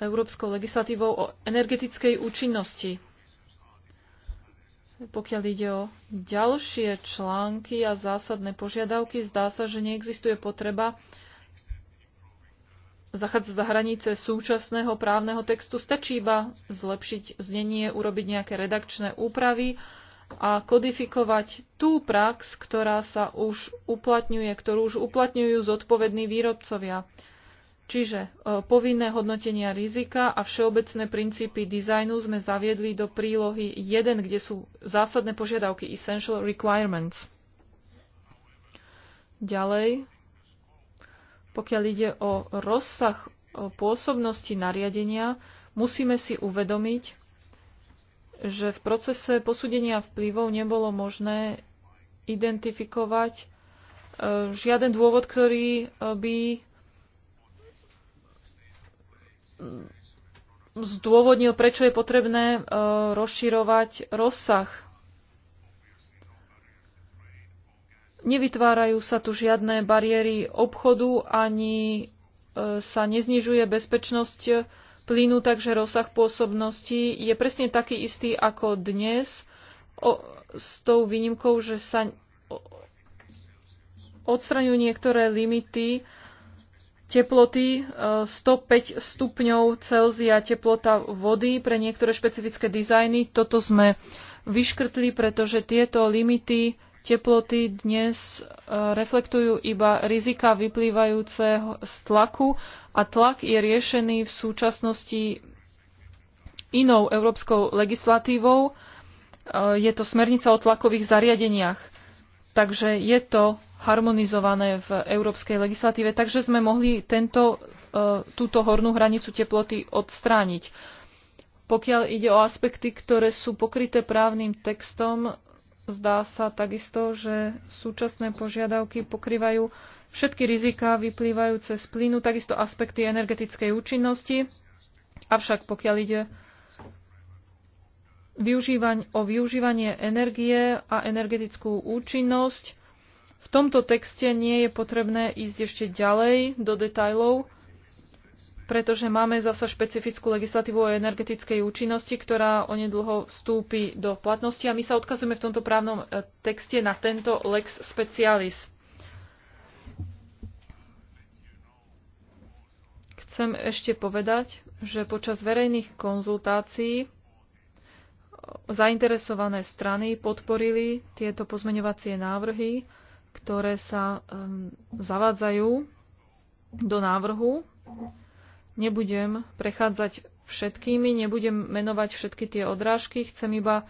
európskou legislatívou o energetickej účinnosti. Pokiaľ ide o ďalšie články a zásadné požiadavky, zdá sa, že neexistuje potreba zachádzať za hranice súčasného právneho textu. Stačí iba zlepšiť znenie, urobiť nejaké redakčné úpravy a kodifikovať tú prax, ktorá sa už uplatňuje, ktorú už uplatňujú zodpovední výrobcovia. Čiže e, povinné hodnotenia rizika a všeobecné princípy dizajnu sme zaviedli do prílohy 1, kde sú zásadné požiadavky Essential Requirements. Ďalej, pokiaľ ide o rozsah e, pôsobnosti nariadenia, musíme si uvedomiť, že v procese posúdenia vplyvov nebolo možné identifikovať e, žiaden dôvod, ktorý by zdôvodnil, prečo je potrebné e, rozširovať rozsah. Nevytvárajú sa tu žiadne bariéry obchodu ani e, sa neznižuje bezpečnosť plynu, takže rozsah pôsobnosti je presne taký istý ako dnes, o, s tou výnimkou, že sa odstraňujú niektoré limity teploty 105 e, stupňov Celzia teplota vody pre niektoré špecifické dizajny. Toto sme vyškrtli, pretože tieto limity teploty dnes e, reflektujú iba rizika vyplývajúceho z tlaku a tlak je riešený v súčasnosti inou európskou legislatívou. E, je to smernica o tlakových zariadeniach. Takže je to harmonizované v európskej legislatíve, takže sme mohli tento, e, túto hornú hranicu teploty odstrániť. Pokiaľ ide o aspekty, ktoré sú pokryté právnym textom, zdá sa takisto, že súčasné požiadavky pokrývajú všetky riziká vyplývajúce z plynu, takisto aspekty energetickej účinnosti. Avšak pokiaľ ide využívaň, o využívanie energie a energetickú účinnosť. V tomto texte nie je potrebné ísť ešte ďalej do detajlov, pretože máme zasa špecifickú legislatívu o energetickej účinnosti, ktorá onedlho vstúpi do platnosti a my sa odkazujeme v tomto právnom e, texte na tento lex specialis. Chcem ešte povedať, že počas verejných konzultácií zainteresované strany podporili tieto pozmeňovacie návrhy, ktoré sa um, zavádzajú do návrhu. Nebudem prechádzať všetkými, nebudem menovať všetky tie odrážky, chcem iba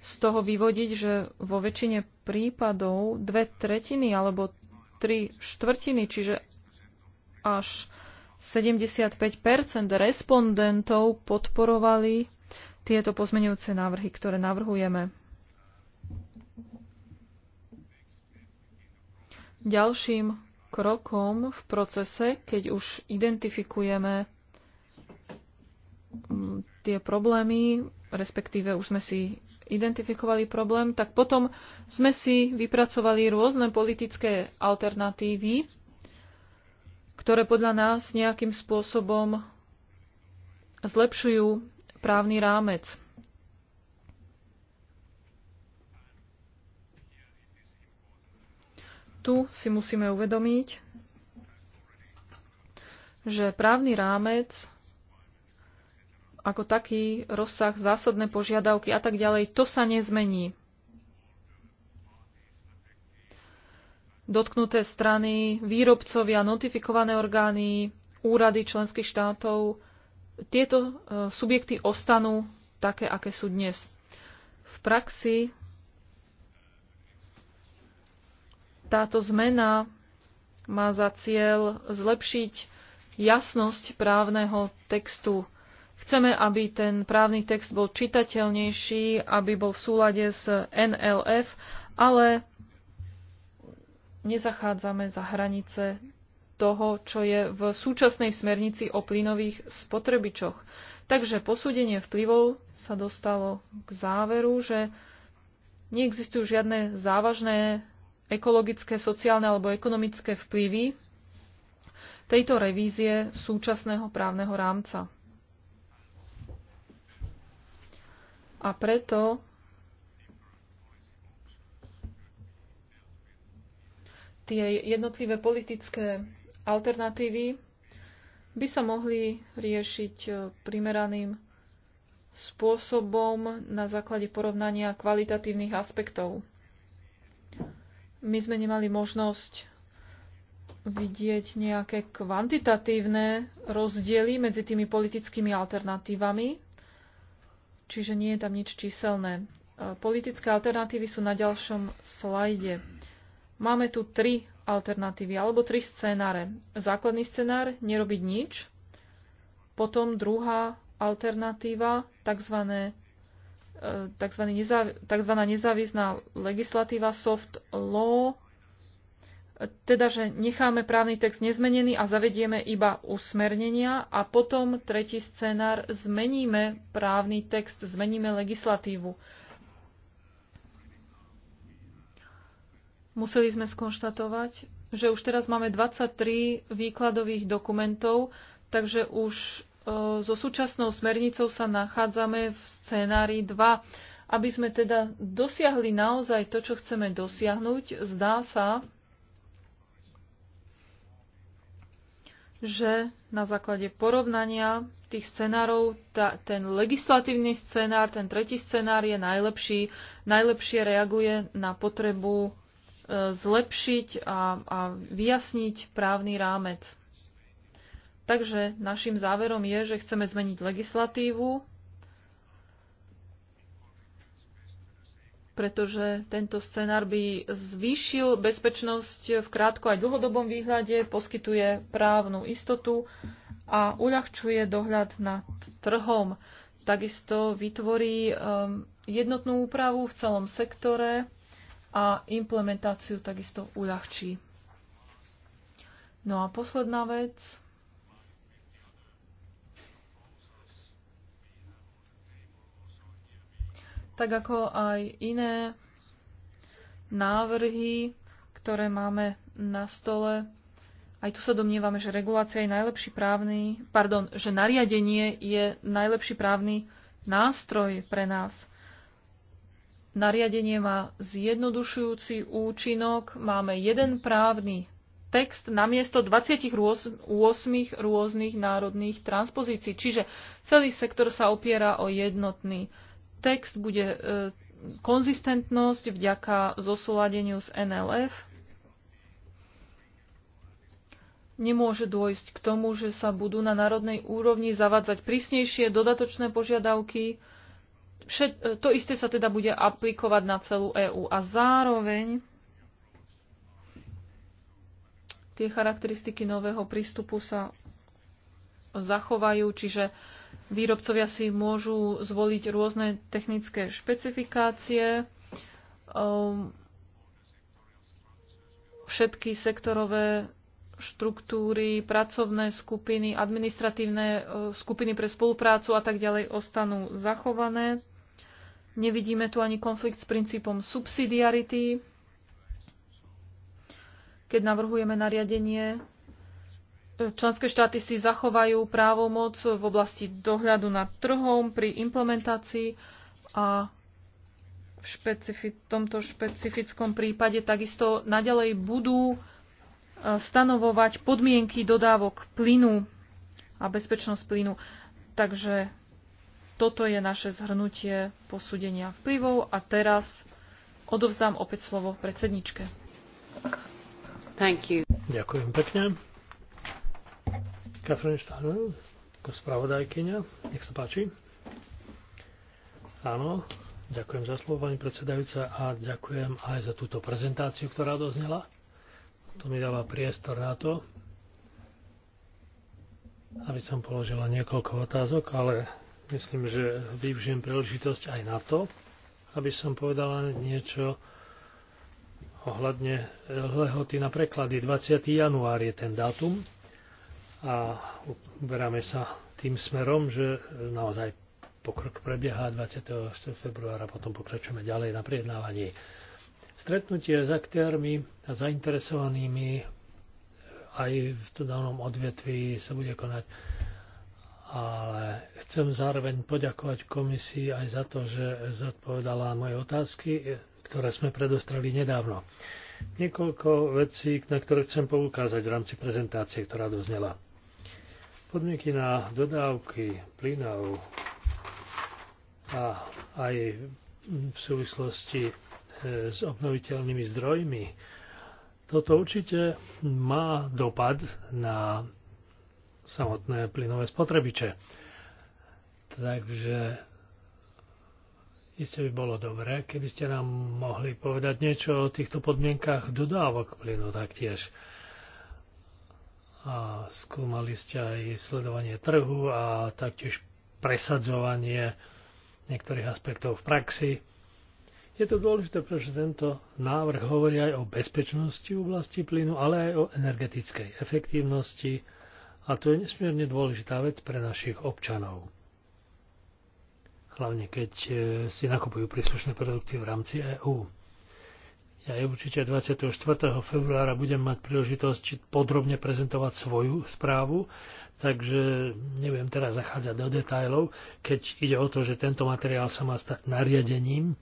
z toho vyvodiť, že vo väčšine prípadov dve tretiny alebo tri štvrtiny, čiže až 75 respondentov podporovali tieto pozmenujúce návrhy, ktoré navrhujeme. Ďalším krokom v procese, keď už identifikujeme mm, tie problémy, respektíve už sme si identifikovali problém, tak potom sme si vypracovali rôzne politické alternatívy, ktoré podľa nás nejakým spôsobom zlepšujú právny rámec. Tu si musíme uvedomiť, že právny rámec ako taký rozsah, zásadné požiadavky a tak ďalej, to sa nezmení. Dotknuté strany, výrobcovia, notifikované orgány, úrady členských štátov tieto e, subjekty ostanú také, aké sú dnes. V praxi táto zmena má za cieľ zlepšiť jasnosť právneho textu. Chceme, aby ten právny text bol čitateľnejší, aby bol v súlade s NLF, ale nezachádzame za hranice toho, čo je v súčasnej smernici o plynových spotrebičoch. Takže posúdenie vplyvov sa dostalo k záveru, že neexistujú žiadne závažné ekologické, sociálne alebo ekonomické vplyvy tejto revízie súčasného právneho rámca. A preto tie jednotlivé politické alternatívy by sa mohli riešiť e, primeraným spôsobom na základe porovnania kvalitatívnych aspektov. My sme nemali možnosť vidieť nejaké kvantitatívne rozdiely medzi tými politickými alternatívami, čiže nie je tam nič číselné. E, politické alternatívy sú na ďalšom slajde. Máme tu tri alternatívy alebo tri scénáre. Základný scenár nerobiť nič, potom druhá alternatíva, tzv. E, tzv. nezávislá legislatíva soft law, teda, že necháme právny text nezmenený a zavedieme iba usmernenia a potom tretí scenár zmeníme právny text, zmeníme legislatívu. museli sme skonštatovať, že už teraz máme 23 výkladových dokumentov, takže už e, so súčasnou smernicou sa nachádzame v scénári 2. Aby sme teda dosiahli naozaj to, čo chceme dosiahnuť, zdá sa, že na základe porovnania tých scenárov tá, ten legislatívny scenár, ten tretí scenár je najlepší, najlepšie reaguje na potrebu zlepšiť a, a vyjasniť právny rámec. Takže našim záverom je, že chceme zmeniť legislatívu, pretože tento scenár by zvýšil bezpečnosť v krátko aj dlhodobom výhľade, poskytuje právnu istotu a uľahčuje dohľad nad trhom. Takisto vytvorí um, jednotnú úpravu v celom sektore a implementáciu takisto uľahčí. No a posledná vec. Tak ako aj iné návrhy, ktoré máme na stole, aj tu sa domnievame, že regulácia je najlepší právny, pardon, že nariadenie je najlepší právny nástroj pre nás. Nariadenie má zjednodušujúci účinok. Máme jeden právny text namiesto 28 rôznych národných transpozícií. Čiže celý sektor sa opiera o jednotný text. Bude e, konzistentnosť vďaka zosúladeniu z NLF. Nemôže dôjsť k tomu, že sa budú na národnej úrovni zavádzať prísnejšie dodatočné požiadavky, Všet, e, to isté sa teda bude aplikovať na celú EÚ a zároveň tie charakteristiky nového prístupu sa zachovajú, čiže výrobcovia si môžu zvoliť rôzne technické špecifikácie, ehm, všetky sektorové štruktúry, pracovné skupiny, administratívne e, skupiny pre spoluprácu a tak ďalej ostanú zachované. Nevidíme tu ani konflikt s princípom subsidiarity, keď navrhujeme nariadenie. Členské štáty si zachovajú právomoc v oblasti dohľadu nad trhom pri implementácii a v špecifi- tomto špecifickom prípade takisto naďalej budú e, stanovovať podmienky dodávok plynu a bezpečnosť plynu. Takže toto je naše zhrnutie posúdenia vplyvov a teraz odovzdám opäť slovo predsedničke. Thank you. Ďakujem pekne. Katrin Štánu, ako spravodajkyňa, nech sa páči. Áno, ďakujem za slovo, pani predsedajúca, a ďakujem aj za túto prezentáciu, ktorá doznela. To mi dáva priestor na to, aby som položila niekoľko otázok, ale Myslím, že využijem príležitosť aj na to, aby som povedala niečo ohľadne lehoty na preklady. 20. január je ten dátum a uberáme sa tým smerom, že naozaj pokrok prebieha 24. februára, potom pokračujeme ďalej na prijednávaní. Stretnutie s aktérmi a zainteresovanými aj v danom odvetvi sa bude konať ale chcem zároveň poďakovať komisii aj za to, že zodpovedala moje otázky, ktoré sme predostreli nedávno. Niekoľko vecí, na ktoré chcem poukázať v rámci prezentácie, ktorá doznela. Podmienky na dodávky plynov a aj v súvislosti e, s obnoviteľnými zdrojmi. Toto určite má dopad na samotné plynové spotrebiče. Takže iste by bolo dobré, keby ste nám mohli povedať niečo o týchto podmienkach dodávok plynu taktiež. A skúmali ste aj sledovanie trhu a taktiež presadzovanie niektorých aspektov v praxi. Je to dôležité, pretože tento návrh hovorí aj o bezpečnosti v oblasti plynu, ale aj o energetickej efektívnosti, a to je nesmierne dôležitá vec pre našich občanov. Hlavne keď e, si nakupujú príslušné produkty v rámci EÚ. Ja je určite 24. februára budem mať príležitosť podrobne prezentovať svoju správu, takže neviem teraz zachádzať do detajlov. Keď ide o to, že tento materiál sa má stať nariadením,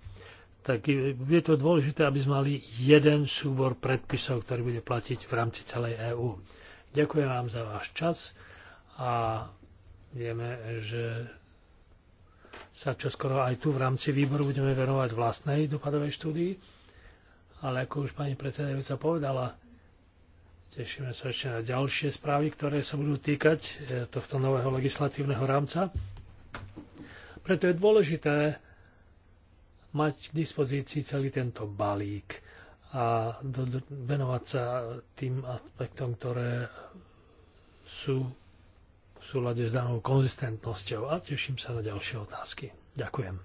tak je to dôležité, aby sme mali jeden súbor predpisov, ktorý bude platiť v rámci celej EÚ. Ďakujem vám za váš čas a vieme, že sa čoskoro aj tu v rámci výboru budeme venovať vlastnej dopadovej štúdii, ale ako už pani predsedajúca povedala, tešíme sa ešte na ďalšie správy, ktoré sa budú týkať e, tohto nového legislatívneho rámca. Preto je dôležité mať k dispozícii celý tento balík a venovať sa tým aspektom, ktoré sú v súlade s danou konzistentnosťou a teším sa na ďalšie otázky. Ďakujem.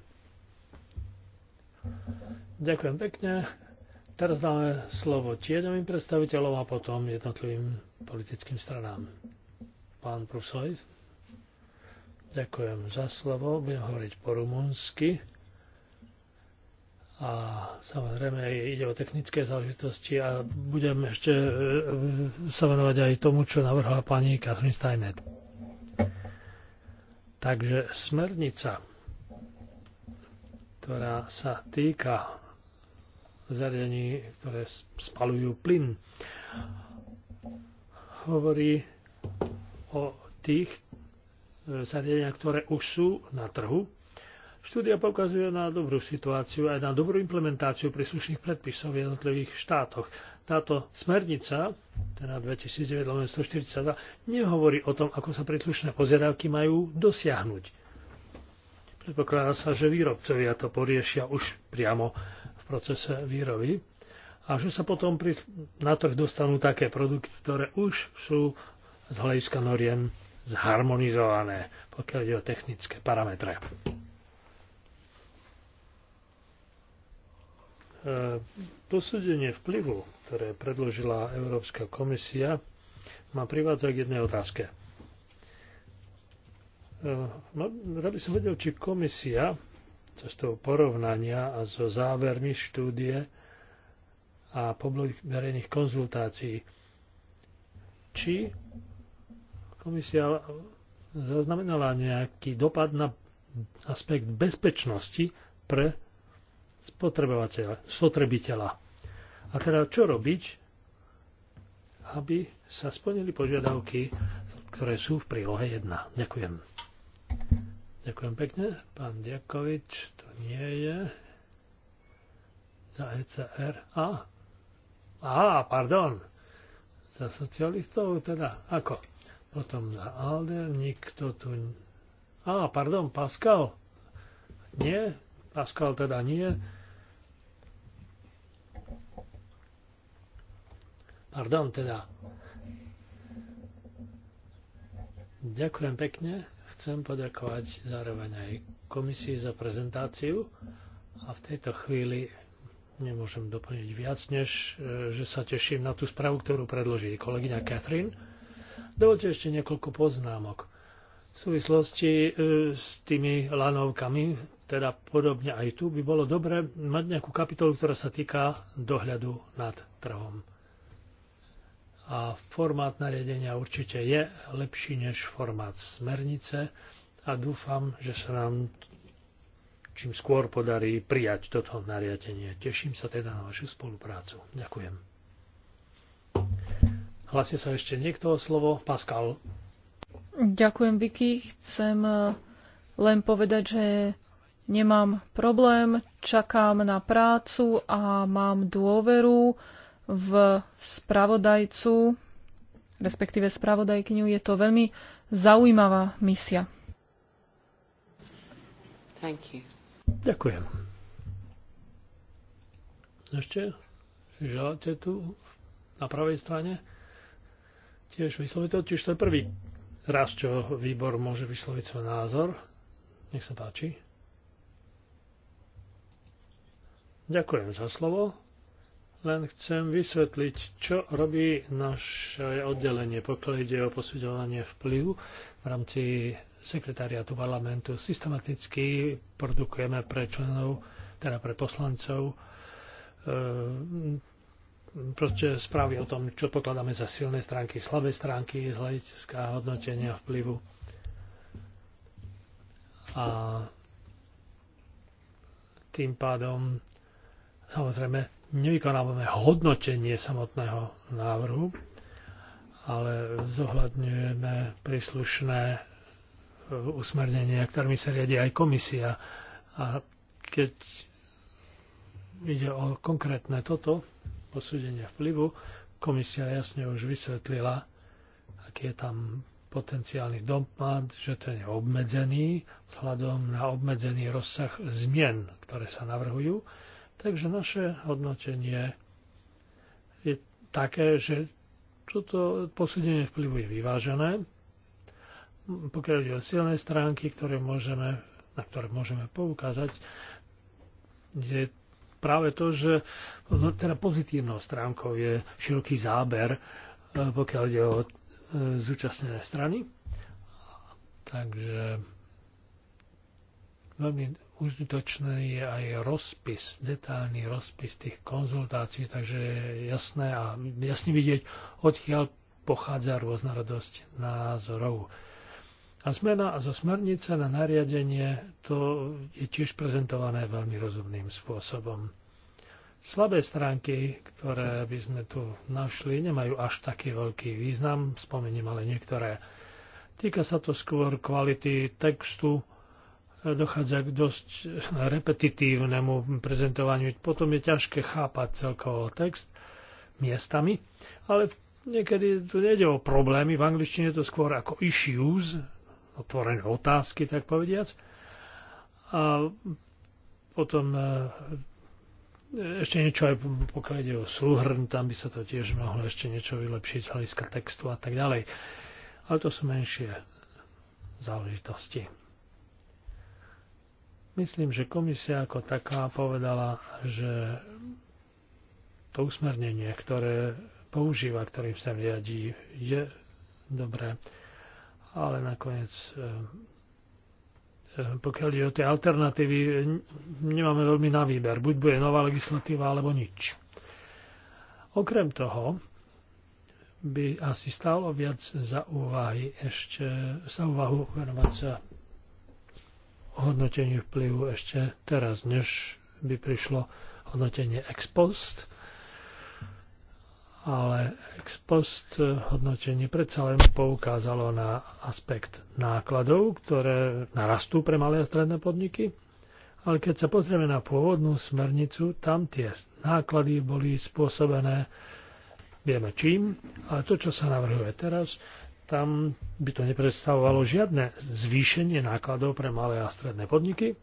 Ďakujem pekne. Teraz dáme slovo tieňovým predstaviteľom a potom jednotlivým politickým stranám. Pán profesor, ďakujem za slovo. Budem hovoriť po rumunsky a samozrejme ide o technické záležitosti a budem ešte e, sa venovať aj tomu, čo navrhla pani Katrin Steiner. Takže smernica, ktorá sa týka zariadení, ktoré spalujú plyn, hovorí o tých e, zariadeniach, ktoré už sú na trhu Štúdia poukazuje na dobrú situáciu aj na dobrú implementáciu príslušných predpisov v jednotlivých štátoch. Táto smernica, teda 2009-142, nehovorí o tom, ako sa príslušné požiadavky majú dosiahnuť. Predpokladá sa, že výrobcovia to poriešia už priamo v procese výroby a že sa potom na trh dostanú také produkty, ktoré už sú z hľadiska noriem zharmonizované, pokiaľ ide o technické parametre. E, posúdenie vplyvu, ktoré predložila Európska komisia, ma privádza k jednej otázke. E, no, rád by som vedel, či komisia toho porovnania a so závermi štúdie a verejných konzultácií, či komisia zaznamenala nejaký dopad na aspekt bezpečnosti pre spotrebiteľa. A teda čo robiť, aby sa splnili požiadavky, ktoré sú v prílohe 1. Ďakujem. Ďakujem pekne. Pán Ďakovič, to nie je. Za ECR. A, a pardon. Za socialistov teda. Ako? Potom za ALDE. Nikto tu... A, pardon, Pascal. Nie, Pascal teda nie. Pardon, teda. Ďakujem pekne. Chcem poďakovať zároveň aj komisii za prezentáciu a v tejto chvíli nemôžem doplniť viac, než e, že sa teším na tú správu, ktorú predloží kolegyňa Catherine. Dovolte ešte niekoľko poznámok v súvislosti e, s tými lanovkami teda podobne aj tu by bolo dobré mať nejakú kapitolu, ktorá sa týka dohľadu nad trhom. A formát nariadenia určite je lepší než formát smernice a dúfam, že sa nám čím skôr podarí prijať toto nariadenie. Teším sa teda na vašu spoluprácu. Ďakujem. Hlasí sa ešte niekto o slovo? Pascal. Ďakujem, Vicky. Chcem eh, len povedať, že nemám problém, čakám na prácu a mám dôveru v spravodajcu, respektíve spravodajkyňu. Je to veľmi zaujímavá misia. Thank you. Ďakujem. Ešte želáte tu na pravej strane tiež vysloviť, čiže to je prvý raz, čo výbor môže vysloviť svoj názor. Nech sa páči. Ďakujem za slovo. Len chcem vysvetliť, čo robí naše oddelenie, pokiaľ ide o posudzovanie vplyvu v rámci sekretariatu parlamentu. Systematicky produkujeme pre členov, teda pre poslancov, ehm, proste správy o tom, čo pokladáme za silné stránky, slabé stránky z hľadiska hodnotenia vplyvu. A tým pádom Samozrejme, nevykonávame hodnotenie samotného návrhu, ale zohľadňujeme príslušné e, usmernenia, ktorými sa riadi aj komisia. A keď ide o konkrétne toto, posúdenie vplyvu, komisia jasne už vysvetlila, aký je tam potenciálny dopad, že ten je obmedzený vzhľadom na obmedzený rozsah zmien, ktoré sa navrhujú Takže naše hodnotenie je také, že toto posúdenie vplyvu je vyvážené. Pokiaľ ide o silné stránky, ktoré môžeme, na ktoré môžeme poukázať, je práve to, že no, teda pozitívnou stránkou je široký záber, e, pokiaľ ide o e, zúčastnené strany. Takže veľmi užitočný je aj rozpis, detálny rozpis tých konzultácií, takže je jasné a jasne vidieť, odkiaľ pochádza rôznorodosť názorov. A zmena zo smernice na nariadenie to je tiež prezentované veľmi rozumným spôsobom. Slabé stránky, ktoré by sme tu našli, nemajú až taký veľký význam, spomeniem ale niektoré. Týka sa to skôr kvality textu dochádza k dosť repetitívnemu prezentovaniu. Potom je ťažké chápať celkovo text miestami, ale niekedy tu nejde o problémy. V angličtine je to skôr ako issues, otvorené otázky, tak povediac. A potom e, ešte niečo aj pokiaľ ide o súhrn, tam by sa to tiež mohlo ešte niečo vylepšiť z hľadiska textu a tak ďalej. Ale to sú menšie záležitosti. Myslím, že komisia ako taká povedala, že to usmernenie, ktoré používa, ktorým sa riadí, je dobré. Ale nakoniec, eh, eh, pokiaľ ide o tie alternatívy, nemáme veľmi na výber. Buď bude nová legislatíva, alebo nič. Okrem toho by asi stálo viac za úvahy ešte, za úvahu venovať sa hodnotení vplyvu ešte teraz, než by prišlo hodnotenie ex post, ale ex post hodnotenie predsa len poukázalo na aspekt nákladov, ktoré narastú pre malé a stredné podniky. Ale keď sa pozrieme na pôvodnú smernicu, tam tie náklady boli spôsobené vieme čím, ale to, čo sa navrhuje teraz, tam by to nepredstavovalo žiadne zvýšenie nákladov pre malé a stredné podniky.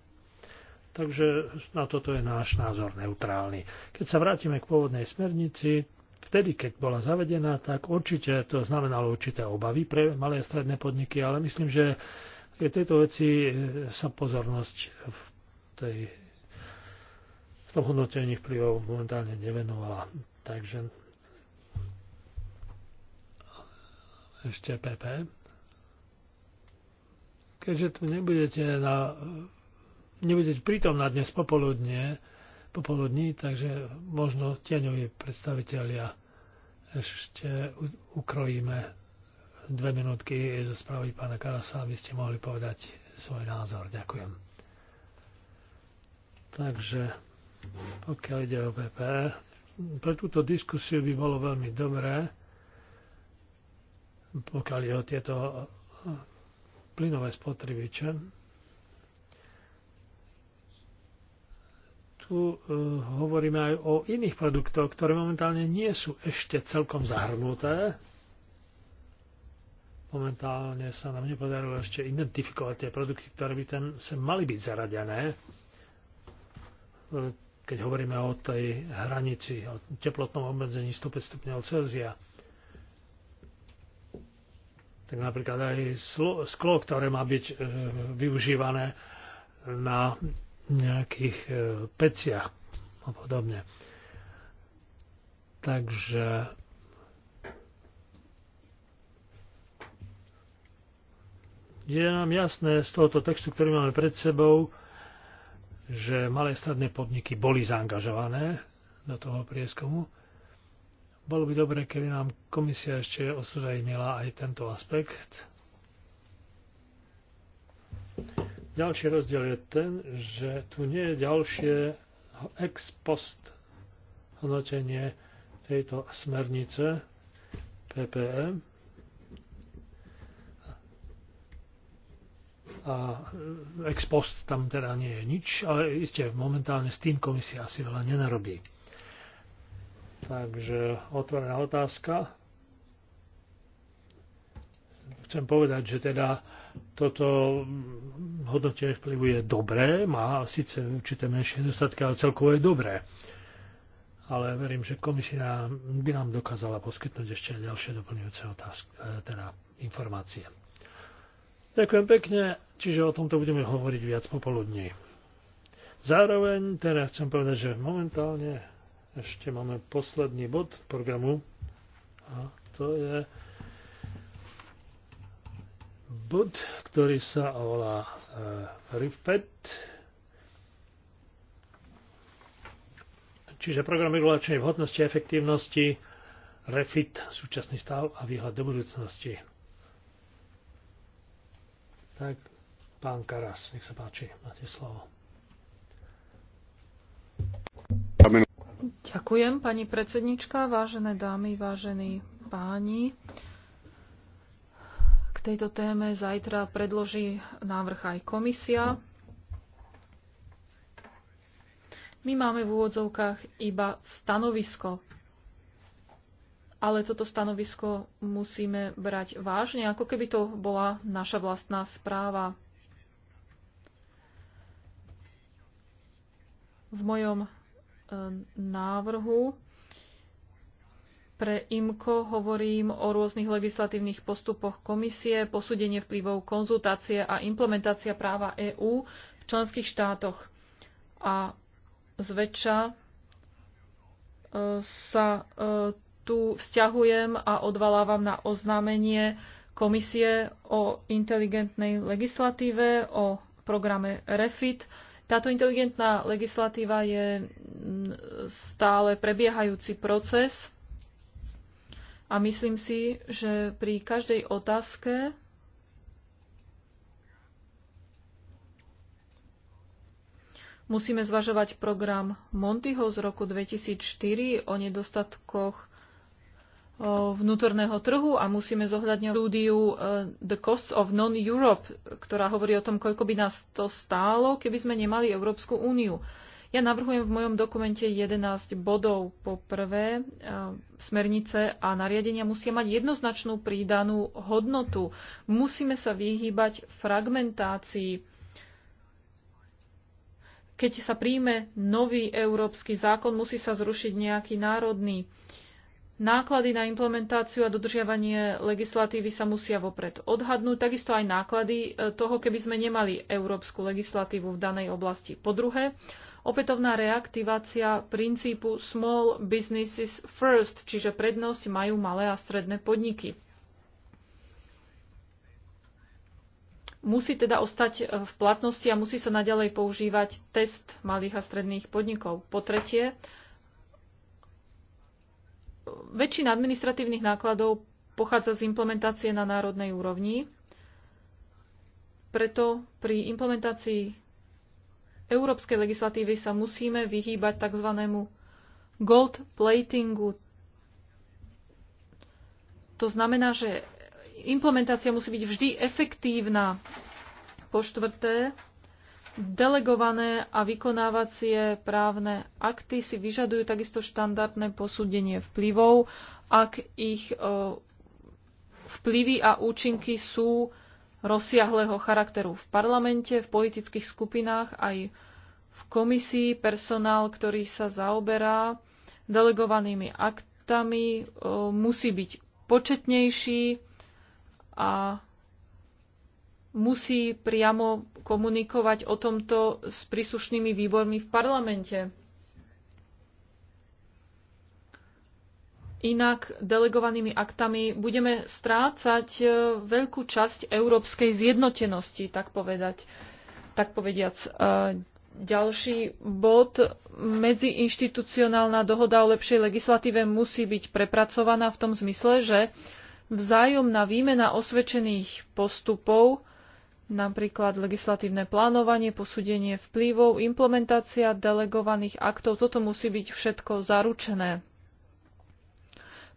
Takže na toto je náš názor neutrálny. Keď sa vrátime k pôvodnej smernici, vtedy, keď bola zavedená, tak určite to znamenalo určité obavy pre malé a stredné podniky, ale myslím, že tejto veci sa pozornosť v, tej, v tom hodnotení vplyvov momentálne nevenovala. Takže ešte PP. Keďže tu nebudete, na, nebudete na dnes popoludne, popoludní, takže možno tieňoví predstavitelia ešte ukrojíme dve minútky zo spravy pána Karasa, aby ste mohli povedať svoj názor. Ďakujem. Takže, pokiaľ ide o PP, pre túto diskusiu by bolo veľmi dobré, pokiaľ je o tieto eh, plynové spotrebiče. Tu e, hovoríme aj o iných produktoch, ktoré momentálne nie sú ešte celkom zahrnuté. Momentálne sa nám nepodarilo ešte identifikovať tie produkty, ktoré by tam sa mali byť zaradené. Eh, keď hovoríme o tej hranici, o teplotnom obmedzení 105 stupňov Celzia tak napríklad aj sklo, ktoré má byť e, využívané na nejakých e, peciach a podobne. Takže je nám jasné z tohoto textu, ktorý máme pred sebou, že malé stredné podniky boli zaangažované do toho prieskomu bolo by dobre, keby nám komisia ešte osúzajmila aj tento aspekt. Ďalší rozdiel je ten, že tu nie je ďalšie ex post hodnotenie tejto smernice PPM. E. a ex post tam teda nie je nič, ale iste momentálne s tým komisia asi veľa nenarobí. Takže otvorená otázka. Chcem povedať, že teda toto hodnotenie vplyvu je dobré, má síce určité menšie nedostatky, ale celkovo je dobré. Ale verím, že komisia by nám dokázala poskytnúť ešte ďalšie doplňujúce otázky, e, teda informácie. Ďakujem pekne, čiže o tomto budeme hovoriť viac popoludní. Zároveň teraz chcem povedať, že momentálne ešte máme posledný bod programu a to je bod, ktorý sa volá e, RIFET, čiže program regulačnej vhodnosti a efektívnosti, REFIT, súčasný stav a výhľad do budúcnosti. Tak, pán Karas, nech sa páči, máte slovo. Ďakujem, pani predsednička, vážené dámy, vážení páni. K tejto téme zajtra predloží návrh aj komisia. My máme v úvodzovkách iba stanovisko, ale toto stanovisko musíme brať vážne, ako keby to bola naša vlastná správa. V mojom návrhu pre IMKO hovorím o rôznych legislatívnych postupoch komisie, posúdenie vplyvov konzultácie a implementácia práva EÚ v členských štátoch. A zväčša e, sa e, tu vzťahujem a odvalávam na oznámenie komisie o inteligentnej legislatíve, o programe REFIT, táto inteligentná legislatíva je stále prebiehajúci proces a myslím si, že pri každej otázke musíme zvažovať program Montyho z roku 2004 o nedostatkoch vnútorného trhu a musíme zohľadňovať štúdiu e, The Costs of Non-Europe, ktorá hovorí o tom, koľko by nás to stálo, keby sme nemali Európsku úniu. Ja navrhujem v mojom dokumente 11 bodov. Po prvé, e, smernice a nariadenia musia mať jednoznačnú prídanú hodnotu. Musíme sa vyhýbať fragmentácii. Keď sa príjme nový európsky zákon, musí sa zrušiť nejaký národný. Náklady na implementáciu a dodržiavanie legislatívy sa musia vopred odhadnúť, takisto aj náklady e, toho, keby sme nemali európsku legislatívu v danej oblasti. Po druhé, opätovná reaktivácia princípu Small Businesses First, čiže prednosť majú malé a stredné podniky. Musí teda ostať e, v platnosti a musí sa naďalej používať test malých a stredných podnikov. Po tretie, väčšina administratívnych nákladov pochádza z implementácie na národnej úrovni. Preto pri implementácii európskej legislatívy sa musíme vyhýbať tzv. gold platingu. To znamená, že implementácia musí byť vždy efektívna. Po štvrté, Delegované a vykonávacie právne akty si vyžadujú takisto štandardné posúdenie vplyvov, ak ich e, vplyvy a účinky sú rozsiahleho charakteru v parlamente, v politických skupinách aj v komisii personál, ktorý sa zaoberá delegovanými aktami, e, musí byť početnejší a musí priamo komunikovať o tomto s príslušnými výbormi v parlamente. Inak delegovanými aktami budeme strácať e, veľkú časť európskej zjednotenosti, tak povedať. Tak povediac. E, ďalší bod. Medziinštitucionálna dohoda o lepšej legislatíve musí byť prepracovaná v tom zmysle, že vzájomná výmena osvedčených postupov napríklad legislatívne plánovanie, posúdenie vplyvov, implementácia delegovaných aktov. Toto musí byť všetko zaručené.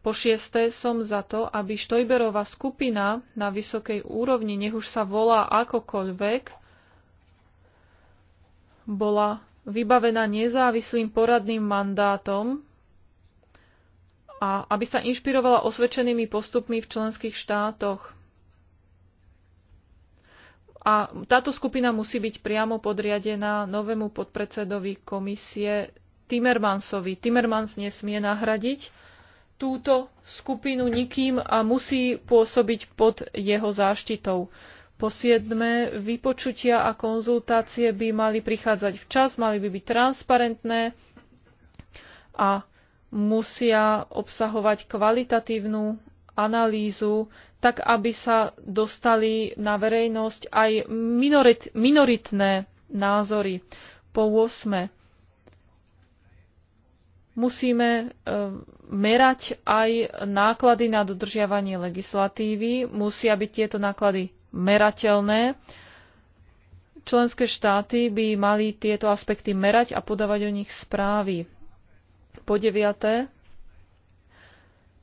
Po šiesté som za to, aby Štojberová skupina na vysokej úrovni, nech už sa volá akokoľvek, bola vybavená nezávislým poradným mandátom a aby sa inšpirovala osvedčenými postupmi v členských štátoch. A táto skupina musí byť priamo podriadená novému podpredsedovi komisie Timmermansovi. Timmermans nesmie nahradiť túto skupinu nikým a musí pôsobiť pod jeho záštitou. Po siedme, vypočutia a konzultácie by mali prichádzať včas, mali by byť transparentné a musia obsahovať kvalitatívnu analýzu, tak aby sa dostali na verejnosť aj minorit, minoritné názory. Po 8. Musíme e, merať aj náklady na dodržiavanie legislatívy. Musia byť tieto náklady merateľné. Členské štáty by mali tieto aspekty merať a podávať o nich správy. Po deviaté,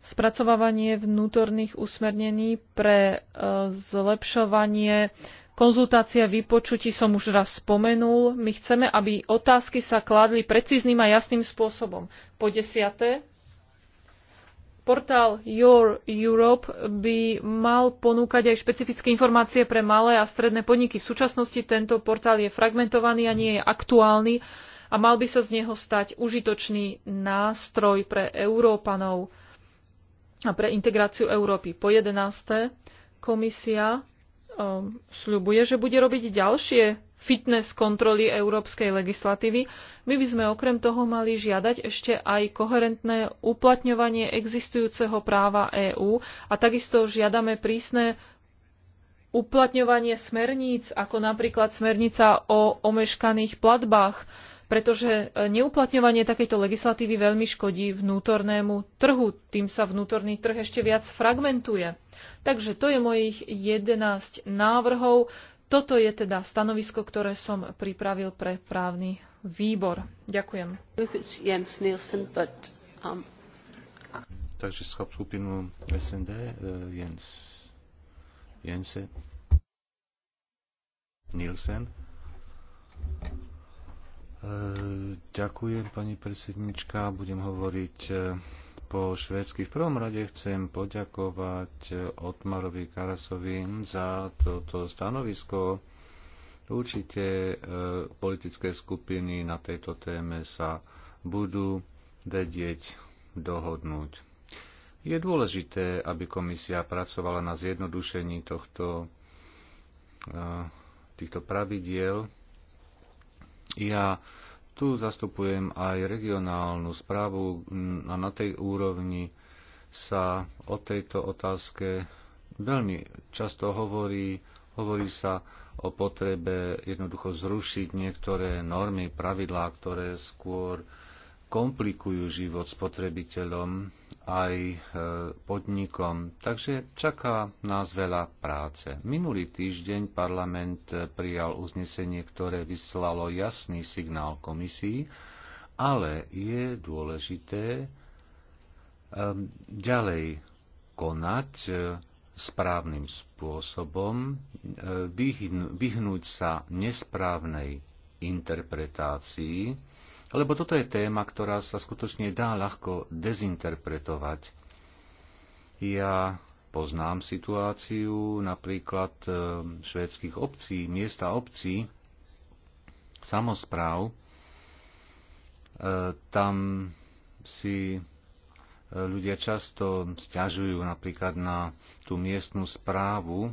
spracovávanie vnútorných usmernení pre e, zlepšovanie konzultácia vypočutí som už raz spomenul. My chceme, aby otázky sa kládli precízným a jasným spôsobom. Po desiaté, portál Your Europe by mal ponúkať aj špecifické informácie pre malé a stredné podniky. V súčasnosti tento portál je fragmentovaný a nie je aktuálny a mal by sa z neho stať užitočný nástroj pre Európanov a pre integráciu Európy. Po 11. komisia um, sľubuje, že bude robiť ďalšie fitness kontroly európskej legislatívy. My by sme okrem toho mali žiadať ešte aj koherentné uplatňovanie existujúceho práva EÚ a takisto žiadame prísne uplatňovanie smerníc, ako napríklad smernica o omeškaných platbách, pretože e, neuplatňovanie takejto legislatívy veľmi škodí vnútornému trhu. Tým sa vnútorný trh ešte viac fragmentuje. Takže to je mojich 11 návrhov. Toto je teda stanovisko, ktoré som pripravil pre právny výbor. Ďakujem. Nielsen, but, um... Takže schop skupinu SND e, Jens. Jense. Nielsen. E, ďakujem, pani predsednička. Budem hovoriť e, po švédsky. V prvom rade chcem poďakovať e, Otmarovi Karasovi za toto stanovisko. Určite politické skupiny na tejto téme sa budú vedieť dohodnúť. Je dôležité, aby komisia pracovala na zjednodušení tohto, týchto pravidiel ja tu zastupujem aj regionálnu správu mm, a na tej úrovni sa o tejto otázke veľmi často hovorí. Hovorí sa o potrebe jednoducho zrušiť niektoré normy, pravidlá, ktoré skôr komplikujú život spotrebiteľom aj e, podnikom. Takže čaká nás veľa práce. Minulý týždeň parlament e, prijal uznesenie, ktoré vyslalo jasný signál komisii, ale je dôležité e, ďalej konať správnym spôsobom, vyhnúť sa nesprávnej interpretácii lebo toto je téma, ktorá sa skutočne dá ľahko dezinterpretovať. Ja poznám situáciu napríklad e, švédskych obcí, miesta obcí, samozpráv. E, tam si e, ľudia často stiažujú napríklad na tú miestnú správu,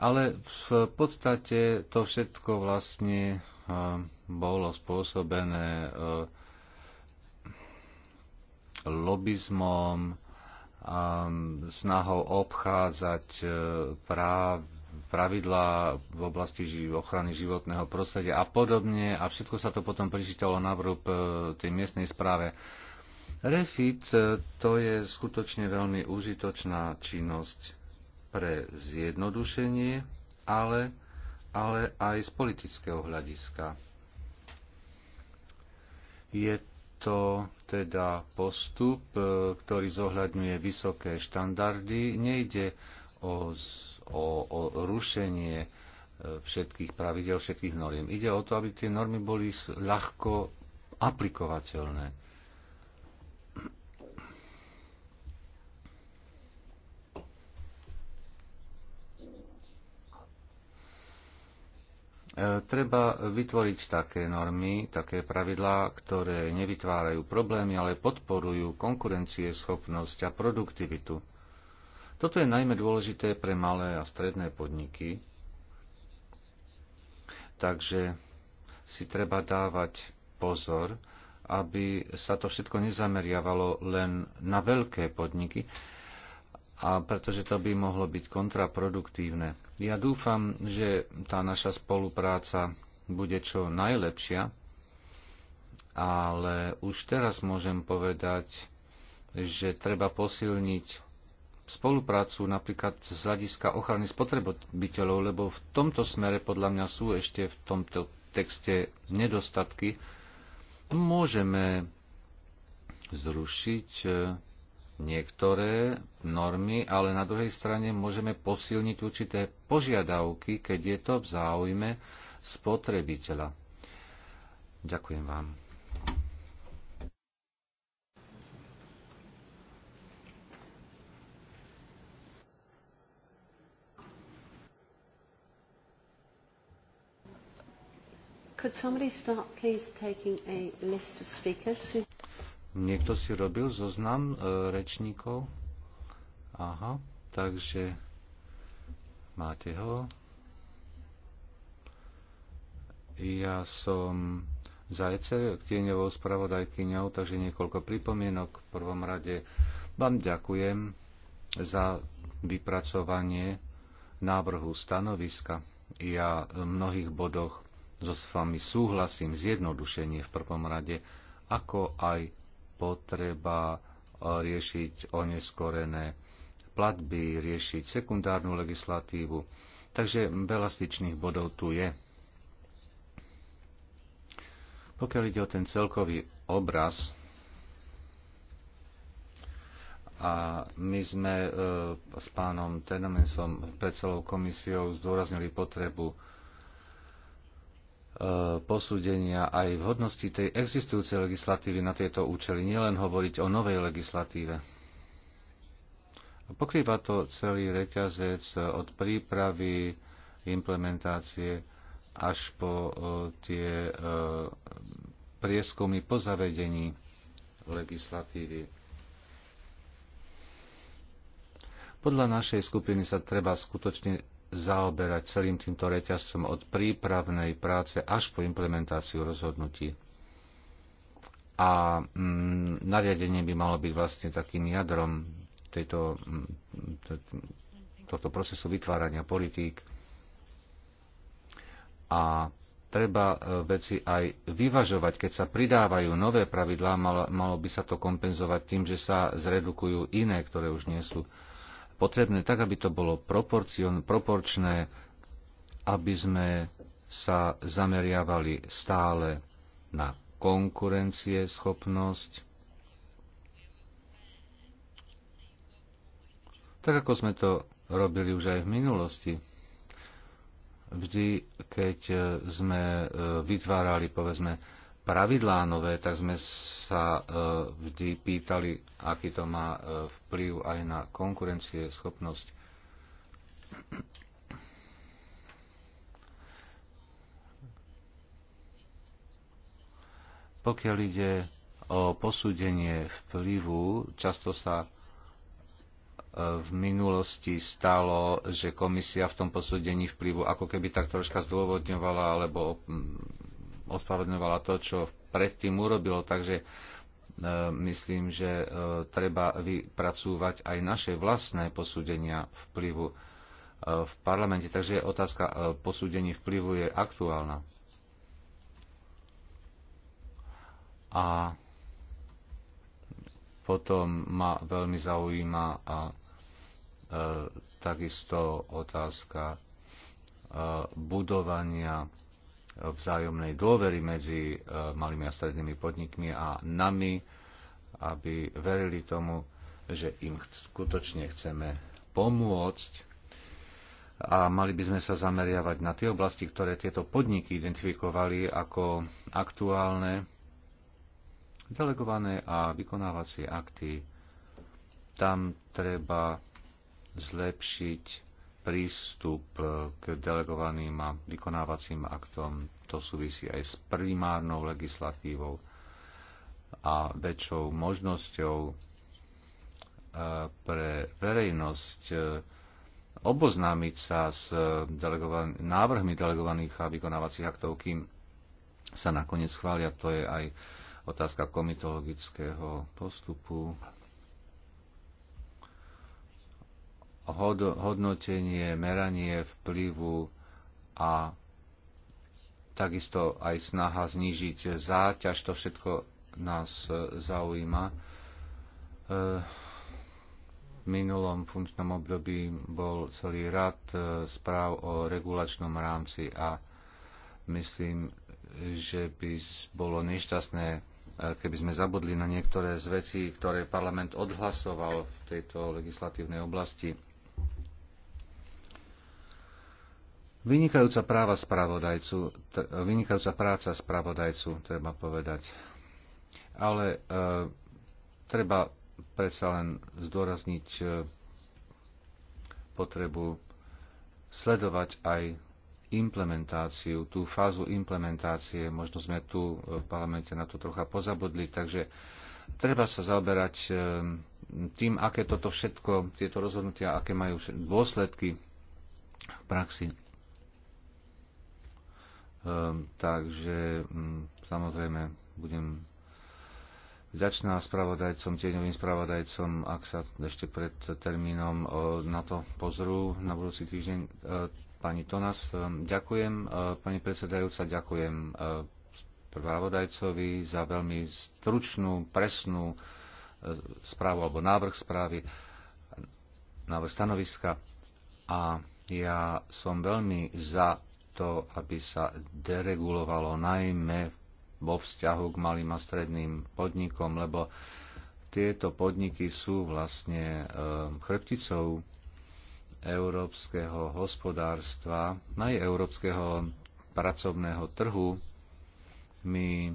ale v podstate to všetko vlastne bolo spôsobené eh, lobizmom, a snahou obchádzať eh, práv, pravidlá v oblasti ochrany životného prostredia a podobne. A všetko sa to potom pričítalo na vrúb eh, tej miestnej správe. Refit to je skutočne veľmi užitočná činnosť pre zjednodušenie, ale, ale aj z politického hľadiska je to teda postup, e, ktorý zohľadňuje vysoké štandardy. Nejde o, o, o rušenie e, všetkých pravidel, všetkých noriem. Ide o to, aby tie normy boli ľahko aplikovateľné. E, treba vytvoriť také normy, také pravidlá, ktoré nevytvárajú problémy, ale podporujú konkurencieschopnosť a produktivitu. Toto je najmä dôležité pre malé a stredné podniky, takže si treba dávať pozor, aby sa to všetko nezameriavalo len na veľké podniky, a pretože to by mohlo byť kontraproduktívne. Ja dúfam, že tá naša spolupráca bude čo najlepšia, ale už teraz môžem povedať, že treba posilniť spoluprácu napríklad z hľadiska ochrany spotrebiteľov, lebo v tomto smere podľa mňa sú ešte v tomto texte nedostatky. Môžeme zrušiť e, niektoré normy, ale na druhej strane môžeme posilniť určité požiadavky, keď je to v záujme spotrebiteľa. Ďakujem vám. Could somebody start please taking a list of speakers? Niekto si robil zoznam e, rečníkov? Aha, takže máte ho. Ja som Zajce, tieňovou spravodajkyňou, takže niekoľko pripomienok. V prvom rade vám ďakujem za vypracovanie návrhu stanoviska. Ja v mnohých bodoch so s vami súhlasím zjednodušenie v prvom rade, ako aj potreba e, riešiť oneskorené platby, riešiť sekundárnu legislatívu. Takže veľa styčných bodov tu je. Pokiaľ ide o ten celkový obraz, a my sme e, s pánom Tenomensom pred celou komisiou zdôraznili potrebu posúdenia aj v hodnosti tej existujúcej legislatívy na tieto účely, nielen hovoriť o novej legislatíve. Pokrýva to celý reťazec od prípravy, implementácie až po e, tie e, prieskumy po zavedení legislatívy. Podľa našej skupiny sa treba skutočne zaoberať celým týmto reťazcom od prípravnej práce až po implementáciu rozhodnutí. A mm, nariadenie by malo byť vlastne takým jadrom tejto, mm, tohto procesu vytvárania politík. A treba e, veci aj vyvažovať. Keď sa pridávajú nové pravidlá, malo, malo by sa to kompenzovať tým, že sa zredukujú iné, ktoré už nie sú potrebné tak, aby to bolo proporčné, aby sme sa zameriavali stále na konkurencie, schopnosť, tak ako sme to robili už aj v minulosti. Vždy, keď e, sme e, vytvárali, povedzme, pravidlá nové, tak sme sa e, vždy pýtali, aký to má e, vplyv aj na konkurencie, schopnosť. Pokiaľ ide o posúdenie vplyvu, často sa e, v minulosti stalo, že komisia v tom posúdení vplyvu ako keby tak troška zdôvodňovala alebo ospravedlňovala to, čo predtým urobilo, takže e, myslím, že e, treba vypracúvať aj naše vlastné posúdenia vplyvu e, v parlamente. Takže otázka posúdení vplyvu je aktuálna. A potom ma veľmi zaujíma a e, takisto otázka e, budovania vzájomnej dôvery medzi e, malými a strednými podnikmi a nami, aby verili tomu, že im skutočne chceme pomôcť a mali by sme sa zameriavať na tie oblasti, ktoré tieto podniky identifikovali ako aktuálne, delegované a vykonávacie akty. Tam treba zlepšiť prístup e, k delegovaným a vykonávacím aktom. To súvisí aj s primárnou legislatívou a väčšou možnosťou e, pre verejnosť e, oboznámiť sa s delegovan- návrhmi delegovaných a vykonávacích aktov, kým sa nakoniec chvália. To je aj otázka komitologického postupu. hodnotenie, meranie vplyvu a takisto aj snaha znížiť záťaž, to všetko nás e, zaujíma. E, v minulom funkčnom období bol celý rad e, správ o regulačnom rámci a myslím, že by bolo nešťastné, keby sme zabudli na niektoré z vecí, ktoré parlament odhlasoval v tejto legislatívnej oblasti Vynikajúca práva spravodajcu, vynikajúca práca spravodajcu, treba povedať. Ale e, treba predsa len zdôrazniť e, potrebu sledovať aj implementáciu, tú fázu implementácie. Možno sme tu e, v parlamente na to trocha pozabudli, takže treba sa zaoberať e, tým, aké toto všetko, tieto rozhodnutia, aké majú dôsledky v praxi. Ehm, takže mm, samozrejme budem vďačná spravodajcom, tieňovým spravodajcom, ak sa ešte pred termínom e, na to pozrú na budúci týždeň. E, pani Tonas, ehm, ďakujem. E, pani predsedajúca, ďakujem spravodajcovi za veľmi stručnú, presnú správu alebo návrh správy, návrh stanoviska. A ja som veľmi za to, aby sa deregulovalo najmä vo vzťahu k malým a stredným podnikom, lebo tieto podniky sú vlastne ehm, chrbticou európskeho hospodárstva, aj európskeho pracovného trhu. My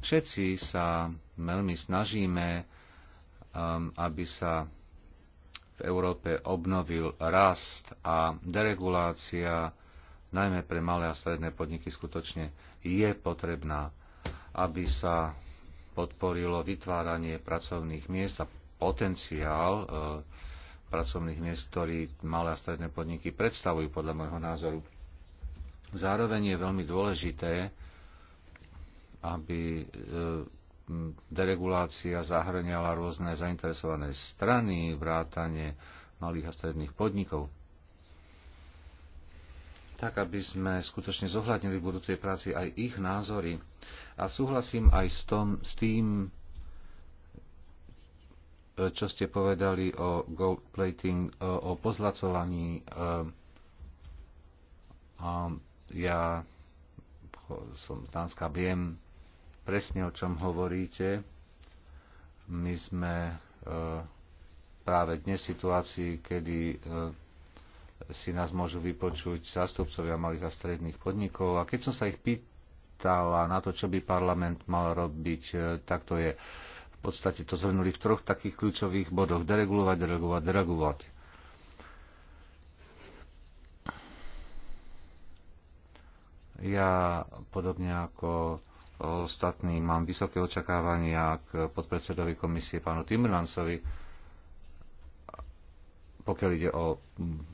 všetci sa veľmi snažíme, ehm, aby sa v Európe obnovil rast a deregulácia najmä pre malé a stredné podniky, skutočne je potrebná, aby sa podporilo vytváranie pracovných miest a potenciál e, pracovných miest, ktorý malé a stredné podniky predstavujú podľa môjho názoru. Zároveň je veľmi dôležité, aby e, deregulácia zahrňala rôzne zainteresované strany, vrátanie malých a stredných podnikov tak aby sme skutočne zohľadnili v budúcej práci aj ich názory. A súhlasím aj s, tom, s tým, čo ste povedali o gold plating, o pozlacovaní. Ehm, ja som z Dánska, viem presne, o čom hovoríte. My sme ehm, práve dnes v situácii, kedy ehm, si nás môžu vypočuť zástupcovia malých a stredných podnikov. A keď som sa ich pýtala na to, čo by parlament mal robiť, e, tak to je v podstate to zhrnuli v troch takých kľúčových bodoch. Deregulovať, deregulovať, deregulovať. Ja podobne ako ostatní mám vysoké očakávania k podpredsedovi komisie pánu Timmermansovi, pokiaľ ide o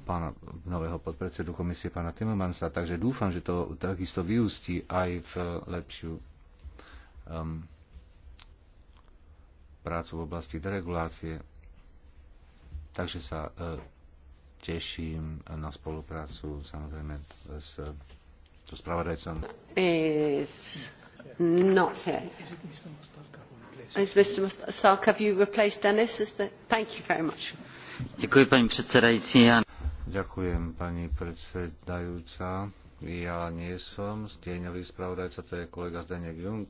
pána nového podpredsedu komisie, pána Timmermansa, takže dúfam, že to takisto vyústi aj v lepšiu um, prácu v oblasti deregulácie. Takže sa uh, teším na spoluprácu samozrejme s so spravodajcom. Is not here. Is Mr. Stark, have you replaced Dennis? Is the... Thank you very much. Ďakujem pani predsedajúca. Ja nie som stieňový spravodajca, to je kolega zdeněk Jung,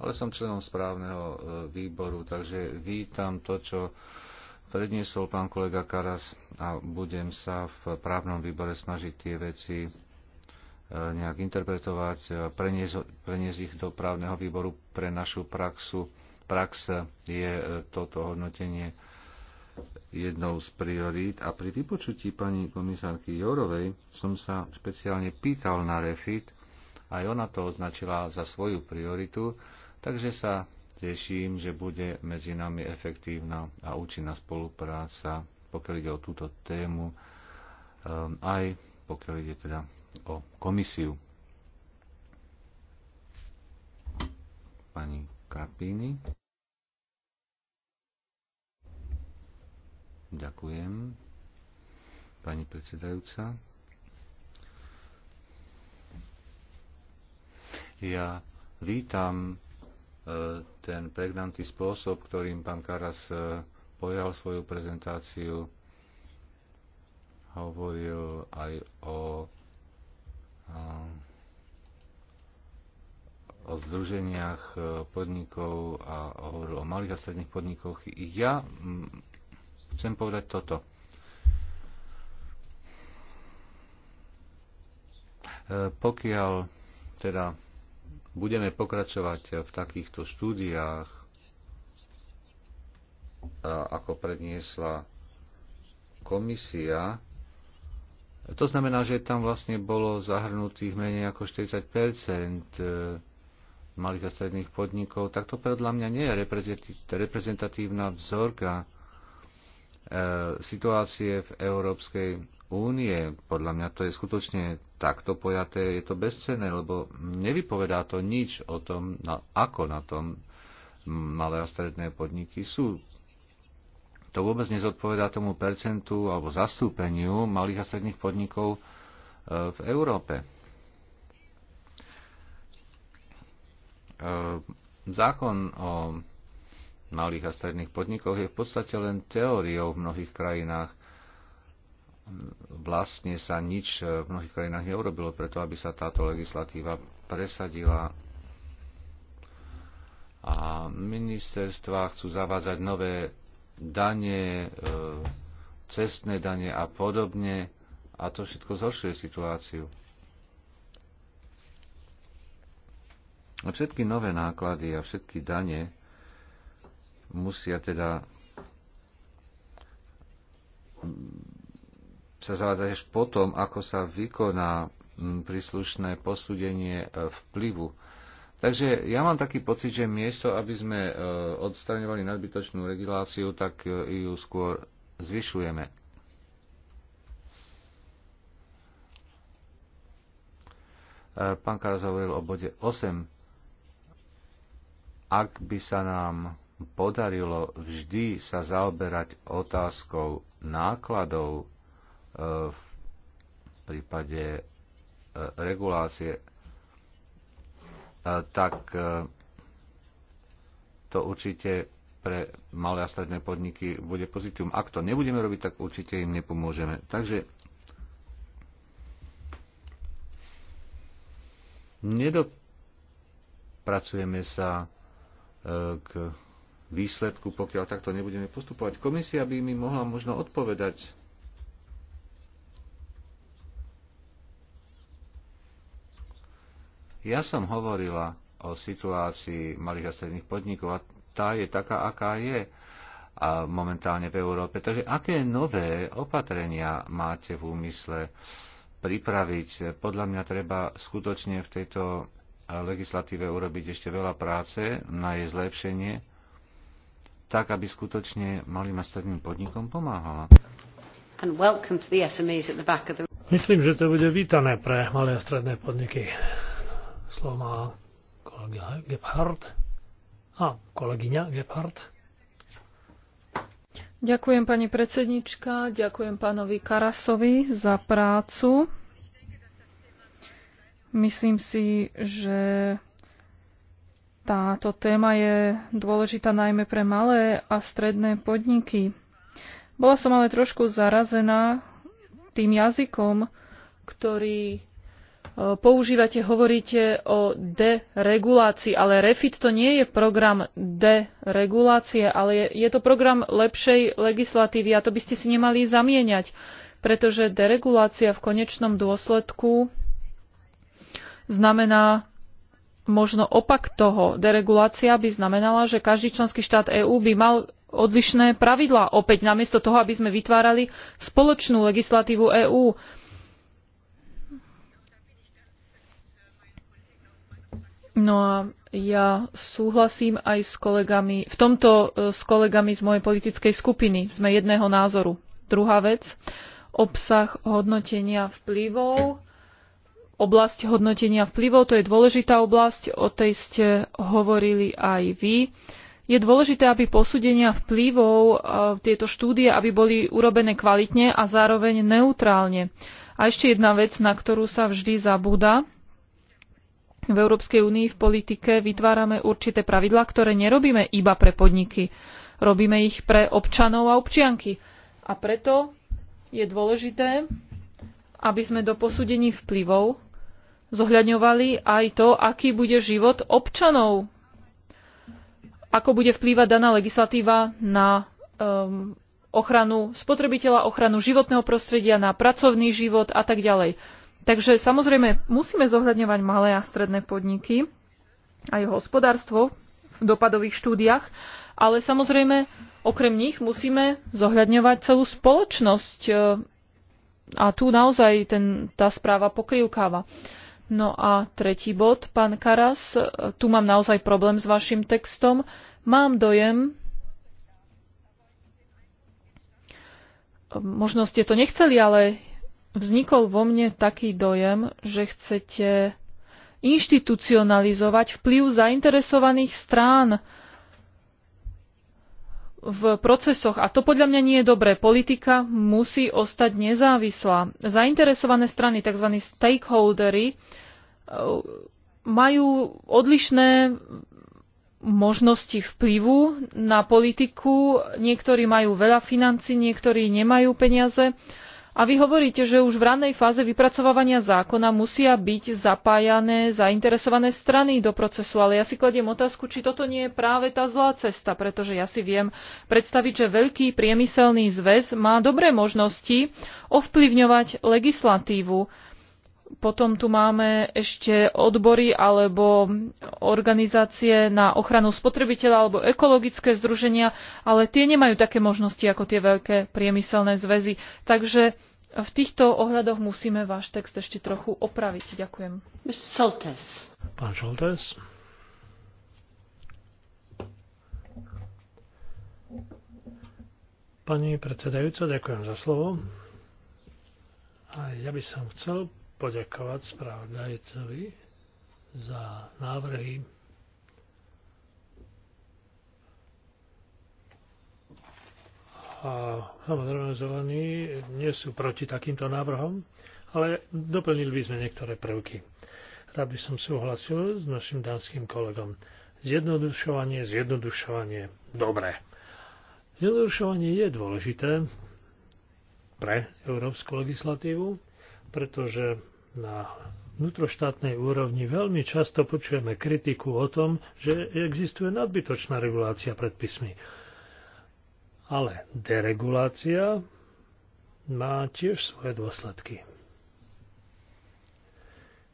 ale som členom správneho e, výboru, takže vítam to, čo predniesol pán kolega Karas a budem sa v právnom výbore snažiť tie veci e, nejak interpretovať, preniesť, preniesť ich do právneho výboru pre našu praxu. Prax je e, toto hodnotenie jednou z priorít a pri vypočutí pani komisárky Jorovej som sa špeciálne pýtal na refit, aj ona to označila za svoju prioritu, takže sa teším, že bude medzi nami efektívna a účinná spolupráca, pokiaľ ide o túto tému, um, aj pokiaľ ide teda o komisiu. Pani Krapíny. Ďakujem. Pani predsedajúca. Ja vítam e, ten pregnantý spôsob, ktorým pán Karas e, pojal svoju prezentáciu. Hovoril aj o, o združeniach e, podnikov a hovoril o malých a stredných podnikoch. Ja chcem povedať toto. E, pokiaľ teda budeme pokračovať v takýchto štúdiách, e, ako predniesla komisia, to znamená, že tam vlastne bolo zahrnutých menej ako 40 e, malých a stredných podnikov, tak to podľa mňa nie je reprezentatívna vzorka E, situácie v Európskej únie. Podľa mňa to je skutočne takto pojaté, je to bezcenné, lebo nevypovedá to nič o tom, na, ako na tom malé a stredné podniky sú. To vôbec nezodpovedá tomu percentu alebo zastúpeniu malých a stredných podnikov e, v Európe. E, zákon o malých a stredných podnikoch je v podstate len teóriou v mnohých krajinách. Vlastne sa nič v mnohých krajinách neurobilo preto, aby sa táto legislatíva presadila a ministerstva chcú zavádzať nové dane, e, cestné dane a podobne a to všetko zhoršuje situáciu. Všetky nové náklady a všetky dane musia teda mm, sa zavádzať až potom, ako sa vykoná mm, príslušné posúdenie e, vplyvu. Takže ja mám taký pocit, že miesto, aby sme e, odstraňovali nadbytočnú reguláciu, tak e, ju skôr zvyšujeme. Pán Karas hovoril o bode 8. Ak by sa nám podarilo vždy sa zaoberať otázkou nákladov e, v prípade e, regulácie, e, tak to určite pre malé a stredné podniky bude pozitívum. Ak to nebudeme robiť, tak určite im nepomôžeme. Takže nedopracujeme sa k výsledku, pokiaľ takto nebudeme postupovať. Komisia by mi mohla možno odpovedať. Ja som hovorila o situácii malých a stredných podnikov a tá je taká, aká je a momentálne v Európe. Takže aké nové opatrenia máte v úmysle pripraviť? Podľa mňa treba skutočne v tejto legislatíve urobiť ešte veľa práce na jej zlepšenie tak aby skutočne malým a stredným podnikom pomáhala. Myslím, že to bude vítané pre malé a stredné podniky. Slovo má kolega Gebhardt. A kolegyňa Gebhardt. Ďakujem pani predsednička, ďakujem pánovi Karasovi za prácu. Myslím si, že táto téma je dôležitá najmä pre malé a stredné podniky. Bola som ale trošku zarazená tým jazykom, ktorý e, používate, hovoríte o deregulácii, ale REFIT to nie je program deregulácie, ale je, je to program lepšej legislatívy a to by ste si nemali zamieňať, pretože deregulácia v konečnom dôsledku znamená možno opak toho. Deregulácia by znamenala, že každý členský štát EÚ by mal odlišné pravidlá. Opäť namiesto toho, aby sme vytvárali spoločnú legislatívu EÚ. No a ja súhlasím aj s kolegami, v tomto e, s kolegami z mojej politickej skupiny. Sme jedného názoru. Druhá vec, obsah hodnotenia vplyvov oblasť hodnotenia vplyvov, to je dôležitá oblasť, o tej ste hovorili aj vy. Je dôležité, aby posúdenia vplyvov e, tieto štúdie, aby boli urobené kvalitne a zároveň neutrálne. A ešte jedna vec, na ktorú sa vždy zabúda. V Európskej únii v politike vytvárame určité pravidlá, ktoré nerobíme iba pre podniky. Robíme ich pre občanov a občianky. A preto je dôležité, aby sme do posúdení vplyvov zohľadňovali aj to, aký bude život občanov, ako bude vplývať daná legislatíva na um, ochranu spotrebiteľa, ochranu životného prostredia, na pracovný život a tak ďalej. Takže samozrejme musíme zohľadňovať malé a stredné podniky a jeho hospodárstvo v dopadových štúdiách, ale samozrejme okrem nich musíme zohľadňovať celú spoločnosť, a tu naozaj ten, tá správa pokrývkáva. No a tretí bod, pán Karas, tu mám naozaj problém s vašim textom. Mám dojem, možno ste to nechceli, ale vznikol vo mne taký dojem, že chcete inštitucionalizovať vplyv zainteresovaných strán v procesoch. A to podľa mňa nie je dobré. Politika musí ostať nezávislá. Zainteresované strany, tzv. stakeholdery, eh, majú odlišné možnosti vplyvu na politiku. Niektorí majú veľa financí, niektorí nemajú peniaze a vy hovoríte, že už v ranej fáze vypracovávania zákona musia byť zapájané zainteresované strany do procesu, ale ja si kladiem otázku, či toto nie je práve tá zlá cesta, pretože ja si viem predstaviť, že veľký priemyselný zväz má dobré možnosti ovplyvňovať legislatívu potom tu máme ešte odbory alebo organizácie na ochranu spotrebiteľa alebo ekologické združenia, ale tie nemajú také možnosti ako tie veľké priemyselné zväzy. Takže v týchto ohľadoch musíme váš text ešte trochu opraviť. Ďakujem. Soltes. Pán Soltes. Pani predsedajúca, ďakujem za slovo. A ja by som chcel poďakovať správodajcovi za návrhy a samozrejme zelení nie sú proti takýmto návrhom, ale doplnili by sme niektoré prvky. Rád by som súhlasil s našim dánskym kolegom. Zjednodušovanie, zjednodušovanie, dobre. Zjednodušovanie je dôležité pre európsku legislatívu, pretože na vnútroštátnej úrovni veľmi často počujeme kritiku o tom, že existuje nadbytočná regulácia predpismi. Ale deregulácia má tiež svoje dôsledky.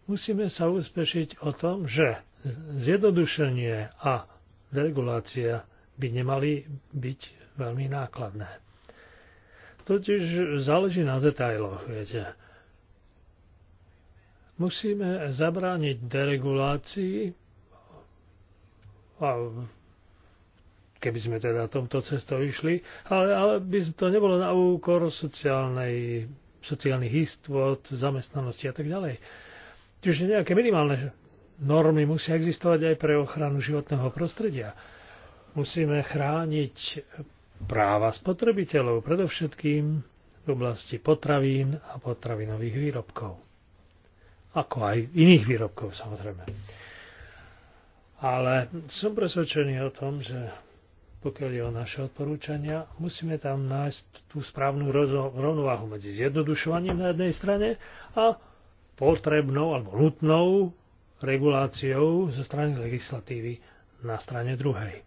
Musíme sa uspešiť o tom, že zjednodušenie a deregulácia by nemali byť veľmi nákladné. Totiž záleží na detailoch, viete Musíme zabrániť deregulácii a keby sme teda tomto cestou išli, ale, ale by to nebolo na úkor sociálnej, sociálnych istot, zamestnanosti a tak ďalej. Čiže nejaké minimálne normy musia existovať aj pre ochranu životného prostredia. Musíme chrániť práva spotrebiteľov, predovšetkým v oblasti potravín a potravinových výrobkov ako aj iných výrobkov samozrejme. Ale som presvedčený o tom, že pokiaľ je o naše odporúčania, musíme tam nájsť tú správnu rovnováhu medzi zjednodušovaním na jednej strane a potrebnou alebo nutnou reguláciou zo strany legislatívy na strane druhej.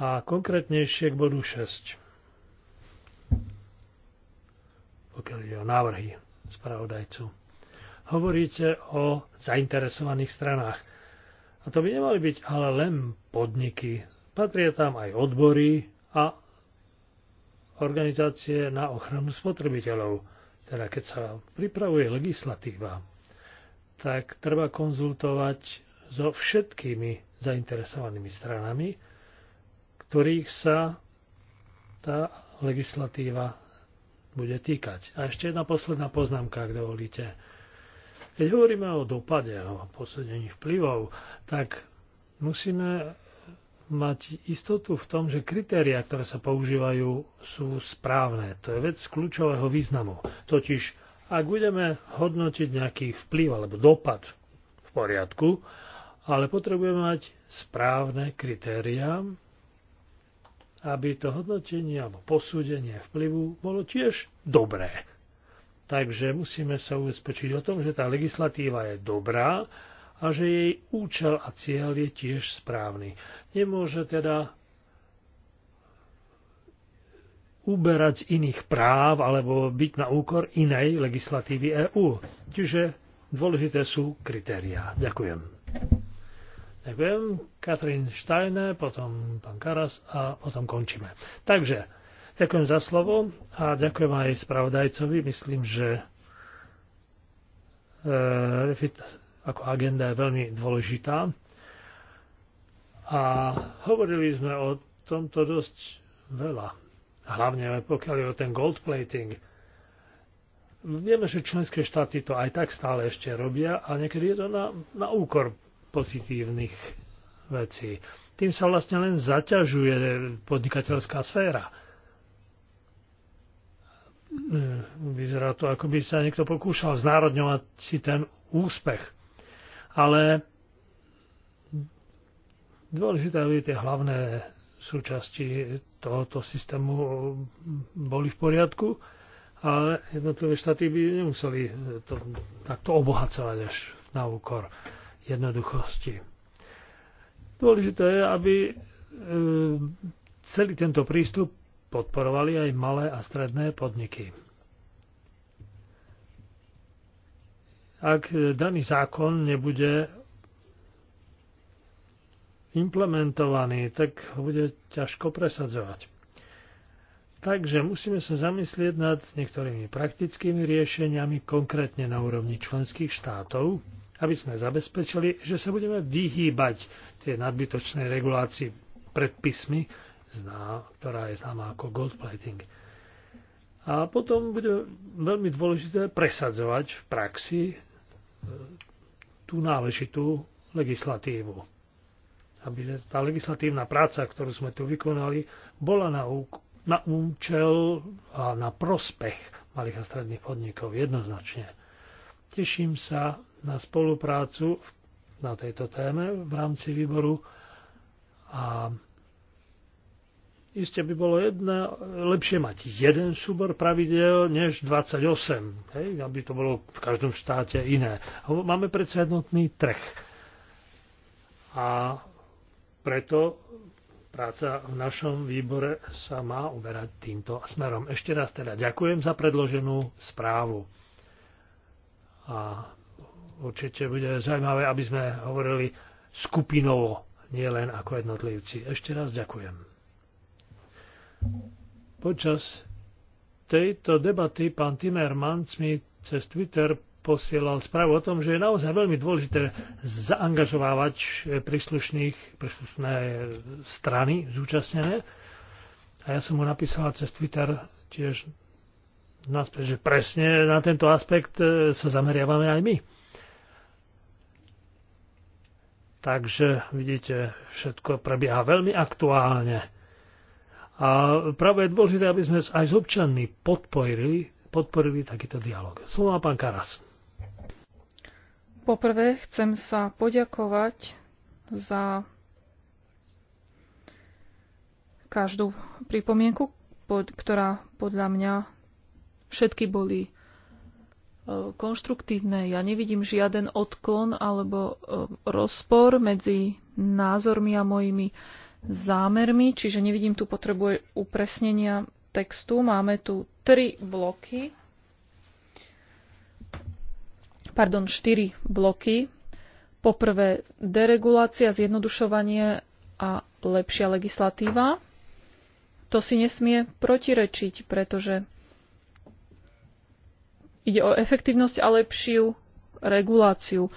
A konkrétnejšie k bodu 6, pokiaľ ide o návrhy spravodajcu. Hovoríte o zainteresovaných stranách. A to by nemali byť ale len podniky. Patria tam aj odbory a organizácie na ochranu spotrebiteľov. Teda keď sa pripravuje legislatíva, tak treba konzultovať so všetkými zainteresovanými stranami, ktorých sa tá legislatíva bude týkať. A ešte jedna posledná poznámka, ak dovolíte. Keď hovoríme o dopade, o posúdení vplyvov, tak musíme mať istotu v tom, že kritéria, ktoré sa používajú, sú správne. To je vec kľúčového významu. Totiž, ak budeme hodnotiť nejaký vplyv alebo dopad v poriadku, ale potrebujeme mať správne kritéria, aby to hodnotenie alebo posúdenie vplyvu bolo tiež dobré. Takže musíme sa ubezpečiť o tom, že tá legislatíva je dobrá a že jej účel a cieľ je tiež správny. Nemôže teda uberať z iných práv alebo byť na úkor inej legislatívy EÚ. Čiže dôležité sú kritériá. Ďakujem. Ďakujem. Katrin Štajne, potom pán Karas a potom končíme. Takže, ďakujem za slovo a ďakujem aj spravodajcovi. Myslím, že e, Refit ako agenda je veľmi dôležitá. A hovorili sme o tomto dosť veľa. Hlavne pokiaľ je o ten gold plating. Vieme, že členské štáty to aj tak stále ešte robia a niekedy je to na, na úkor pozitívnych vecí. Tým sa vlastne len zaťažuje podnikateľská sféra. Vyzerá to, ako by sa niekto pokúšal znárodňovať si ten úspech. Ale dôležité, aby tie hlavné súčasti tohoto systému boli v poriadku, ale jednotlivé štáty by nemuseli to takto obohacovať až na úkor jednoduchosti. Dôležité je, aby e, celý tento prístup podporovali aj malé a stredné podniky. Ak daný zákon nebude implementovaný, tak ho bude ťažko presadzovať. Takže musíme sa zamyslieť nad niektorými praktickými riešeniami, konkrétne na úrovni členských štátov, aby sme zabezpečili, že sa budeme vyhýbať tej nadbytočnej regulácii predpismy, ktorá je známa ako gold plating. A potom bude veľmi dôležité presadzovať v praxi e, tú náležitú legislatívu. Aby tá legislatívna práca, ktorú sme tu vykonali, bola na, na účel a na prospech malých a stredných podnikov jednoznačne. Teším sa na spoluprácu na tejto téme v rámci výboru a iste by bolo jedna, lepšie mať jeden súbor pravidel než 28, hej, aby to bolo v každom štáte iné. Máme predsa jednotný trh. A preto práca v našom výbore sa má uberať týmto smerom. Ešte raz teda ďakujem za predloženú správu. A určite bude zaujímavé, aby sme hovorili skupinovo, nielen ako jednotlivci. Ešte raz ďakujem. Počas tejto debaty pán Timmermans mi cez Twitter posielal správu o tom, že je naozaj veľmi dôležité zaangažovávať príslušných, príslušné strany zúčastnené. A ja som mu napísala cez Twitter tiež naspäť, že presne na tento aspekt e, sa zameriavame aj my. Takže vidíte, všetko prebieha veľmi aktuálne. A práve je dôležité, aby sme aj s občanmi podporili, podporili takýto dialog. Slova pán Karas. Poprvé chcem sa poďakovať za každú pripomienku, ktorá podľa mňa Všetky boli e, konštruktívne. Ja nevidím žiaden odklon alebo e, rozpor medzi názormi a mojimi zámermi, čiže nevidím tu potrebu upresnenia textu. Máme tu tri bloky, pardon, štyri bloky. Poprvé deregulácia, zjednodušovanie a lepšia legislatíva. To si nesmie protirečiť, pretože Ide o efektívnosť a lepšiu reguláciu.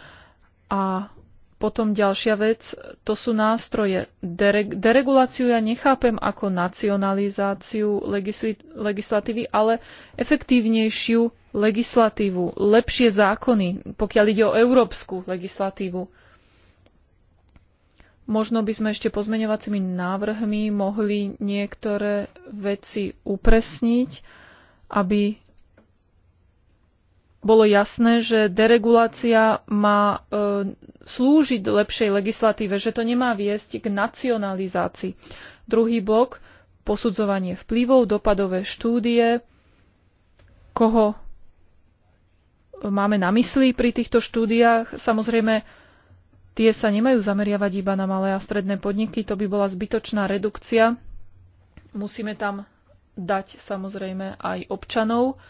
A potom ďalšia vec, to sú nástroje. dereguláciu ja nechápem ako nacionalizáciu legislatívy, ale efektívnejšiu legislatívu, lepšie zákony, pokiaľ ide o európsku legislatívu. Možno by sme ešte pozmeňovacími návrhmi mohli niektoré veci upresniť, aby bolo jasné, že deregulácia má e, slúžiť lepšej legislatíve, že to nemá viesť k nacionalizácii. Druhý blok, posudzovanie vplyvov, dopadové štúdie, koho e, máme na mysli pri týchto štúdiách. Samozrejme, tie sa nemajú zameriavať iba na malé a stredné podniky, to by bola zbytočná redukcia. Musíme tam dať samozrejme aj občanov,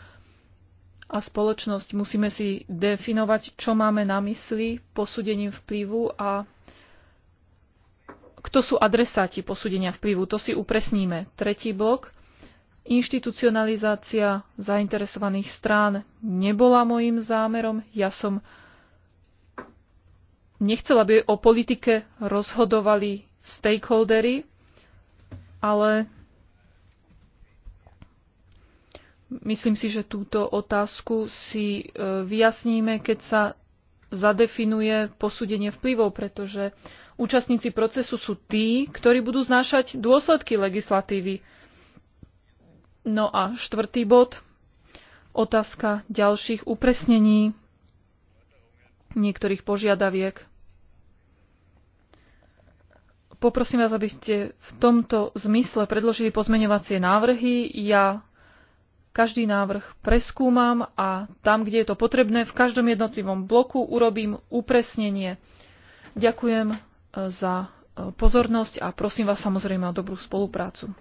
a spoločnosť. Musíme si definovať, čo máme na mysli posúdením vplyvu a kto sú adresáti posúdenia vplyvu. To si upresníme. Tretí blok. Inštitucionalizácia zainteresovaných strán nebola môjim zámerom. Ja som nechcela, aby o politike rozhodovali stakeholdery, ale Myslím si, že túto otázku si e, vyjasníme, keď sa zadefinuje posúdenie vplyvov, pretože účastníci procesu sú tí, ktorí budú znášať dôsledky legislatívy. No a štvrtý bod, otázka ďalších upresnení niektorých požiadaviek. Poprosím vás, aby ste v tomto zmysle predložili pozmeňovacie návrhy. Ja každý návrh preskúmam a tam, kde je to potrebné, v každom jednotlivom bloku urobím upresnenie. Ďakujem e, za e, pozornosť a prosím vás samozrejme o dobrú spoluprácu.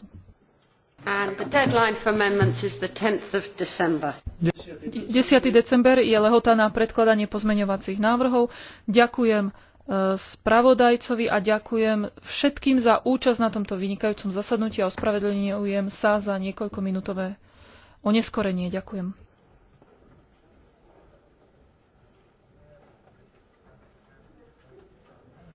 And the deadline for amendments is the 10th of December. 10. december je lehota na predkladanie pozmeňovacích návrhov. Ďakujem e, spravodajcovi a ďakujem všetkým za účasť na tomto vynikajúcom zasadnutí a ospravedlňujem sa za niekoľko minútové oneskorenie. Ďakujem.